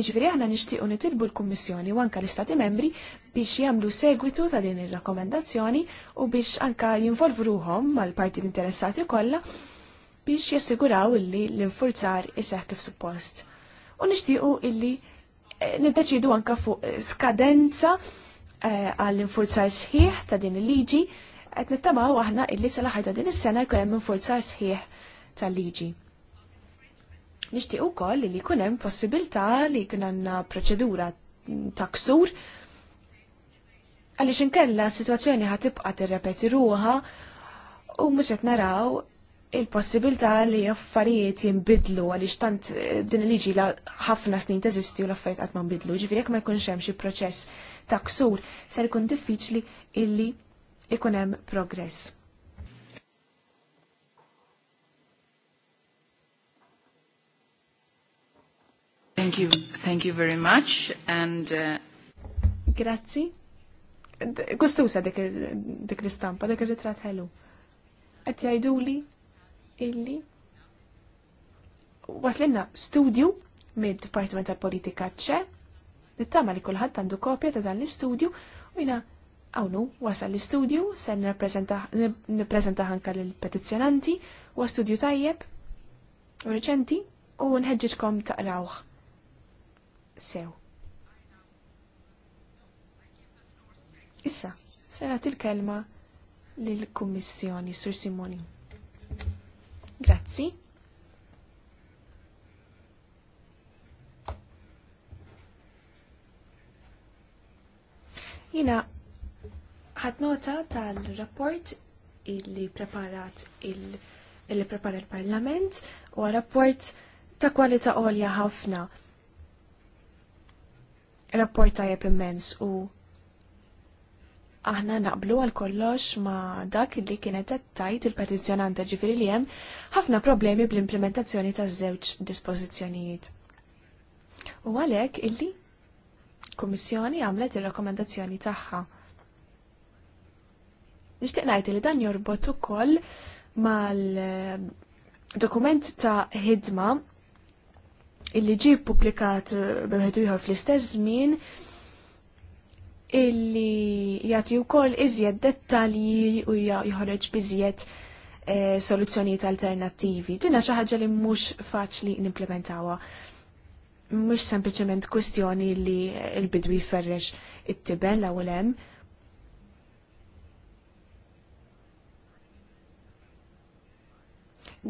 Iġveri għana nishtiqu nitilbu l-Kommissjoni u anka l-Istati membri biex jamlu segwitu ta' din il-rakomendazzjoni u biex anka jinvolvu ruħom mal-partit interessati kollha biex jassiguraw illi l-infurzar iseħ kif suppost. U nishtiqu illi eh, niddeċidu anka fuq eh, skadenza eh, għall-infurzar sħiħ ta' din il-liġi qed nittamaw aħna illi sal-aħħar ta' din is-sena jkun hemm infurzar sħiħ tal-liġi. Nixtieq ukoll li jkun hemm possibilità li jkun proċedura ta' ksur għaliex inkella situazzjoni ħad tibqa' tirrepeti ruha u mhux qed naraw il-possibilità li affarijiet jinbidlu għaliex tant eh, din liġi la ħafna snin teżisti u l-affarijiet qatt ma ġifir jek jekk ma jkunx hemm xi proċess ta' ksur ser ikun diffiċli illi ikun hemm progress. Thank you. Thank you very much. And, uh, Grazzi. Gustusa dik l-istampa, dik il-ritrat ħelu. Għet jajdu li illi waslinna studju mid Departiment tal Politika ċe, nittama li kullħat għandu kopja ta' dan l-istudju u jina għawnu wasal l-istudju, se nipprezenta ħanka l-petizjonanti, u studju tajjeb u reċenti u nħedġiġkom taqrawħ sew. Issa, se til kelma lill-Kummissjoni Sur Simoni. Grazzi. Jina, ħat nota tal-rapport illi preparat il- illi prepara il-parlament u rapport ta' kwalità għolja ħafna rapport tajjeb immens u aħna naqblu għal kollox ma dak li kienet tajt il-petizjonanta ġifiri li hemm ħafna problemi bl-implementazzjoni ta' żewġ dispożizzjonijiet. U għalhekk illi Kummissjoni għamlet ir-rakkomandazzjoni tagħha. Nixtieq ngħid li dan jorbot ukoll mal-dokument ta' ħidma illi ġib publikat b'ħed ieħor fl-istess żmien illi jagħti wkoll iżjed dettalji u joħroġ biżjed eh, soluzzjonijiet alternattivi. Dina xi ħaġa li mhux faċli nimplementawha. Mhux sempliċement kwestjoni li l-bidwi jferrex it-tiben l-ewwel hemm.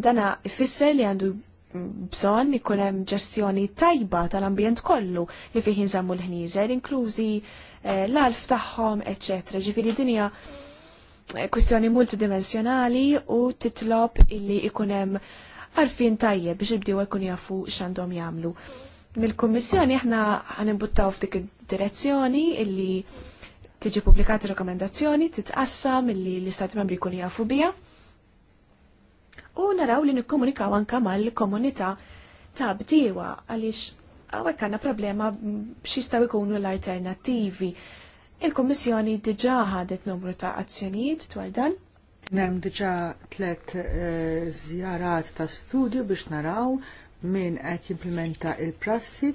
Dana ifisser li għandu bżonn ikun hemm ġestjoni tajba tal-ambjent kollu li fih jinżammu l-ħnieżer, inklużi eh, l-alf tagħhom, eċċetera. Ġifieri dinja eh, kwistjoni multidimensjonali u titlob illi ikun hemm għarfien tajjeb biex jibdew ikun jafu x'għandhom jagħmlu. Mill-Kummissjoni aħna ħanibuttaw f'dik id-direzzjoni illi tiġi pubblikati rekomendazzjoni, titqassam illi l-Istati Membri jkun jafu biha u naraw li nikkomunikaw anka mal-komunità ta' bdiewa għaliex għawek għanna problema b'xistaw ikunu l-alternativi. Il-Kommissjoni diġa ħadet numru ta' azzjonijiet dwar dan. Nem diġa tlet eh, zjarat ta' studju biex naraw min qed jimplementa il-prassi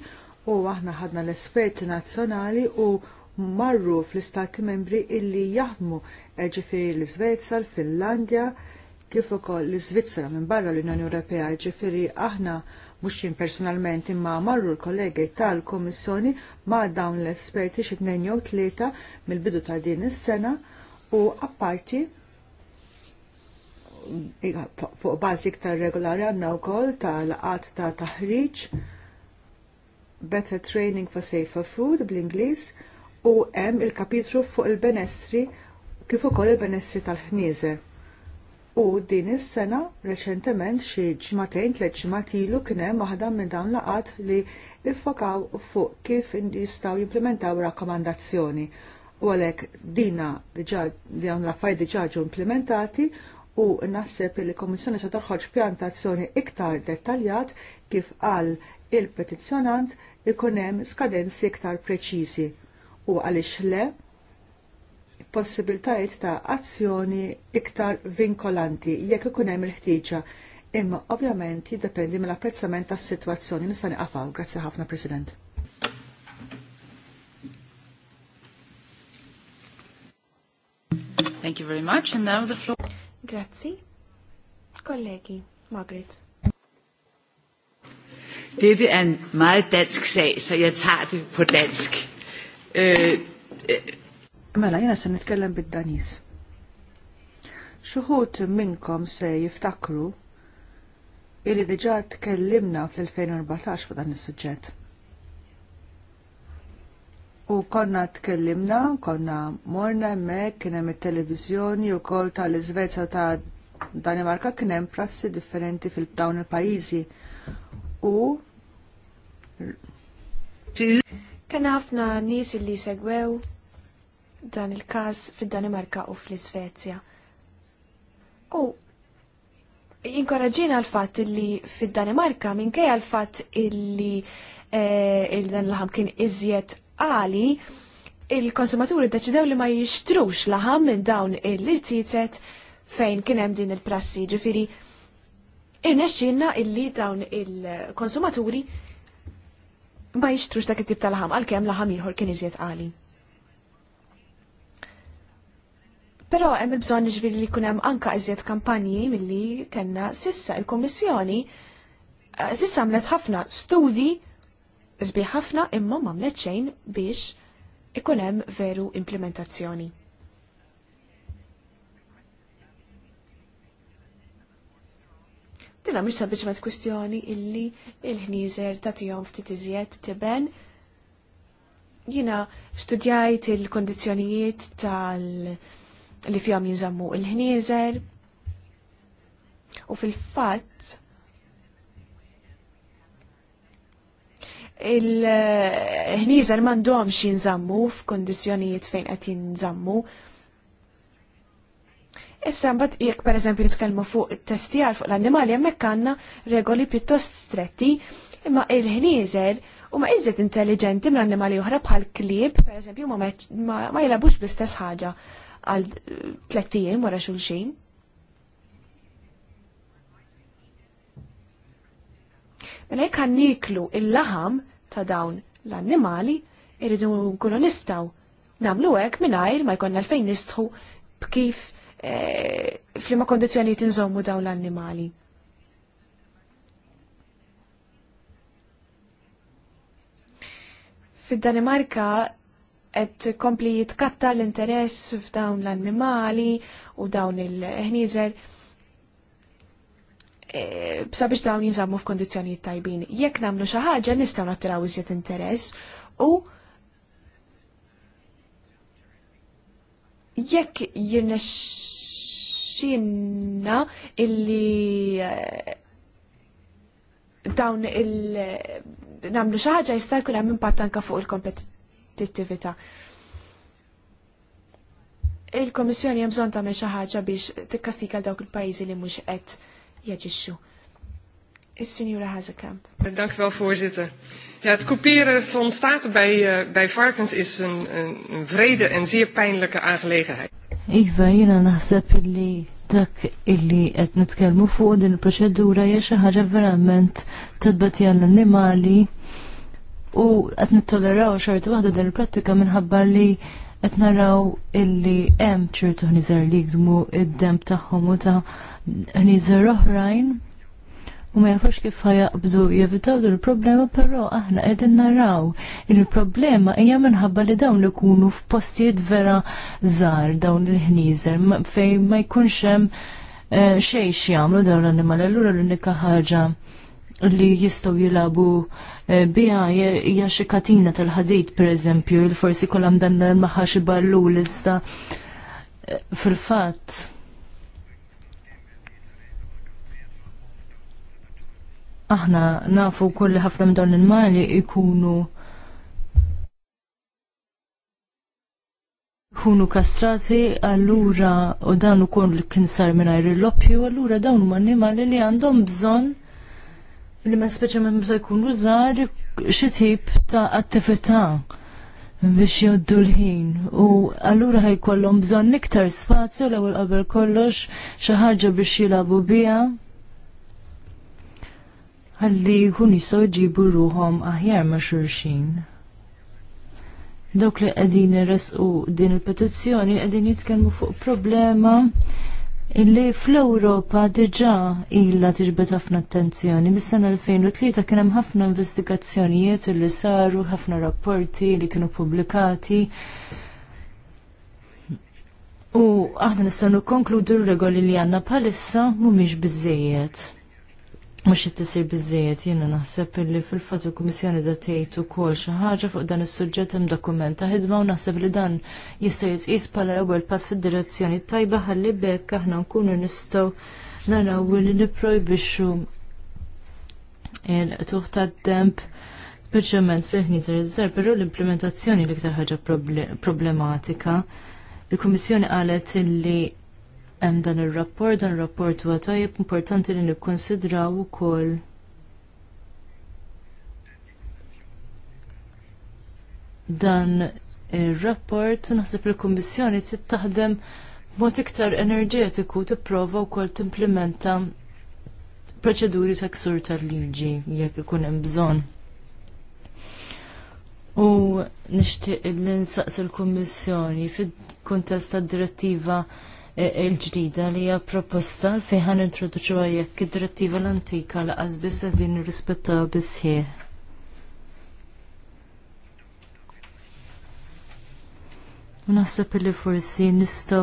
u aħna ħadna l-esperti nazzjonali u marru fl-istati membri illi jaħdmu eh, ġifiri l-Svezja, l-Finlandja, kif ukoll l-Iżvizzera minn barra l-Unjoni Ewropea, jiġifieri aħna mhux jien personalment imma marru l-kollegi tal-Kummissjoni ma' dawn l-esperti xi tnejn jew tlieta mill-bidu ta' din is-sena u apparti fuq bażi iktar regolari għandna wkoll tal-qatt ta' taħriġ Better Training for Safer Food bl-Ingliż u hemm il-kapitru fuq il-benessri kif ukoll il-benessri tal-ħnieżer U din is-sena reċentement xi ġmatejn tliet ġimgħat ilu kien hemm waħda minn dawn laqat li iffokaw fuq kif jistgħu jimplementaw rakkomandazzjoni. U għalhekk dina diġà dawn l-affarijiet diġà ġew implementati u naħseb li l-Kommissjoni se toħroġ pjantazzjoni iktar dettaljat kif qal il-petizzjonant ikun hemm skadenzi iktar preċiżi. U għaliex le possibiltajiet ta' azzjoni iktar vinkolanti jekk ikun hemm il-ħtieġa. Imma ovvjament jiddependi mill-apprezzament tas-sitwazzjoni nista' niqafaw. Grazzi ħafna President. Thank you very much and now the floor. Grazzi. Kollegi, Margaret. Dette er en meget dansk sag, så jeg tager det på dansk. Øh, øh, Mela, jena se nitkellem bid-Danis. Xuħut minnkom se jiftakru illi diġa tkellimna fl-2014 fuq dan is-suġġett. U konna tkellimna, konna morna hemmhekk kien hemm it-televiżjoni wkoll tal-Iżvezja ta' Danimarka kien hemm prassi differenti fil-dawn il-pajjiżi. U kien ħafna nies li segwew dan il-każ fil danimarka u fl-Iżvezja. U inkoraġina l-fatt li fid-Danimarka minkej l-fatt illi eh, il-dan l-ħam kien iżjed għali, il-konsumaturi deċidew li ma jixtrux laħam minn dawn il-lirtizet fejn kien hemm din il-prassi. Ġifiri, irnexxinna illi dawn il-konsumaturi ma jixtrux dak it-tip tal-ħam għalkemm laħam ieħor kien iżjed għali. Però hemm il-bżonn ġviri li jkun hemm anke iżjed kampanji milli kellna sissa il-Kummissjoni eh, sissa għamlet ħafna studi sbieħ ħafna imma m'għamlet xejn biex ikun hemm veru implementazzjoni. Dina mhix sabiċment kwistjoni illi il-ħnieżer tagħtihom ftit iżjed tiben jina studjajt il-kondizjonijiet tal- li fihom jinżammu il-ħnieżer. U fil-fatt il-ħnieżer m'għandhomx jinżammu f'kondizzjonijiet fejn qed jinżammu. Issa mbagħad jekk pereżempju nitkellmu fuq testjar fuq l-annimali hemmhekk għandna regoli pjuttost stretti, imma il-ħnieżer huma iżjed intelligenti mill-annimali oħra bħal klieb, pereżempju ma jilabux bl-istess ħaġa għal tlettijiem wara xulxin. Mela jekk niklu il-laħam ta' dawn l-annimali, irridu nkunu nistaw namlu hekk mingħajr ma jkollna l-fejn nistħu b'kif eh, f'liema kondizjonijiet inżommu dawn l-annimali. Fid-Danimarka qed kompli jitkatta l-interess f'dawn l-annimali u dawn il-ħnieżer e, sabiex dawn jinżammu f'kondizzjonijiet tajbin. Jekk nagħmlu xi ħaġa nistgħu nattiraw iżjed interess u jekk jirnexxinna illi e, dawn il namlu xi ħaġa jista' jkun hemm impatt anke fuq il-kompetizzjoni tittivita. Il-Komissjoni hemm bżonn tagħmel xi biex t-kastika dawk il pajzi li mux qed jaġixxu. Is-Sinjura Hazekamp. Dank u wel, voorzitter. Ja, het couperen van staten bij, uh, bij varkens is een, een, een vrede en zeer pijnlijke aangelegenheid. Ik ben Iva, jina naħseb illi dak illi qed nitkellmu fuq din il-proċedura hija xi ħaġa verament tadbati għall-annimali u qed nittoleraw xorti waħda din il-prattika minħabba li qed naraw illi hemm ċertu ħniżer li jgdmu id-demb tagħhom u ta' ħniżer oħrajn u ma jafux kif ħajaqbdu jevitaw il problema però aħna qegħdin naraw il-problema hija minħabba li dawn li jkunu f'postijiet vera żgħar dawn il-ħnieżer fejn ma jkunx hemm eh, xejn x'jagħmlu dawn l-annimali allura l-unika ħaġa li jistgħu jilabu eh, biha hija xi katina tal-ħadid pereżempju, il forsi kollha dan magħha ballu l-ista eh, fil-fatt. aħna nafu kulli ħafna minn dawn il-mali ikunu kunu kastrati allura u dan ukoll kien sar mingħajr l loppju allura dawn huma annimali li għandhom bżonn li ma speċjalment meta jkunu żgħar xi tip ta' attività biex joddu l-ħin u allura ħajkollhom bżonn iktar spazju l-ewwel qabel kollox xi ħaġa biex jilabu biha. Ħalli jkun jistgħu jġibu ruhom aħjar ma' xulxin. Dawk li qegħdin irresqu din il-petizzjoni qegħdin jitkellmu fuq problema illi fl-Ewropa diġa' ilha tiġbed ħafna attenzjoni. Bis-sena 2003 kien hemm ħafna investigazzjonijiet illi saru, ħafna rapporti li kienu pubblikati. U aħna nistgħu nikkonkludu r-regoli li għandna bħalissa mhumiex biżejjed mux jittisir bizzejiet jena naħseb illi fil-fat il-Komissjoni da tgħid ukoll xi ħaġa fuq dan is-suġġett hemm dokumenta ħidma u naħseb li dan jista' jitqis bħala ewwel pass fid-direzzjoni tajba ħalli bekk aħna nkunu nistgħu naraw li nipprojbixxu il-tuħ tad-demp speċjalment fil-ħnieżer iż-żar, però l-implementazzjoni li iktar ħaġa problematika. Il-Kummissjoni qalet illi hemm dan ir-rapport, dan rapport huwa tajjeb importanti li nikkonsidraw ukoll dan ir-rapport naħseb il-Kummissjoni kummissjoni taħdem b'mod iktar enerġetiku tipprova wkoll timplementa proċeduri ta' ksur tal-liġi jekk ikun hemm bżonn. U nixtieq li nsaqs il-Kummissjoni fid-kuntest tad-direttiva il-ġdida li hija proposta fejn ħan introduċuha jekk id-direttiva l-antika li laqas biss qegħdin nirrispettaw bisħieħ. Naħseb li forsi nistgħu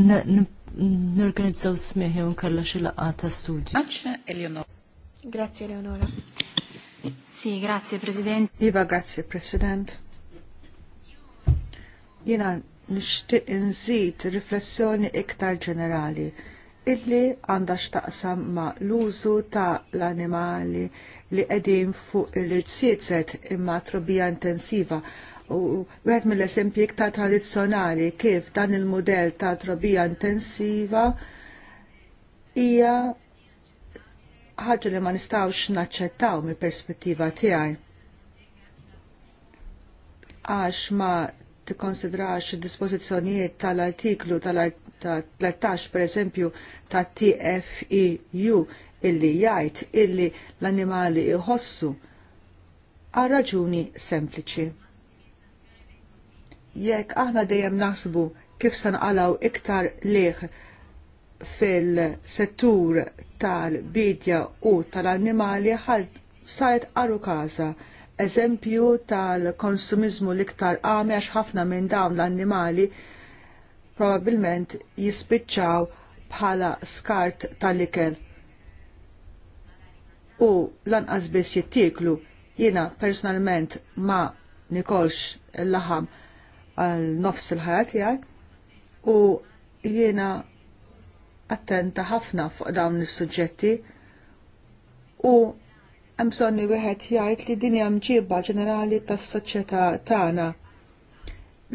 nirganizzaw smieħi u nkella xi laqgħa ta' studju. Grazie Eleonora. Sì, grazie Presidente. Iva, grazie Presidente. Jena nixtieq inżid riflessjoni iktar ġenerali illi għandha x'taqsam ma' l-użu ta' l-animali li qegħdin fuq l-irtsiet imma trobija intensiva. U wieħed mill-eżempji iktar tradizzjonali kif dan il-mudell ta' trobija intensiva hija ħaġa li ma nistgħux naċċettaw mill-perspettiva tiegħi għax ma tikkonsidrax dispożizzjonijiet tal-artiklu tal-13 pereżempju ta' TFEU e illi jgħid illi l-annimali iħossu għal raġuni sempliċi. Jekk aħna dejjem naħsbu kif sanqalaw iktar liħ fil-settur tal-bidja u tal-annimali ħal saret qaru kaza eżempju tal-konsumizmu liktar għame għax ħafna minn dawn l-annimali probabilment jispiċċaw bħala skart tal-ikel u lanqas biss jittieklu jiena personalment ma nikolx l-laħam għal nofs il-ħajja jgħaj u jiena attenta ħafna fuq dawn is-suġġetti u hemm bżonn li wieħed jgħid li din hija mġiba ġenerali tas-soċjetà tagħna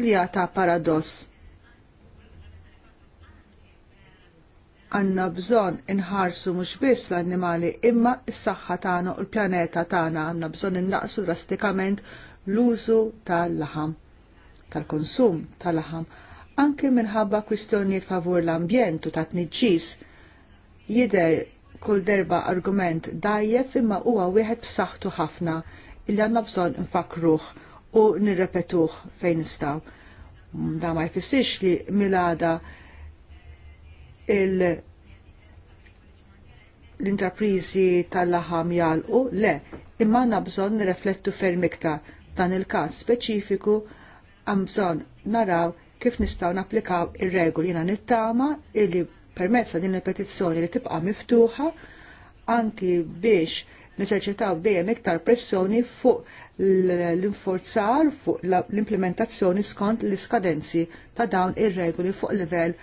li hija ta' paradoss. Għanna bżonn inħarsu mhux biss l-annimali imma s-saħħa tagħna u l-pjaneta tagħna għandna bżonn innaqsu drastikament l-użu tal-laħam tal-konsum tal-laħam anke minħabba kwistjonijiet favur l-ambjent u tat-tniġġis jidher kull derba argument dajjef imma huwa wieħed b'saħħtu ħafna illi għandna bżonn nfakruh u nirrepetuh fejn nistgħu. Da ma jfissirx li milada l-intraprizi tal-laħam jalqu, le, imma għandna bżonn nirreflettu ferm iktar. Dan il-każ speċifiku għam bżonn naraw kif nistgħu napplikaw ir-regoli jiena nittama illi permezz din il-petizzjoni li tibqa' miftuħa anki biex neseċitaw dejjem iktar pressjoni fuq l-inforzar fuq l-implementazzjoni skont l-iskadenzi ta' dawn ir-regoli fuq livell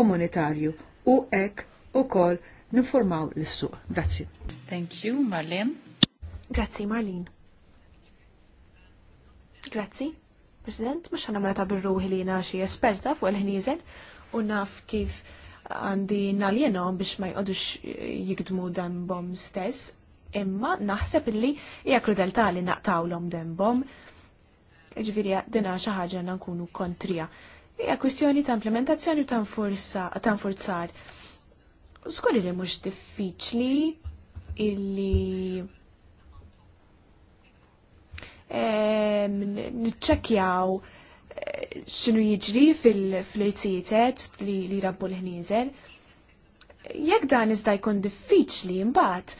komunitarju u hekk ukoll ninformaw l-suq. Grazzi. Thank you, Marlene. Grazzi, Marlene. Grazzi. President, mux ħana mela bil-ruħi li jina esperta fuq il-ħnizel u naf kif għandi naljenom biex ma jqodux jikdmu dembom stess, imma naħseb illi hija krudeltà li naqtawlhom dembom. Ġifieri dina xi ħaġa nkunu kontrija. Hija kwistjoni ta' implementazzjoni u ta' nfurzar. Skolli li mhux diffiċli illi niċċekjaw xinu jiġri fil-irsijiet li, li rabbu l ħnizel Jekk dan iżda jkun diffiċli mbagħad,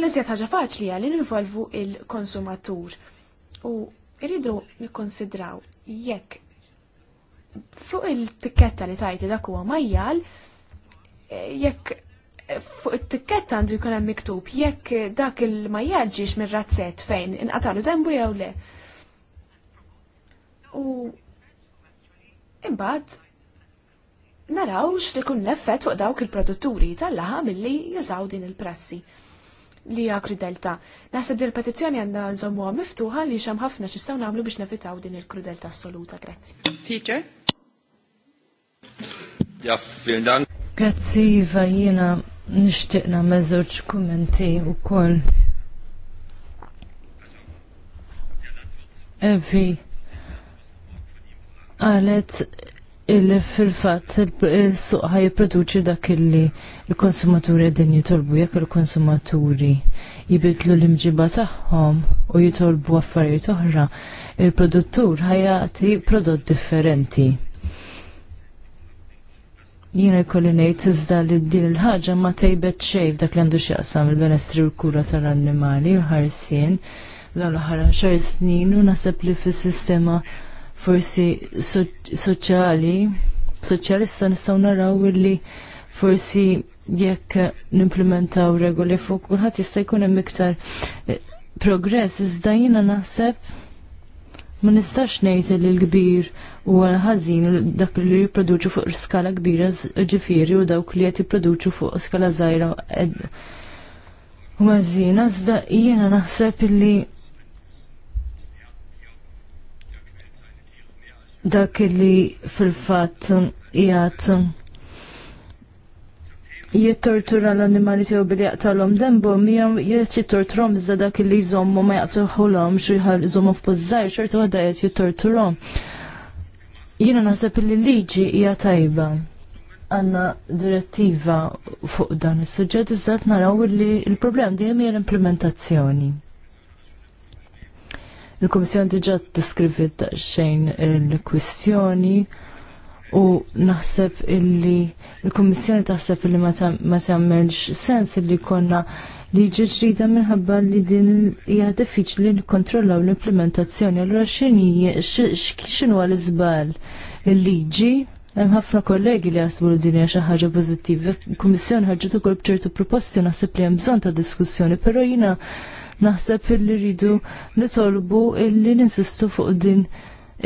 l-iżjed ħaġa faċli għal involvu il-konsumatur. U rridu nikkonsidraw jekk fuq il-tikketta li tajti dak huwa majjal, jekk fuq it-tikketta għandu jkun hemm miktub jekk dak il-majjal ġiex mir-razzett fejn inqatalu dembu jew le u imbagħad naraw x'ikun l-effett fuq dawk il-produtturi tal-laħa milli jużaw din il-prassi li hija krudelta. Naħseb din il-petizzjoni għandha nżommuha miftuħa li xem ħafna x'istgħu nagħmlu biex nevitaw din il-krudelta assoluta. Grazzi. Peter? Ja, vielen Dank. Grazzi, Iva, jiena nishtiqna meżewġ kummenti u koll. Evi, Għalet illi fil-fat il-suq ħaj produċi dak illi il-konsumaturi għedin jitolbu jekk il-konsumaturi jibidlu l-imġiba tagħhom u jitolbu affarijiet oħra, il-produttur ħajati prodott differenti. Jiena jkolli ngħid iżda li din il-ħaġa ma tejbet xejf dak li għandu x'jaqsam il benestri u l-kura tal-annimali u l-ħarsien l-aħħar xar snin u nasab li fis-sistema forsi soċjali, soċjalista nistgħu naraw illi forsi jekk nimplementaw regoli fuq kulħadd jista' jkun hemm iktar eh, progress iżda jiena naħseb ma nistax ngħid li l-kbir u ħażin dak li jipproduċu fuq skala kbira ġifieri u dawk li qed jipproduċu fuq skala żgħira u mażina iżda jiena naħseb illi dak li fil-fatt jgħat jittortura l-animali tiegħu billi jaqtalhom dembhom mija jgħid jittorturhom iżda dak li jżommu ma jaqtuħulhom xi ħal jżommu f'pożżar xorta waħda qed jittorturhom. Jiena naħseb li liġi hija tajba għanna direttiva fuq dan is-suġġett iżda naraw li l-problem dejjem hija l-implementazzjoni. Il-Komissjoni diġa deskrivit xejn il-kwistjoni u naħseb illi il-Komissjoni taħseb illi ma tagħmelx sens illi konna liġi ġdida minħabba li din hija diffiċli nikkontrollaw l-implementazzjoni. Allura x'inhi xinu l-iżbal il-liġi Hemm ħafna kollegi li jasbu li din hija xi ħaġa pożittiva. Il-Kummissjoni ħarġet ukoll bċertu proposti naħseb li hemm bżonn ta' diskussjoni, però jiena naħseb illi rridu nitolbu illi ninsistu fuq din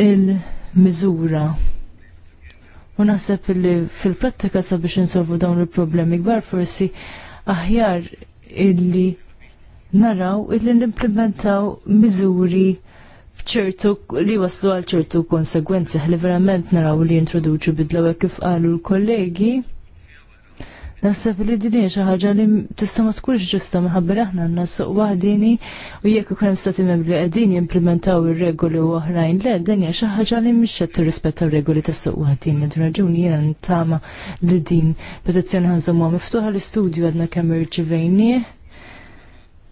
il-miżura. U naħseb illi fil-prattika sabiex insolvu dawn il-problemi kbar forsi aħjar illi naraw illi nimplementaw miżuri ċertu li waslu għal ċertu konsegwenzi ħli verament naraw li jintroduċu bidlaw kif qalu l-kollegi. Nasab li dini xaħġa xi ħaġa li tista' ma tkunx ġusta minħabba aħna għandna suq waħdini u jekk ikun hemm stati membri qegħdin jimplementaw ir-regoli u oħrajn le din hija xi ħaġa li mhix qed tirrispetta r-regoli tas-suq waħdini. Din raġuni jiena ntama li din petizzjoni ħanżomha miftuħa l-istudju għadna kemm irċivejnieh.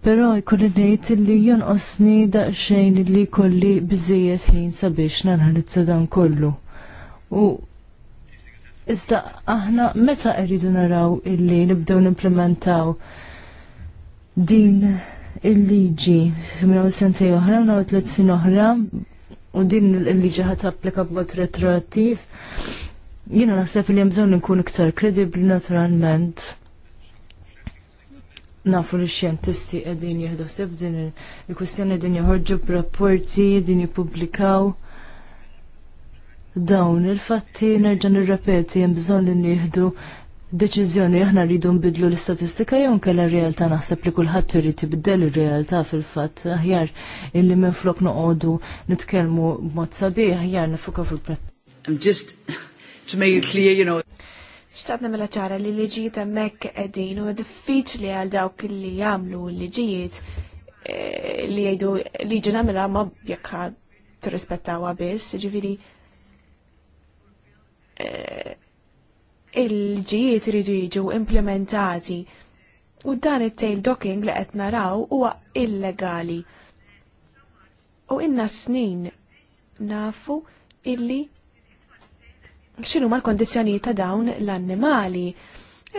Però jkolli ngħid li jonqosni daqsxejn li jkolli biżejjed ħin sabiex nanalizza dan kollu. U Iżda aħna meta rridu naraw illi nibdew nimplementaw din il-liġi minnaw sentej oħra, minnaw tliet sin oħra, u din il-liġi ħat applika b'mod retroattiv, jiena naħseb li hemm bżonn nkun iktar kredibbli naturalment. Nafu li xjentisti qegħdin jieħdu seb'din din il-kwistjoni din joħorġu b'rapporti, din jippubblikaw dawn il-fatti nerġa' nirrepeti hemm bżonn li nieħdu deċiżjoni aħna rridu nbidlu l-istatistika jew nkella r-realtà naħseb li kulħadd irid tibdel ir-realtà fil-fatt aħjar illi minflok noqogħdu nitkellmu b'mod sabiħ aħjar nifuka fil-pratt. I'm just to make it clear, you know. Xtaqt namela ċara li liġijiet hemmhekk qegħdin u diffiċli għal dawk li jagħmlu l-liġijiet eh, li jgħidu liġi nagħmilha ma jekk tirrispettawha biss, ġifieri Eh, il-ġijiet iridu jiġu implementati u dan it-tail docking li qed naraw huwa illegali. U inna snin nafu illi ma l kondizzjonijiet ta' dawn l-annimali.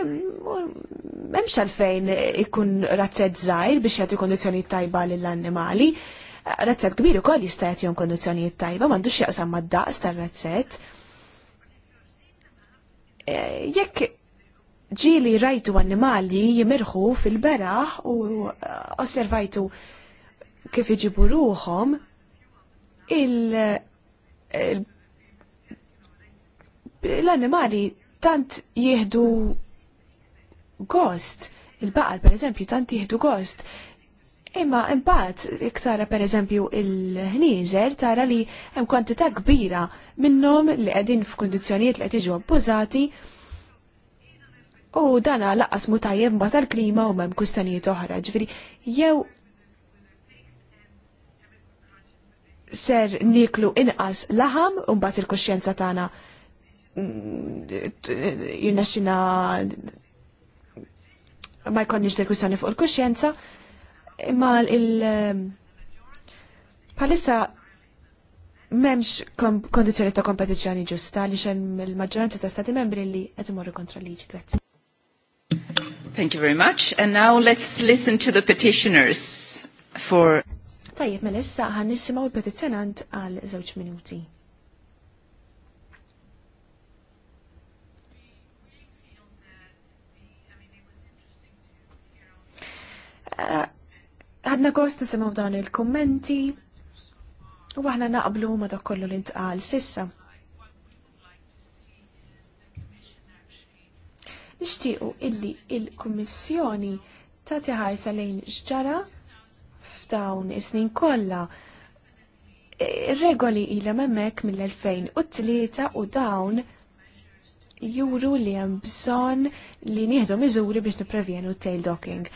M'hemmx għalfejn ikun razzett żgħir biex jagħti kondizjoni tajba lill-annimali. Razzett kbir ukoll jista' jagħtihom kondizzjonijiet tajba m'għandux jaqsam mad-daqs tar-razzett jekk ġili rajtu annimali jimirħu fil-beraħ u uh, osservajtu kif iġibu ruħom l-annimali tant jihdu gost il-baqal per eżempju tant jihdu gost Imma imbagħad iktara pereżempju il-ħnieżer tara li hemm kwantità kbira minnhom li qegħdin f'kundizzjonijiet li qed jiġu abbużati u dan laqas mu tajjeb ma tal-klima u m'hemm kustanijiet oħra. Ġifieri jew ser niklu inqas laħam u mbagħad il-kuxjenza tagħna mm, jinnaxxina. ma jkollniex dil-kwistjoni fuq il-kuxjenza imma il- ehm, palissa memx kondizjoni ta' kompetizjoni ġusta li xen il-maġġoranza ta' stati membri li qed morru kontra liġi. Thank you very much. And now let's listen to the petitioners for. Tajib, Melissa, issa ħan nisimgħu l għal zewċ minuti. Uh, Għadna gost nisimaw dan il-kommenti u għahna naqblu ma dak kollu l-intqal sissa. Nishtiqu illi il-Kummissjoni tagħti ħarsa lejn xġara f'dawn is-snin kollha regoli ila memmek mill-2003 u dawn juru li hemm bżonn li nieħdu miżuri biex niprevjenu tail docking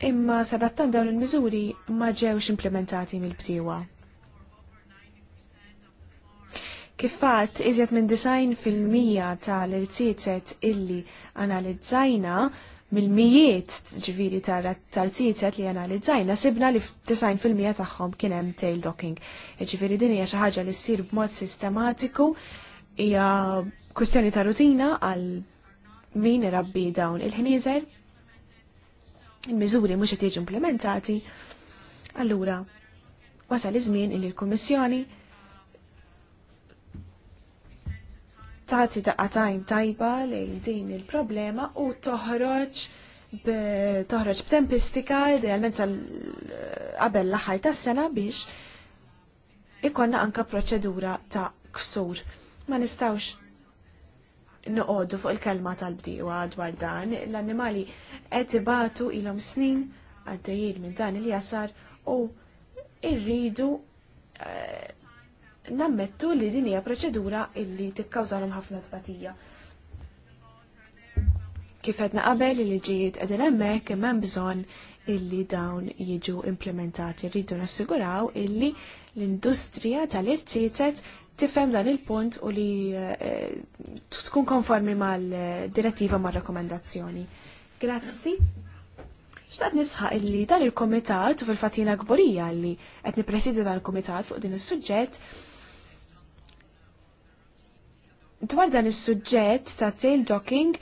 imma sabattan dawn il-miżuri ma ġewx implementati mill Kif Kifat, iżjed minn design fil-mija tal-irtizet illi analizzajna mill-mijiet ġviri tal-tizet li analizzajna, sibna li design fil-mija tagħhom kien hemm tail docking. Ġviri din hija xi ħaġa li ssir b'mod sistematiku, hija kwestjoni ta' rutina għal min irabbi dawn il ħnizer il-miżuri mhux qed implementati, allura wasal iż-żmien il l-Kummissjoni tagħti tajn tajba lejn din il-problema u toħroġ toħroġ b'tempistika idealment qabel l-aħħar tas-sena biex ikonna anka proċedura ta' ksur. Ma nistawx noqogħdu fuq il-kelma tal-bdiewa dwar dan, l-annimali qed ibatu ilhom snin għaddejjin minn dan il jasar u irridu eh, nammettu li din hija proċedura illi tikkawżalhom ħafna tbatija. Kif qed naqabel li ġiet qegħdin hemmhekk hemm hemm bżonn illi dawn jiġu implementati. Rridu nassiguraw illi l-industrija tal-irtietet tifhem dan il-punt u li eh, eh, tkun konformi mal-direttiva mal-rakkomendazzjoni. Grazzi. Xtaqt nisħaq illi dan il-komitat u fil-fatina gborija li qed nippresidi dan il-komitat fuq din is-suġġett dwar dan is-suġġett ta' tail docking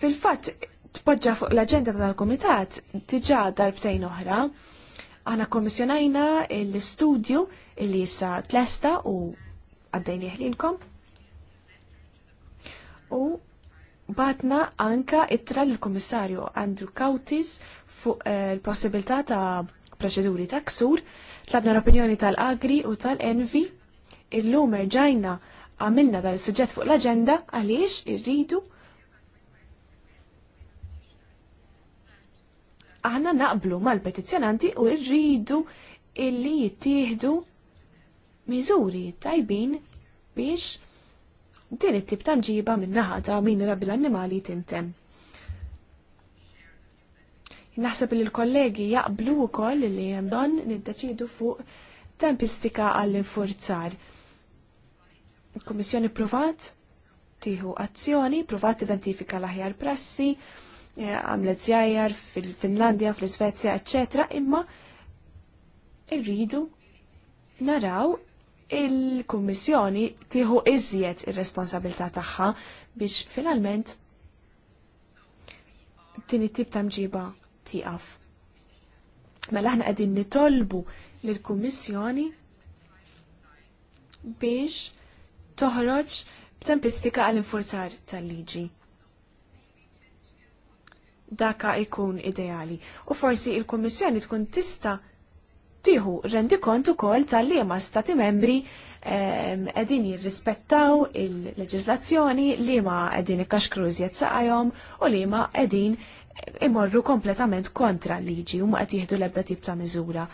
fil-fatt tpoġġa fuq l-aġenda tal-komitat diġà darbtejn oħra. Aħna kommissjonajna l-istudju illi issa tlesta u għaddejn ħlinkom. U batna anka ittra l-Komissarju Andrew Kautis fuq il-possibilità eh, ta' proċeduri ta' ksur, tlabna l-opinjoni tal-Agri u tal-Envi, illum erġajna għamilna dal-suġġett fuq l-agenda għaliex irridu aħna naqblu mal-petizjonanti u rridu illi jittieħdu miżuri tajbin biex din it-tip ta' mġiba minn naħa ta' min rabi l-annimali tintem. Naħseb li l-kollegi jaqblu wkoll li hemm niddeċidu fuq tempistika għall-infurzar. Il-Kummissjoni provat tieħu azzjoni, provat identifika l-aħjar prassi, eh, għamlet zjajjar fil-Finlandja, fil-Svezja, eccetera, Imma irridu naraw il-Kummissjoni tieħu iżjed ir-responsabilità tagħha biex finalment din it-tip ta' mġiba tieqaf. Mela aħna qegħdin nitolbu lill-Kummissjoni biex toħroġ b'tempistika għall-infurzar tal-liġi. Daka ikun ideali. U forsi il-Kummissjoni tkun tista' tieħu rendi kontu ukoll tal-liema stati membri ehm, qegħdin jirrispettaw il leġizlazzjoni liema qegħdin ikkaxkru iżjed saqajhom u liema qegħdin imorru kompletament kontra l-liġi u ma qed jieħdu l-ebda tip ta' miżura.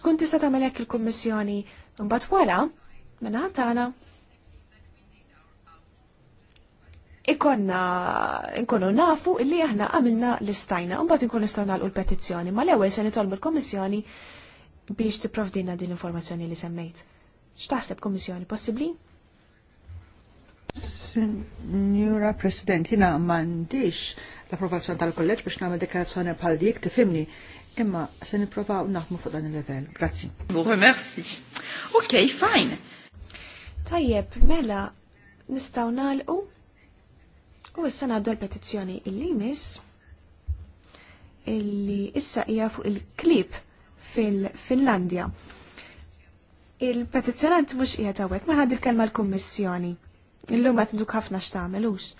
Tkun tista' tagħmel hekk il-Kummissjoni mbagħad wara minn tagħna ikonna nkunu nafu illi aħna għamilna l-istajna, mbagħad inkunu nistgħu nagħlqu l-petizzjoni, ma l-ewwel se nitolbu l komissjoni biex t-provdina din l-informazzjoni li semmejt. X'taħseb Komissjoni, possibbli? Signora President, jina m'għandix l-approvazzjoni tal-kolleġġ biex nagħmel dekarazzjoni bħal dik tifhimni. Imma se nipprovaw naħmu fuq dan il-level. Grazzi. Merci. Ok, fine. Tajjeb, mela, nistaw nagħlqu U issa għaddu l-petizzjoni illi limis illi issa hija fuq il klip fil-Finlandja. Il-petizzjonant mhux qiegħed tawek, ma ħad il-kelma l-Kummissjoni. Illum qed nduk ħafna x'tagħmelux.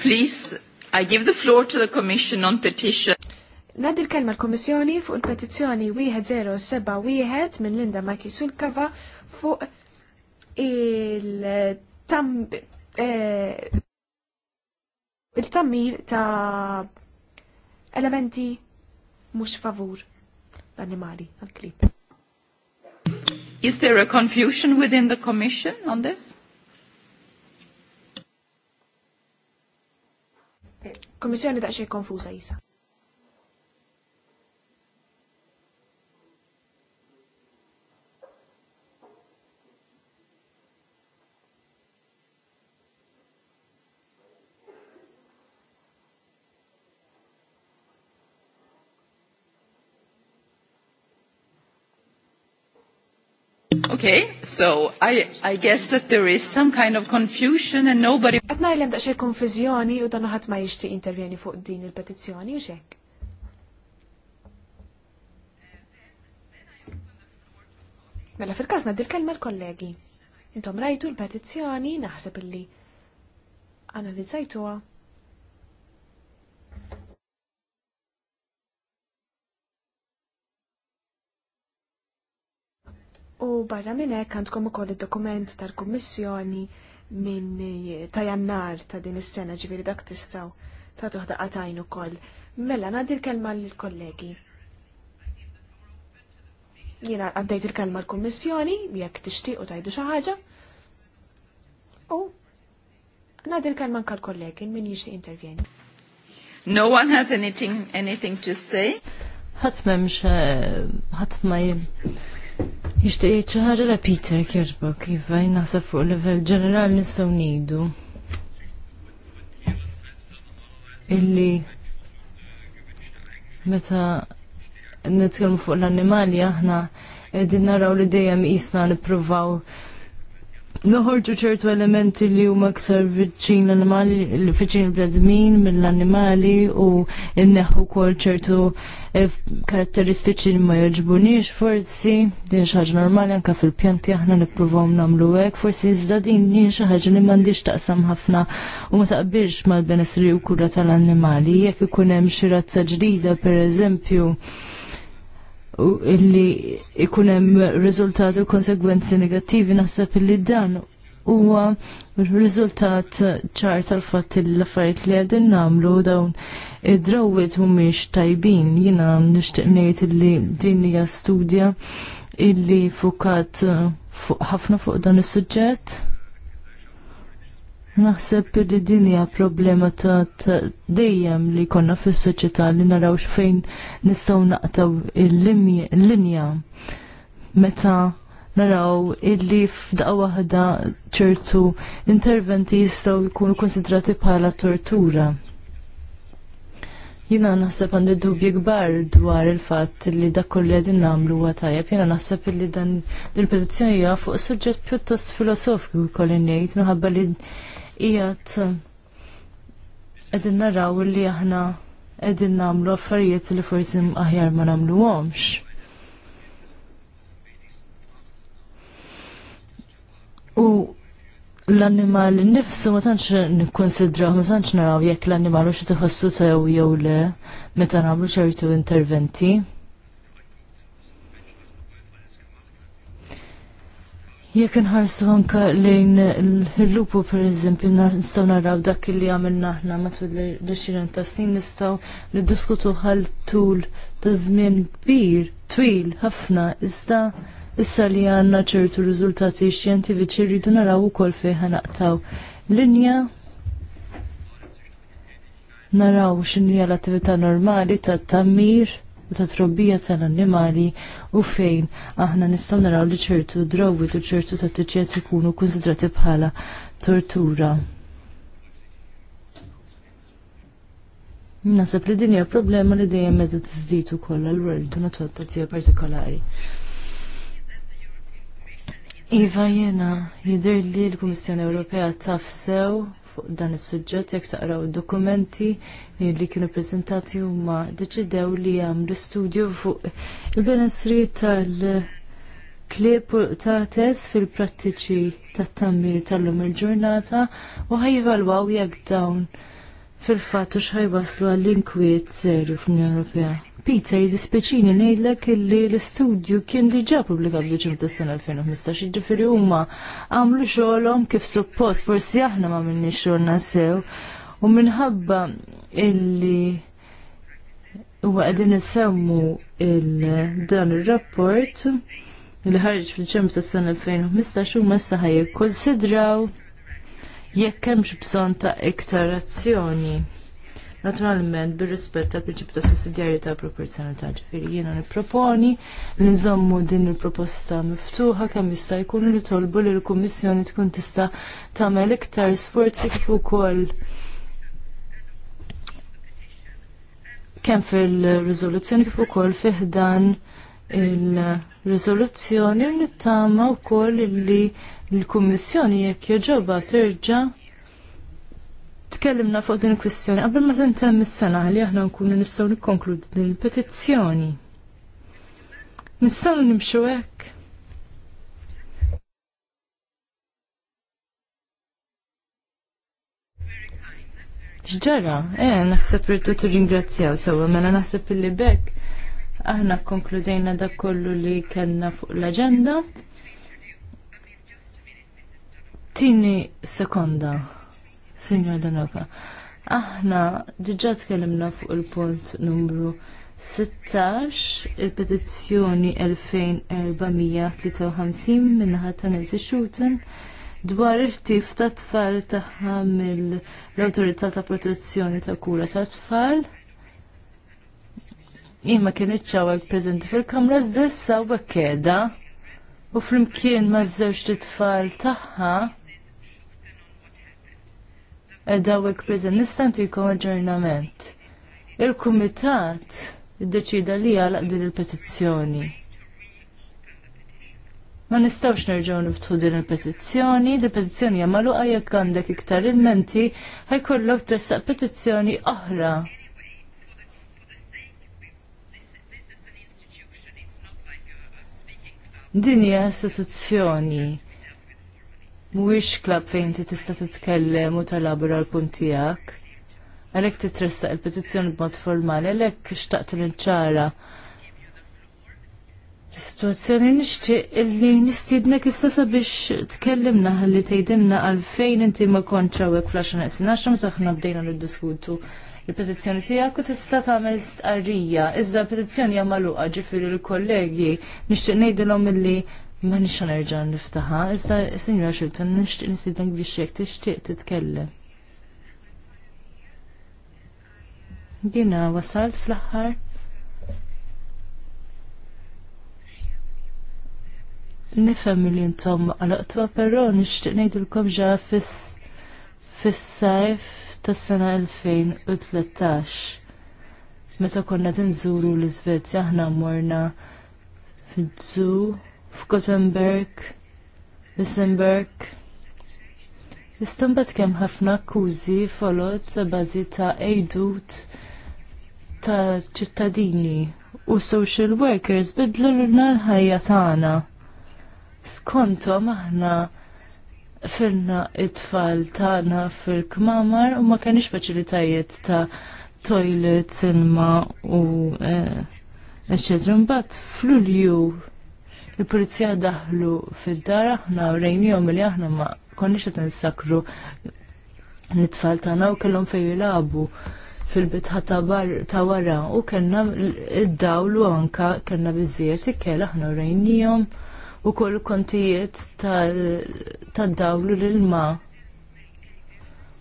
Please, I give the floor to the Commission on Petition. il-kelma l komissjoni fuq il-petizzjoni 1071 minn Linda Maki Sulkava fuq il eh, tammir ta' elementi mux favur l-animali l-klip. Is there a confusion within the Commission on this? Kommissjoni daqsxejn konfuża jisa. Okay, so I, I guess that there is some kind of confusion and nobody... Għat najlem daċċe konfuzjoni u dan ħat ma jishti intervjeni fuq din il-petizjoni u xek. Mela fil-kas naddil kelma l-kollegi. Intom rajtu l-petizjoni naħseb illi analizzajtuha U barra minn hekk għandkom ukoll id-dokument tal-Kummissjoni minn eh, ta' jannar ta' din is-sena ġifieri dak tistgħu ta' tuħda qatajn ukoll. Mela ngħaddi l-kelma lill-kollegi. Jiena għaddejt il-kelma l-Kummissjoni jekk tixtiequ tgħidu xi ħaġa. U ngħaddi l-kelma anke l-kollegi min jixtieq intervjeni. No one has anything anything to say. Ħadd m'hemmx eh, ħadd Ixtiq ċaħġa la Peter kjerġbok, iva, jivaj naħseb fuq level ġenerali nistgħu ngħidu. Illi meta nitkellmu fuq l-annimali aħna qegħdin naraw li dejjem isna nippruvaw noħorġu ċertu elementi li huma aktar viċin animali, viċin il mill-animali u nneħħu kol ċertu eh, karatteristiċi li ma joġbunix, forsi din xaġ normali anke fil-pjanti aħna nippruvaw nagħmlu hekk, forsi iżda din hija xi ħaġa li m'għandix taqsam ħafna u ma taqbilx mal-benessri u kura tal-annimali, jekk ikun hemm xi razza ġdida pereżempju illi ikunem rizultati u konsegwenzi negattivi naħseb illi dan huwa riżultat ċar tal-fatt l-affarijiet li għedin nagħmlu dawn id-drawwiet mhumiex tajbin. Jiena nixtieq ngħid illi din hija studja illi fukat ħafna fuq dan is-suġġett Naħseb li din hija problema ta' dejjem li konna fis-soċjetà li naraw fejn nistgħu naqtaw il-linja meta naraw illi f'daqqa waħda ċertu interventi jistgħu jkunu konsidrati bħala tortura. Jina naħseb għandu dubji kbar dwar il-fatt li dak kollu qegħdin namlu għatajab. tajjeb. naħseb li dan il petizzjoni hija fuq suġġett pjuttost filosofiku kolli ngħid minħabba li qiegħed qegħdin naraw li aħna qegħdin nagħmlu affarijiet li forsi aħjar ma nagħmluhomx. U l-annimal nifsu ma tantx nikkonsidraw, ma tantx naraw jekk l animal u xi tħossu sew jew le meta nagħmlu ċertu interventi. Jekk inħarsu anka lejn il-lupu per eżempju nistaw naraw dak li għamilna aħna matul l-20 ta' snin nistgħu niddiskutu ħal tul ta' żmien kbir, twil ħafna iżda issa li għandna ċertu riżultati xjentifiċi rridu naraw ukoll fejn ħanaqtaw linja naraw x'inhi l-attività normali ta' tammir u ta' trobbija tal-annimali u fejn aħna nistgħu naraw li ċertu drawit u ċertu ta' tiġġiet ikunu konsidrati bħala tortura. Nasab li din hija problema li dejjem meta tiżdid ukoll għall-world u natwad tazija partikolari. Iva jena, jidir li l-Kummissjoni Ewropea tafsew fuq dan is-suġġett jekk taqraw id dokumenti li kienu preżentati huma deċidew li jagħmlu studju fuq il-benessri tal-klieb ta' tes fil-prattiċi tat-tammir tal-lum il-ġurnata u ħajvalwaw jekk dawn fil-fatt u x'ħajwaslu għall-inkwiet serju fl-Unjoni Ewropea. Peter, dispeċini ngħidlek li l-istudju kien diġà publikat diġim tas sena 2015, ġifiri huma għamlu xogħolhom kif suppost, forsi aħna ma minni xogħolna sew, u minħabba illi huwa qegħdin il dan ir-rapport li ħarġ fil-ċemp tas sena 2015 huma issa ħajjikkonsidraw jekk hemmx bżonn ta' iktar azzjoni naturalment bil rispett tal-prinċipju ta' sussidjarjetà proporzjonalità. ġifiri jiena nipproponi li nżommu din il-proposta miftuħa kemm jista' jkun li tolbu li l-Kummissjoni tkun tista' tagħmel iktar sforzi kif ukoll kemm fil-riżoluzzjoni kif ukoll fih dan il-riżoluzzjoni nittama wkoll li l-Kummissjoni jekk jogħġobha terġa' tkellimna fuq din il-kwistjoni qabel ma tintemm is-sena li aħna nkunu nistgħu nikkonkludi din il-petizzjoni. Nistgħu nimxu hekk? ġġara, eh, naħseb rridu t-ringrazzjaw sewa, mela naħseb li bekk aħna konkludejna dak kollu li kellna fuq l-agenda. Tini sekonda. Signor Danoka, aħna diġa tkellimna fuq il-punt numru 16 il-petizzjoni 2453 minnaħa ta' Nancy Shooten dwar il-tif ta' tfal taħħa mill-autorità ta' protezzjoni ta' kura ta' tfal. Imma kien iċċawek prezenti fil-kamra zdessa u bekkeda u flimkien ma' żewġ tfal taħħa dawek prison. Nistantikom aġġornament. Il-Kumitat iddeċida li għalaq din il-petizzjoni. Ma nistawx nerġaw niftħu din il-petizzjoni, di petizzjoni jamalu għajek għandek iktar il-menti, ħajkollok tressaq petizzjoni oħra. Din hija istituzzjoni mhuwiex klab fejn ti tista' titkellem u talabra l-puntijak. Għalhekk titressaq il-petizzjoni b'mod formali, għalhekk xtaqt l-ċara. Situazzjoni nixtieq illi nistiednek issa sabiex tkellimna ħalli tgħidilna għalfejn inti ma konċawek hawnhekk fl naqsin għax meta aħna bdejna niddiskutu il-petizzjoni tiegħek u tista' tagħmel stqarrija. Iżda l-petizzjoni hija magħluqa ġifieri l-kollegi nixtieq ngħidilhom milli ma nix nerġa' niftaħa, iżda Sinjora Xilton nixtieq nisibek biex jekk tixtieq titkellem. Jiena wasalt fl-aħħar. Nifhem li intom għalaqtwa però nixtieq ngħidulkom ġa fis-sajf tas-sena 2013. Meta konna tinżuru l-Iżvezja aħna morna fid-żu f'Gothenburg, Wissenberg. Istanbat kemm ħafna akkużi folot bażi ta' ejdut ta' ċittadini u social workers bidlu l ħajja tagħna. Skontom aħna filna it-tfal tagħna fil-kmamar u ma kenix faċilitajiet ta' toilet, ilma u eċetera. Eh, Mbagħad fl-ulju il-pulizija daħlu fid-dar aħna rejnijom li aħna ma konniex qed nsakru nitfal tagħna u kellhom fejn jilagħbu fil-bitħa ta' wara u kellna id-dawlu anka kellna biżiet ikkel aħna rejnijom u koll kontijiet tad-dawlu l ma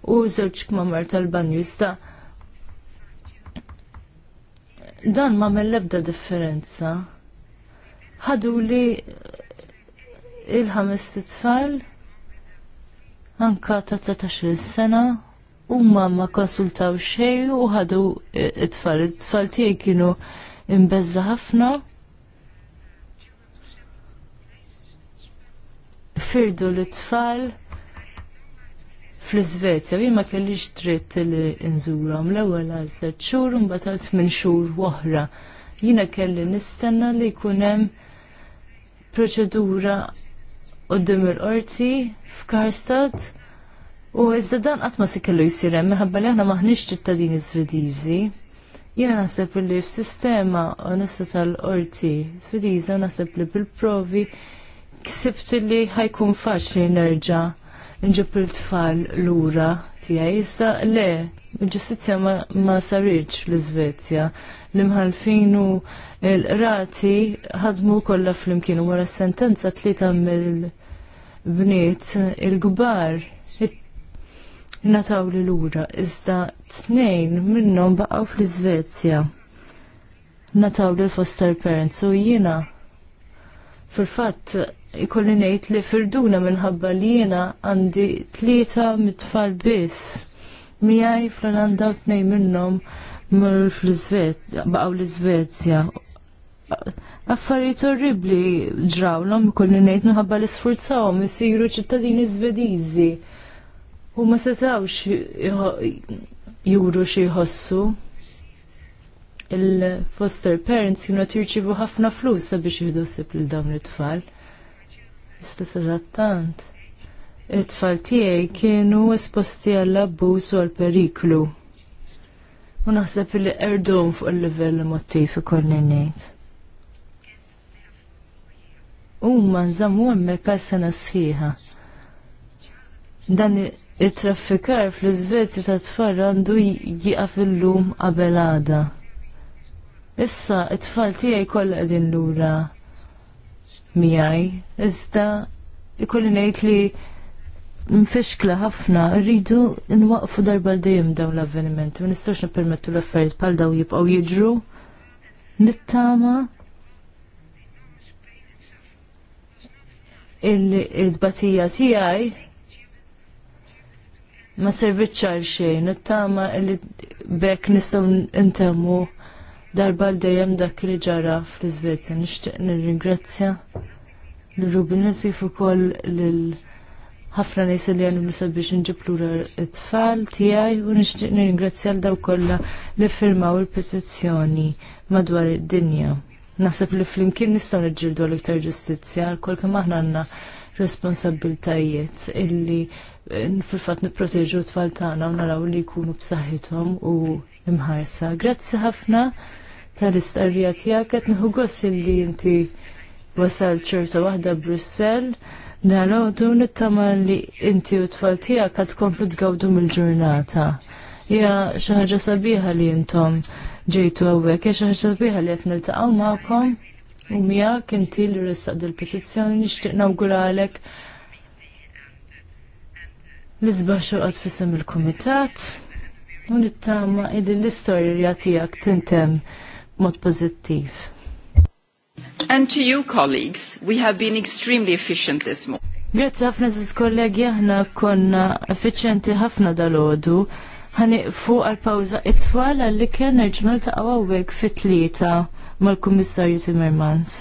u żewġ kmamar tal banjista dan ma mell-ebda differenza ħadu li il-ħames tfal anka ta' 13 sena huma ma konsultaw xej u ħadu it-tfal. It-tfal tiegħi kienu imbeżza ħafna. Firdu l-tfal fl-Svezja, vi ma kellix dritt li nżurhom l-ewwel għal tliet xhur u mbagħad għal tmien xhur oħra. Jiena kelli nistenna li jkun hemm proċedura dim il-qorti f'Karstad u iżda dan qatt ma se kellu jisirem meħabba minħabba li aħna maħniex ċittadini svedizi Jiena naħseb li f'sistema nista tal-qorti Svediża naħseb li bil-provi ksibt li ħajkun faċli nerġa' nġib il-tfal lura tiegħi iżda le, il-ġustizzja ma, ma saritx l-Iżvezja. l mħalfinu Il-rati ħadmu kollha flimkien wara s-sentenza tlieta mill-bniet il-gbar nataw li lura iżda t tnejn minnhom baqgħu fl-Iżvezja. Nataw li foster parents u jiena fil-fatt ikolli ngħid li firduna minħabba li jiena għandi tlieta mit-tfal biss. Miegħi fl-Olanda u tnejn minnhom fl-Iżvezja baqgħu l-Iżvezja affarijiet orribli ġrawlhom kolli ngħid minħabba li sfurzawhom isiru ċittadini Svediżi u ma setawx juru xi jħossu il-foster parents kienu jirċivu ħafna flus sabiex jihdu sib lil dawn it-tfal. Ista sadattant. It-tfal tiegħi kienu esposti għall abbuż u għall periklu. U naħseb li erdum fuq il-livell emotiv ikollni ngħid huma nżammu hemmhekk għal sena sħiħa. Dan it-traffikar fl-Iżvezja ta' tfal għandu jieqaf illum qabel għada. Issa it-tfal tiegħi għedin qegħdin lura miegħi, iżda ikolli ngħid li mfixkla ħafna, rridu nwaqfu darba l-dajem daw l-avvenimenti, ma n nippermettu l-affarijiet bħal daw jibqgħu jiġru. Nittama il-batija tiegħi ma servitx xejn, it-tama li bekk nistgħu intemmu darba l dejjem dak li ġara fl Nishtiq Nixtieq nirringrazzja l Rubinis kif ukoll lil ħafna nies li għandu nisab biex nġiblu l-tfal tiegħi u nixtieq nirringrazzja l daw kollha li firmaw il-petizzjoni madwar id-dinja. Naħseb li flimkien nistgħu niġġieldu l-iktar ġustizzja għal kem aħna għandna responsabiltajiet illi eh, fil-fatt nipproteġu t-tfal tagħna u naraw li jkunu b'saħħithom u imħarsa. Grazzi ħafna tal istarrija tiegħek qed nieħu illi inti wasal ċerta waħda Brussell. Dalodu nittama li inti u t-tfal tiegħek qed tkomplu tgawdu mill-ġurnata. Ja xi ħaġa sabiħa li intom ġejtu għawek, għax ħarġa biħal li għet nil-taqaw maqom u mija kinti li rissaq dil-petizjoni nishtiq nawguralek l zbaxu għad fissam il-komitat u nittama id l-istorja tijak tintem mod pozittiv. And to you colleagues, we have been extremely efficient this morning. Grazie ħafna ziz kollegi aħna konna effiċenti ħafna dal-ħodu fuq għal-pawza itwal li kien nerġmel ta' għawwek fit-tlieta mal-Kummissarju Timmermans.